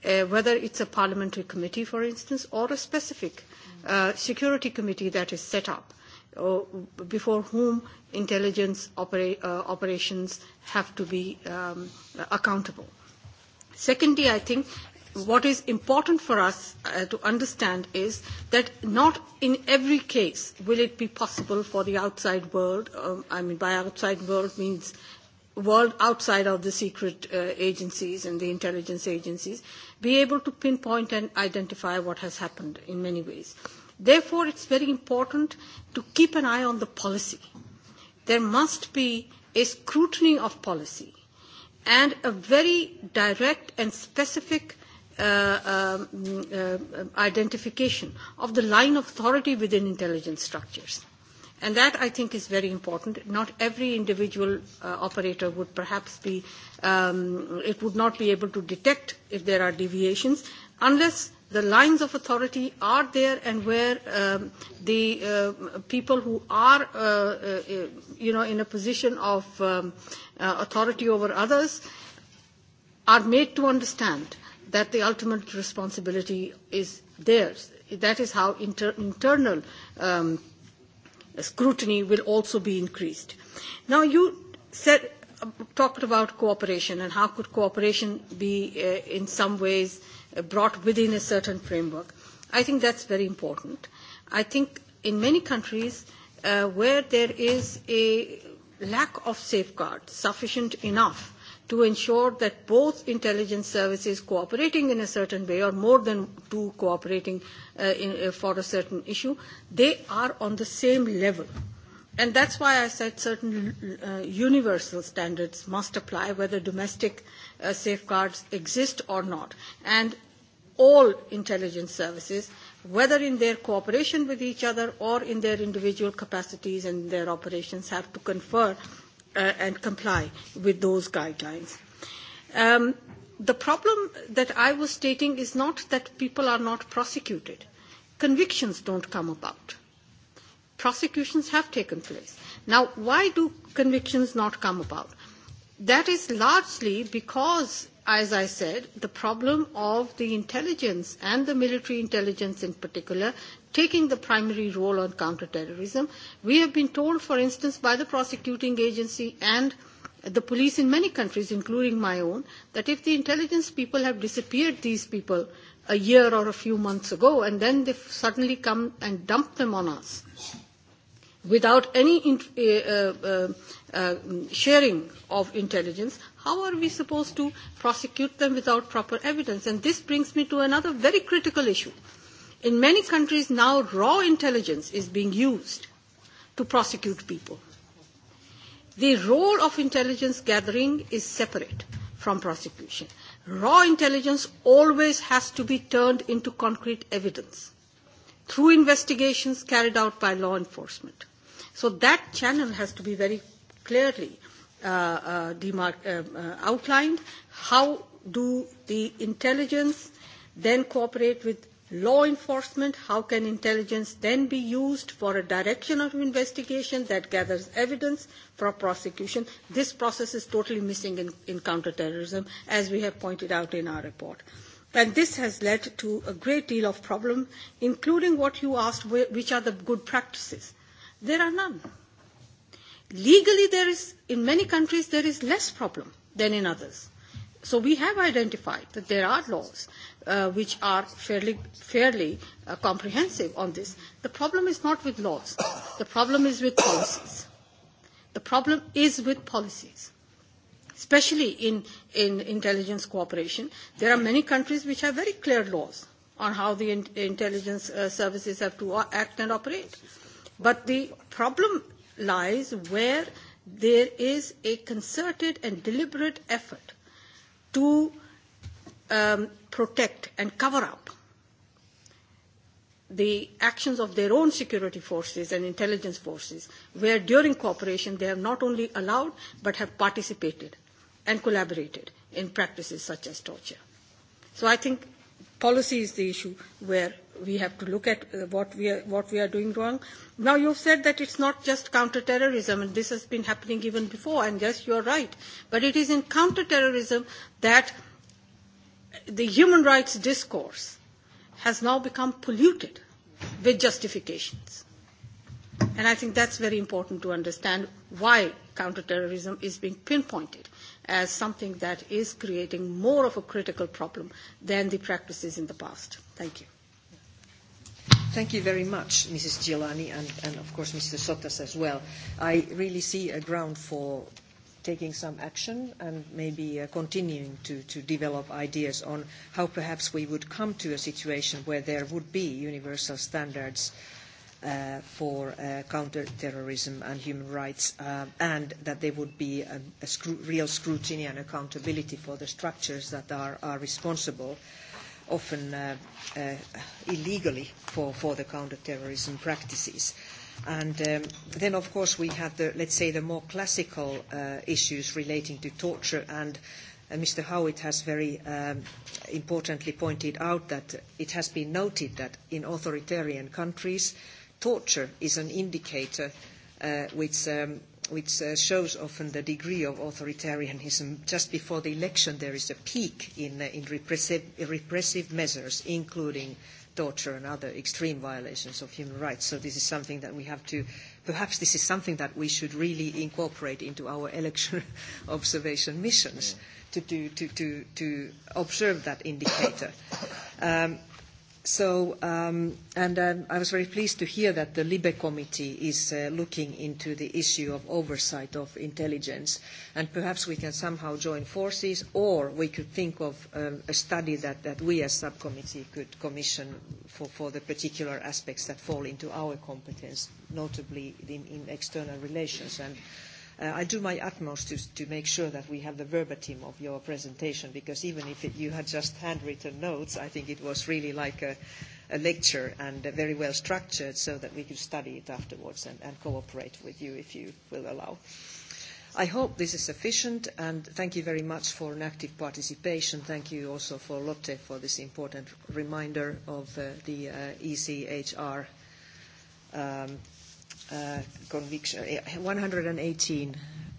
uh, whether it's a parliamentary committee, for instance, or a specific uh, security committee that is set up, uh, before whom intelligence opera- uh, operations have to be um, uh, accountable? Secondly, I think what is important for us uh, to understand is that not in every case will it be possible for the outside world, um, I mean by outside world means world outside of the secret uh, agencies and the intelligence agencies, be able to pinpoint and identify what has happened in many ways. Therefore, it's very important to keep an eye on the policy. There must be a scrutiny of policy and a very direct and specific uh, um, uh, identification of the line of authority within intelligence structures. And that, I think, is very important. Not every individual uh, operator would perhaps be, um, it would not be able to detect if there are deviations unless the lines of authority are there and where um, the uh, people who are uh, uh, you know in a position of um, uh, authority over others are made to understand that the ultimate responsibility is theirs that is how inter- internal um, scrutiny will also be increased now you said uh, talked about cooperation and how could cooperation be uh, in some ways uh, Uh, brought within a certain framework. I think that's very important. I think in many countries uh, where there is a lack of safeguards sufficient enough to ensure that both intelligence services cooperating in a certain way or more than two cooperating uh, in, uh, for a certain issue, they are on the same level. And that's why I said certain uh, universal standards must apply, whether domestic Uh, safeguards exist or not. And all intelligence services, whether in their cooperation with each other or in their individual capacities and their operations, have to confer uh, and comply with those guidelines. Um, the problem that I was stating is not that people are not prosecuted. Convictions don't come about. Prosecutions have taken place. Now, why do convictions not come about? that is largely because, as I said, the problem of the intelligence and the military intelligence in particular taking the primary role on counterterrorism. We have been told, for instance, by the prosecuting agency and the police in many countries, including my own, that if the intelligence people have disappeared these people a year or a few months ago and then they suddenly come and dump them on us, without any int- uh, eh, uh, eh, uh, eh, mm, sharing of intelligence, how are we supposed to prosecute them without proper evidence? And this brings me to another very critical issue. In many countries now, raw intelligence is being used to prosecute people. The role of intelligence gathering is separate from prosecution. Raw intelligence always has to be turned into concrete evidence through investigations carried out by law enforcement. So that channel has to be very clearly uh, uh, demark- uh, uh, outlined. How do the intelligence then cooperate with law enforcement? How can intelligence then be used for a direction of investigation that gathers evidence for a prosecution? This process is totally missing in, in counterterrorism, as we have pointed out in our report. Uh, And this has led to a great deal of problem, including what you asked, which are the good practices. There are none. Legally, there is, in many countries, there is less problem than in others. So we have identified that there are laws uh, which are fairly, fairly uh, comprehensive on this. The problem is not with laws. The problem is with policies. The problem is with policies especially in, in intelligence cooperation. There are many countries which have very clear laws on how the in, intelligence uh, services have to uh, act and operate. But the problem lies where there is a concerted and deliberate effort to um, protect and cover up the actions of their own security forces and intelligence forces, where during cooperation they have not only allowed but have participated and collaborated in practices such as torture. So I think policy is the issue where we have to look at uh, what we are, what we are doing wrong. Now you've said that it's not just counterterrorism and this has been happening even before and yes, you're right. But it is in counterterrorism that the human rights discourse has now become polluted with justifications. And I think that's very important to understand why counterterrorism is being pinpointed as something that is creating more of a critical problem than the practices in the past. Thank you. Thank you very much, Mrs. Giolani, and, and of course, Mr. Sotas as well. I really see a ground for taking some action and maybe uh, continuing to, to develop ideas on how perhaps we would come to a situation where there would be universal standards. Uh, for uh, counterterrorism and human rights, uh, and that there would be a, a scru- real scrutiny and accountability for the structures that are, are responsible, often uh, uh, illegally, for, for the counterterrorism practices. And um, then, of course, we have the, let's say, the more classical uh, issues relating to torture. And uh, Mr. Howitt has very um, importantly pointed out that it has been noted that in authoritarian countries, uh, torture is an indicator uh, which, um, which uh, shows often the degree of authoritarianism. Just before the election, there is a peak in, uh, in repressive, repressive measures, including torture and other extreme violations of human rights. So this is something that we have to, perhaps this is something that we should really incorporate into our election observation missions yeah. to, do, to, to, to observe that indicator. um, So, um, and um, I was very pleased to hear that the Libe Committee is uh, looking into the issue of oversight of intelligence. And perhaps we can somehow join forces, or we could think of um, a study that, that we as subcommittee could commission for, for the particular aspects that fall into our competence, notably in, in external relations. And, Uh, I do my utmost to, to make sure that we have the verbatim of your presentation, because even if it, you had just handwritten notes, I think it was really like a, a lecture and a very well structured so that we could study it afterwards and, and cooperate with you if you will allow. I hope this is sufficient, and thank you very much for an active participation. Thank you also for Lotte for this important reminder of uh, the uh, ECHR. Um, 118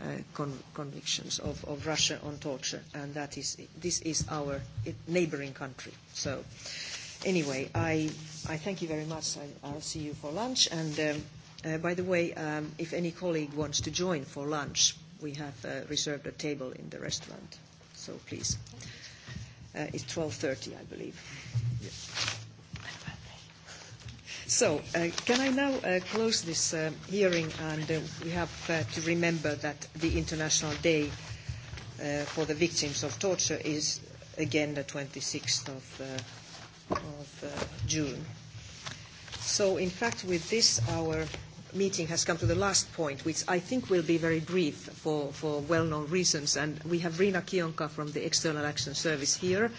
uh, eh, uh, con- convictions of, of Russia on torture, and that is, this is our neighboring country. So, anyway, I, I thank you very much. I, I'll see you for lunch. And um, uh, by the way, um, if any colleague wants to join for lunch, we have uh, reserved a table in the restaurant. So please, uh, it's 12:30, I believe. Yeah. Uh, can I now uh, close this uh, hearing and we have to remember that the International Day for the Victims of Torture is again the 26th of, of June. So in fact with this our meeting has come to the last point, which I think will be very brief for, for well-known reasons. And we have Rina Kionka from the External Action Service here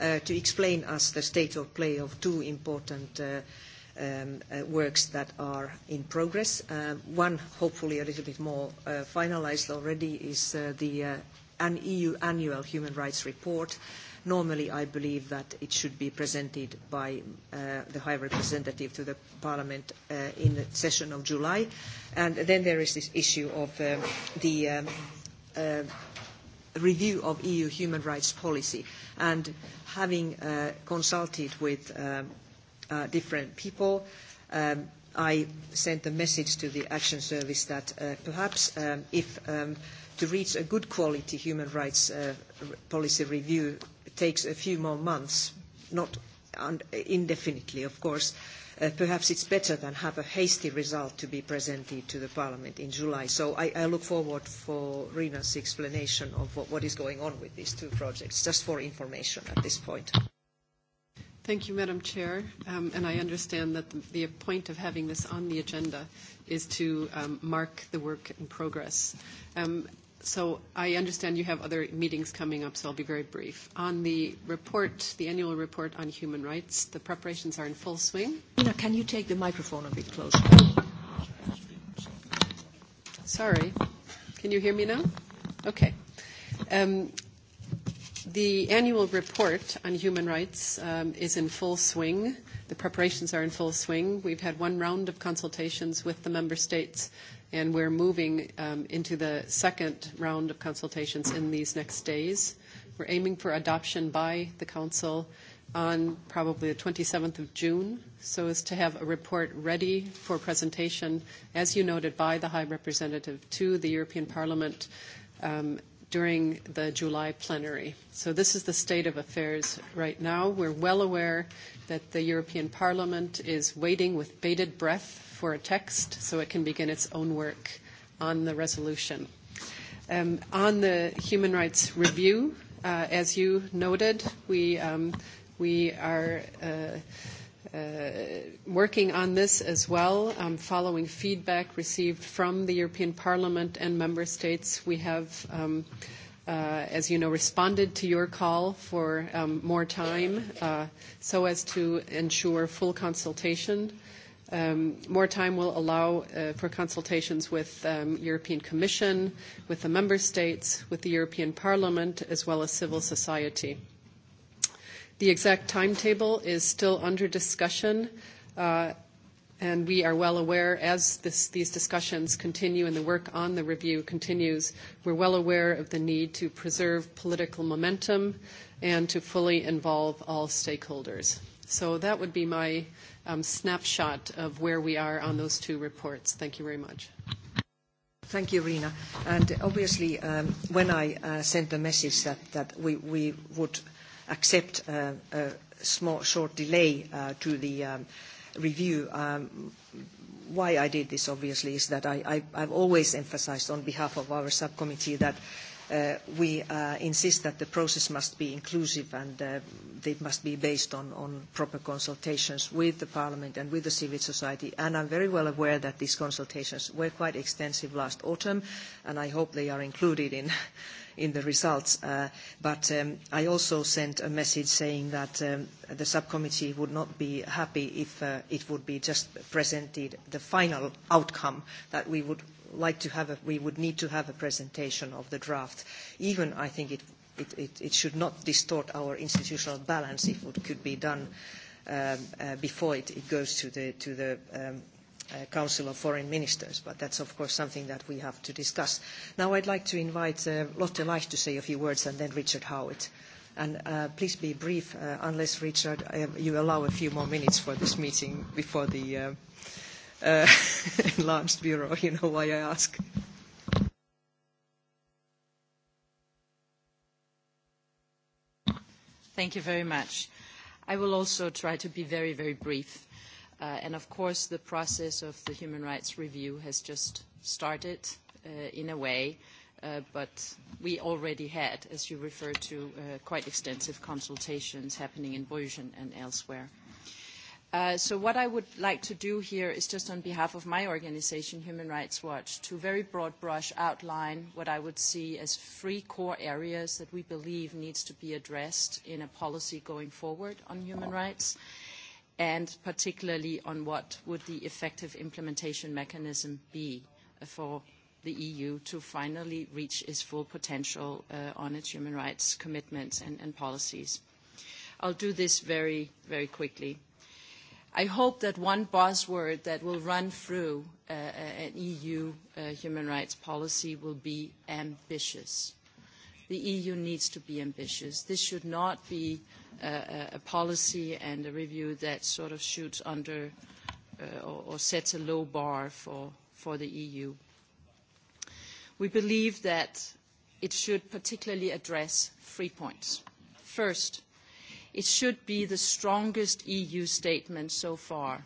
uh, to explain us the state of play of two important uh, Um, uh, works that are in progress. Uh, one, hopefully a little bit more uh, finalized already, is the EU annual human rights report. Normally, I believe that it should be presented by the High Representative to the Parliament in the session of July. Then there is this issue of um, the um, review of EU human rights policy. Having consulted with uh, different people, um, I sent a message to the Action Service that uh, perhaps um, if um, to reach a good quality human rights uh, r- policy review takes a few more months, not un- indefinitely, of course, uh, perhaps it's better than have a hasty result to be presented to the Parliament in July. So I, I look forward for Rina's explanation of what, what is going on with these two projects, just for information at this point. Thank you, Madam Chair. Um, and I understand that the, the point of having this on the agenda is to um, mark the work in progress. Um, so I understand you have other meetings coming up, so I'll be very brief. On the report, the annual report on human rights, the preparations are in full swing. Nina, can you take the microphone a bit closer? Sorry. Can you hear me now? Okay. Um, The annual report on human rights um, is in full swing. The preparations are in full swing. We've had one round of consultations with the member states, and we're moving um, into the second round of consultations in these next days. We're aiming for adoption by the Council on probably the 27th of June, so as to have a report ready for presentation, as you noted, by the High Representative to the European Parliament. Um, during the July plenary. So this is the state of affairs right now. We're well aware that the European Parliament is waiting with bated breath for a text so it can begin its own work on the resolution. Um, on the human rights review, uh, as you noted, we, um, we are uh, uh, working on this as well, um, following feedback received from the European Parliament and member states. We have, um, uh, as you know, responded to your call for um, more time uh, so as to ensure full consultation. Um, more time will allow uh, for consultations with um, European Commission, with the member states, with the European Parliament, as well as civil society. The exact timetable is still under discussion, uh, and we are well aware as this, these discussions continue and the work on the review continues, we're well aware of the need to preserve political momentum and to fully involve all stakeholders. So that would be my um, snapshot of where we are on those two reports. Thank you very much. Thank you, Rina. And obviously, um, when I uh, sent the message that, that we, we would accept a small short delay uh, to the um, review. Um, why I did this, obviously, is that I, I, I've always emphasized on behalf of our subcommittee that uh, we uh, insist that the process must be inclusive and uh, it must be based on, on proper consultations with the Parliament and with the civil society. And I'm very well aware that these consultations were quite extensive last autumn, and I hope they are included in in the results. Uh, but um, I also sent a message saying that um, the subcommittee would not be happy if uh, it would be just presented the final outcome, that we would like to have a... We would need to have a presentation of the draft. Even I think it should not distort our institutional balance if it could be done um, uh, before it goes to the Uh, Council of Foreign Ministers, but that's of course something that we have to discuss. Now I'd like to invite uh, Lotte Leich to say a few words and then Richard Howitt. And uh, please be brief, uh, unless Richard, uh, you allow a few more minutes for this meeting before the uh, uh, enlarged bureau, you know why I ask. Thank you very much. I will also try to be very, very brief. Uh, and of course, the process of the human rights review has just started uh, in a way, uh, but we already had, as you referred to, uh, quite extensive consultations happening in Bruges and elsewhere. Uh, so what I would like to do here is just on behalf of my organization, Human Rights Watch, to very broad brush outline what I would see as three core areas that we believe needs to be addressed in a policy going forward on human rights. Uh, and particularly on what would the effective implementation mechanism be uh, for the EU to finally reach its full potential uh, on its human rights commitments and, and policies. I'll do this very, very quickly. I hope that one buzzword that will run through uh, uh an EU uh, human rights policy will be ambitious. The EU needs to be ambitious. This should not be a policy and a review that sort of shoots under uh, or, or sets a low bar for, for the EU. We believe that it should particularly address three points. First, it should be the strongest EU statement so far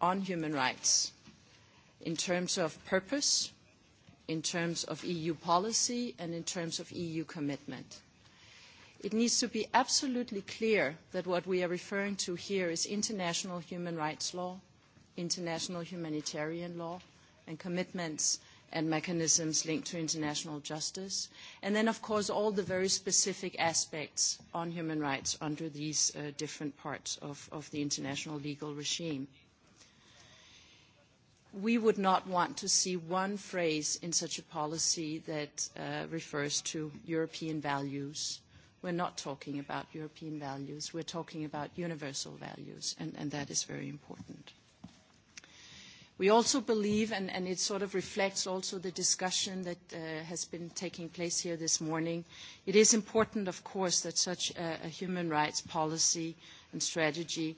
on human rights in terms of purpose, in terms of EU policy, and in terms of EU commitment it needs to be absolutely clear that what we are referring to here is international human rights law, international humanitarian law, and commitments and mechanisms linked to international justice. And then, of course, all the very specific aspects on human rights under these uh, different parts of, of the international legal regime. We would not want to see one phrase in such a policy that uh, refers to European values we're not talking about European values, we're talking about universal values, and, and that is very important. We also believe, and, and it sort of reflects also the discussion that uh, has been taking place here this morning, it is important, of course, that such a, a human rights policy and strategy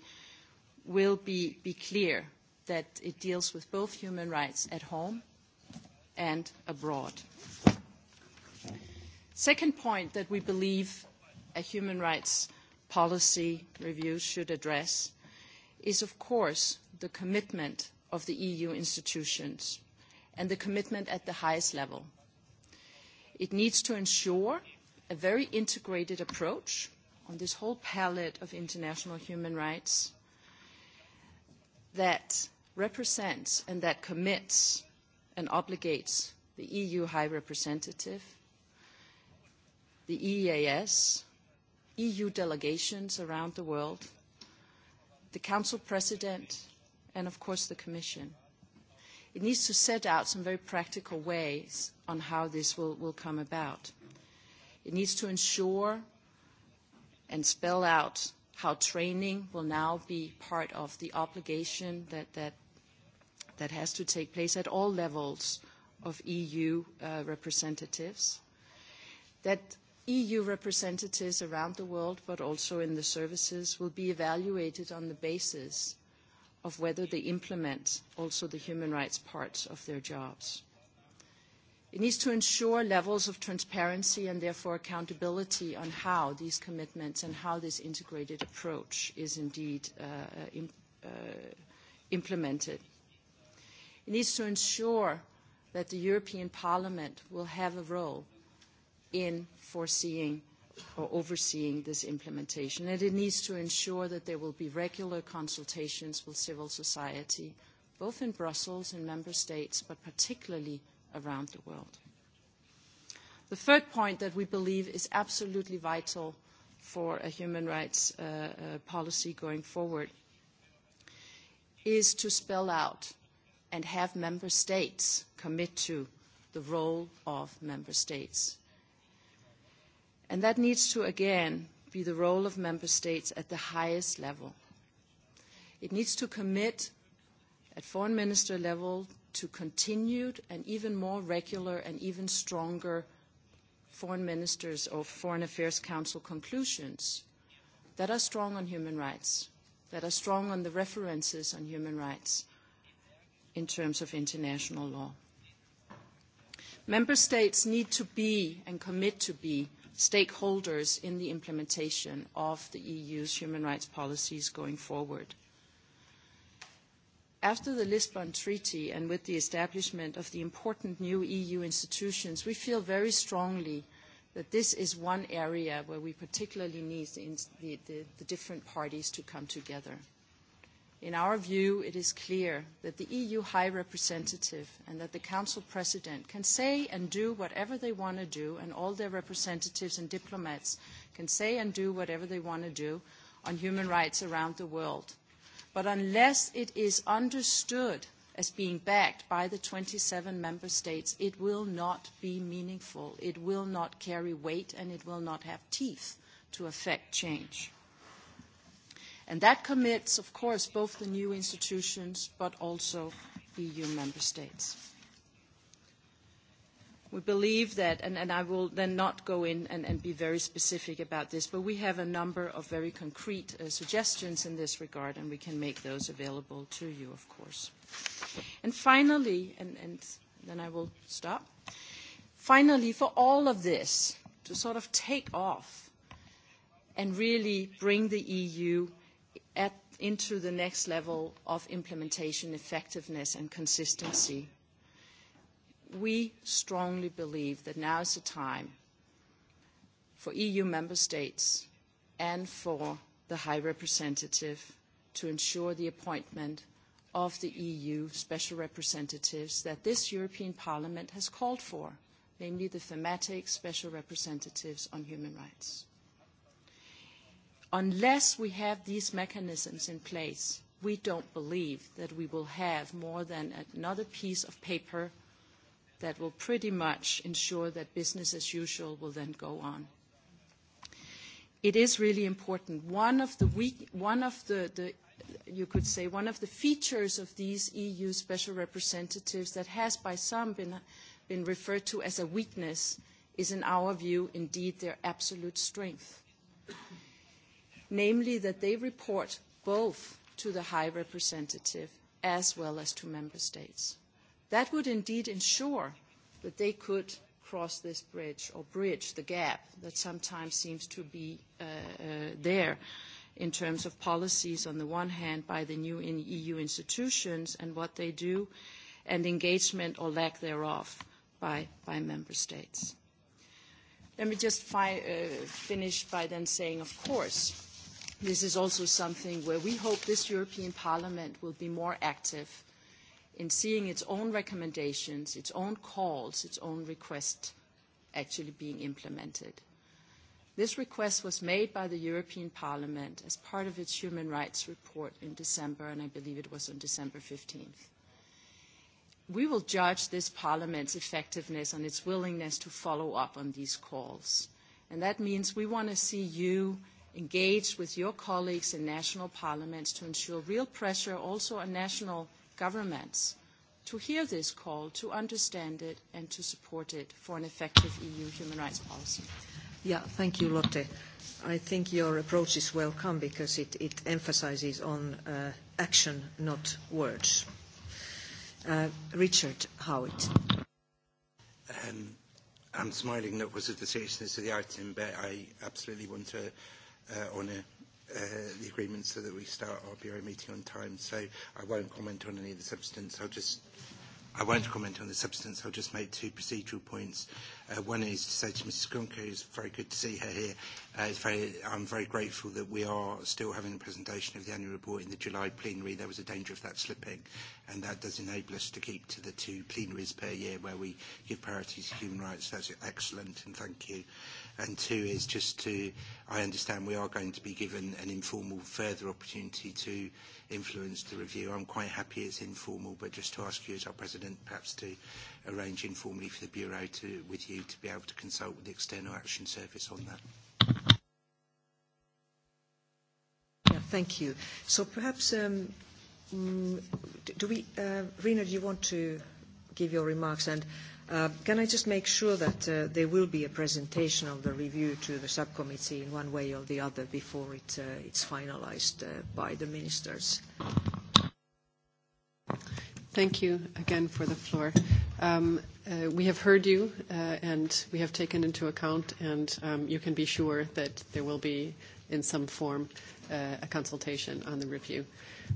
will be, be clear that it deals with both human rights at home and abroad. Second point that we believe a human rights policy review should address is of course the commitment of the EU institutions and the commitment at the highest level. It needs to ensure a very integrated approach on this whole palette of international human rights that represents and that commits and obligates the EU High Representative, the EEAS, EU delegations around the world, the Council President, and of course the Commission. It needs to set out some very practical ways on how this will, will come about. It needs to ensure and spell out how training will now be part of the obligation that, that, that has to take place at all levels of EU uh, representatives. That EU representatives around the world, but also in the services, will be evaluated on the basis of whether they implement also the human rights parts of their jobs. It needs to ensure levels of transparency and therefore accountability on how these commitments and how this integrated approach is indeed uh, uh imp uh, implemented. It needs to ensure that the European Parliament will have a role in foreseeing or overseeing this implementation. And it needs to ensure that there will be regular consultations with civil society, both in Brussels and member states, but particularly around the world. The third point that we believe is absolutely vital for a human rights uh, uh, policy going forward is to spell out and have member states commit to the role of member states And that needs to, again, be the role of member states at the highest level. It needs to commit at foreign minister level to continued and even more regular and even stronger foreign ministers or foreign affairs council conclusions that are strong on human rights, that are strong on the references on human rights in terms of international law. Member states need to be and commit to be stakeholders in the implementation of the EU's human rights policies going forward. After the Lisbon Treaty and with the establishment of the important new EU institutions, we feel very strongly that this is one area where we particularly need the, the, the different parties to come together. In our view, it is clear that the EU High Representative and that the Council President can say and do whatever they want to do, and all their representatives and diplomats can say and do whatever they want to do on human rights around the world. But unless it is understood as being backed by the 27 member states, it will not be meaningful, it will not carry weight, and it will not have teeth to affect change and that commits of course both the new institutions but also EU member states. We believe that, and, and I will then not go in and, and be very specific about this, but we have a number of very concrete uh, suggestions in this regard, and we can make those available to you, of course. And finally, and, and then I will stop. Finally, for all of this to sort of take off and really bring the EU at, into the next level of implementation effectiveness and consistency. We strongly believe that now is the time for EU member states and for the High Representative to ensure the appointment of the EU special representatives that this European Parliament has called for, namely the thematic special representatives on human rights unless we have these mechanisms in place, we don't believe that we will have more than another piece of paper that will pretty much ensure that business as usual will then go on. It is really important. One of the, weak, one of the, the you could say, one of the features of these EU special representatives that has by some been, been referred to as a weakness is in our view indeed their absolute strength namely that they report both to the High Representative as well as to Member States. That would indeed ensure that they could cross this bridge or bridge the gap that sometimes seems to be uh, uh, there in terms of policies on the one hand by the new in EU institutions and what they do and engagement or lack thereof by, by member states. Let me just fi- uh, finish by then saying, of course, this is also something where we hope this European Parliament will be more active in seeing its own recommendations, its own calls, its own requests actually being implemented. This request was made by the European Parliament as part of its human rights report in December, and I believe it was on December 15th. We will judge this Parliament's effectiveness and its willingness to follow up on these calls. And that means we want to see you engaged with your colleagues in national parliaments to ensure real pressure also on national governments to hear this call, to understand it, and to support it for an effective EU human rights policy. Yeah, thank you, Lotte. I think your approach is welcome because it, it emphasizes on uh, action, not words. Uh, Richard Howitt. Um, I'm smiling that was a decision to the item, but I absolutely want to Uh, on a, uh, the agreement so that we start our bureau meeting on time. So I won't comment on any of the substance. I'll just. I won't comment on the substance. I'll just make two procedural points. Uh, one is to say to Mrs. Gronke, it's very good to see her here. Uh, it's very, I'm very grateful that we are still having a presentation of the annual report in the July plenary. There was a danger of that slipping, and that does enable us to keep to the two plenaries per year where we give priority to human rights. That's excellent, and thank you. Uh, and two is just to I understand we are going to be given an informal further opportunity to influence the review. I'm quite happy it's informal, but just to ask you as our president perhaps to arrange informally for the Bureau to with you to be able to consult with the External Action Service on that. Yeah, thank you. So perhaps um, mm, do we uh, Rina, do you want to give your remarks and Uh, can I just make sure that uh, there will be a presentation of the review to the subcommittee in one way or the other before it, uh, it's finalized uh, by the ministers? Thank you again for the floor. Um, uh, we have heard you uh, and we have taken into account and um, you can be sure that there will be in some form uh, a consultation on the review.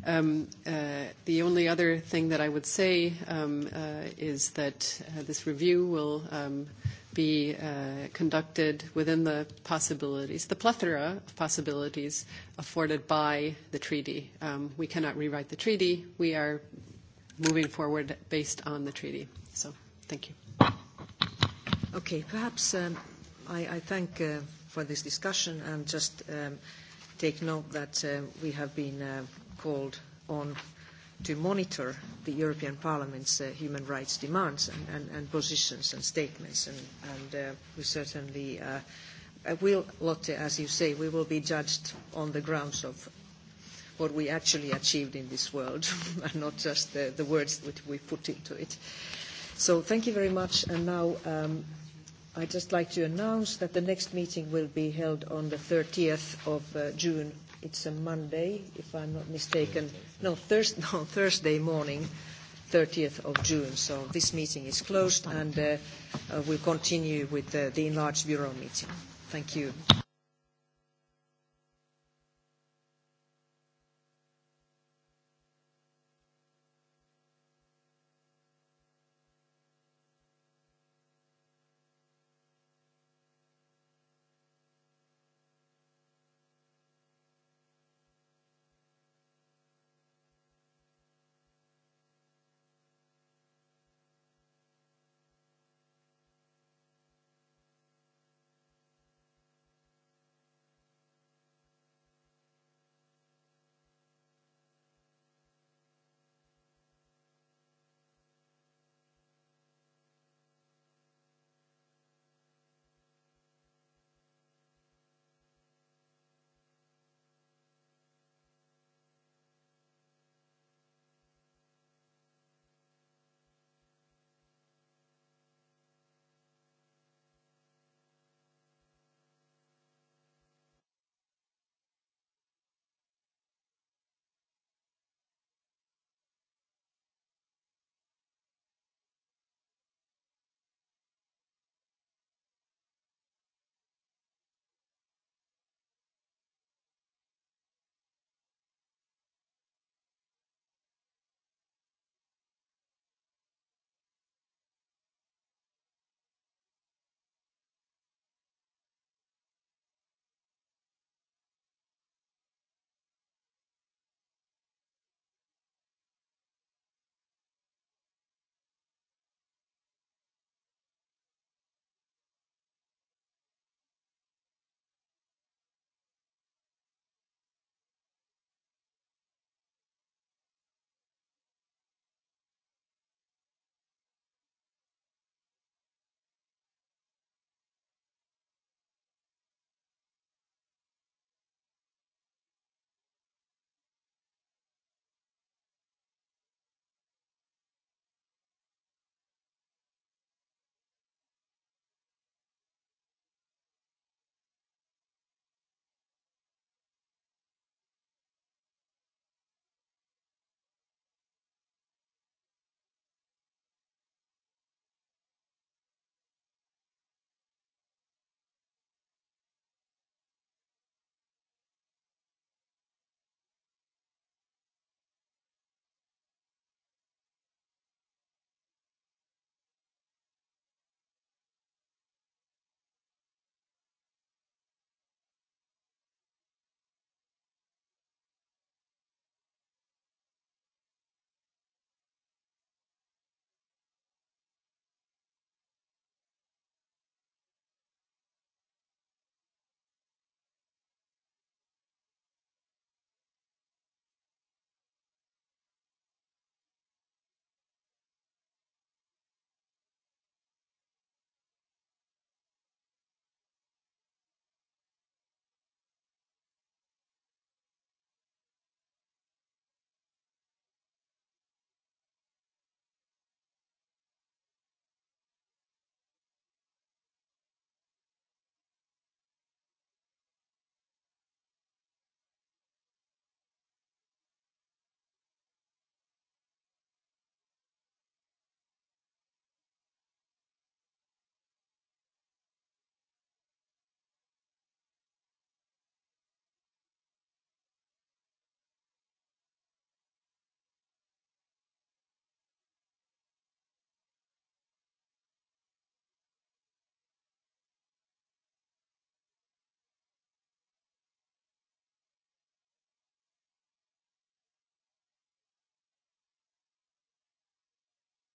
Um, uh, the only other thing that I would say um, uh, is that uh, this review will um, be uh, conducted within the possibilities, the plethora of possibilities afforded by the treaty. Um, we cannot rewrite the treaty. We are moving forward based on the treaty. So, thank you. Okay, perhaps um, I, I thank. Uh, for this discussion and just um, take note that uh, we have been uh, called on to monitor the European Parliament's uh, human rights demands and, and, and positions and statements. And, and uh, we certainly uh, uh will, Lotte, as you say, we will be judged on the grounds of what we actually achieved in this world and not just the, the words which we put into it. So thank you very much. And now um, I'd just like to announce that the next meeting will be held on the 30th of uh, June. It's a Monday, if I'm not mistaken. No, no, Thursday morning, 30th of June. So this meeting is closed, and uh, uh, we'll continue with the enlarged bureau meeting. Thank you.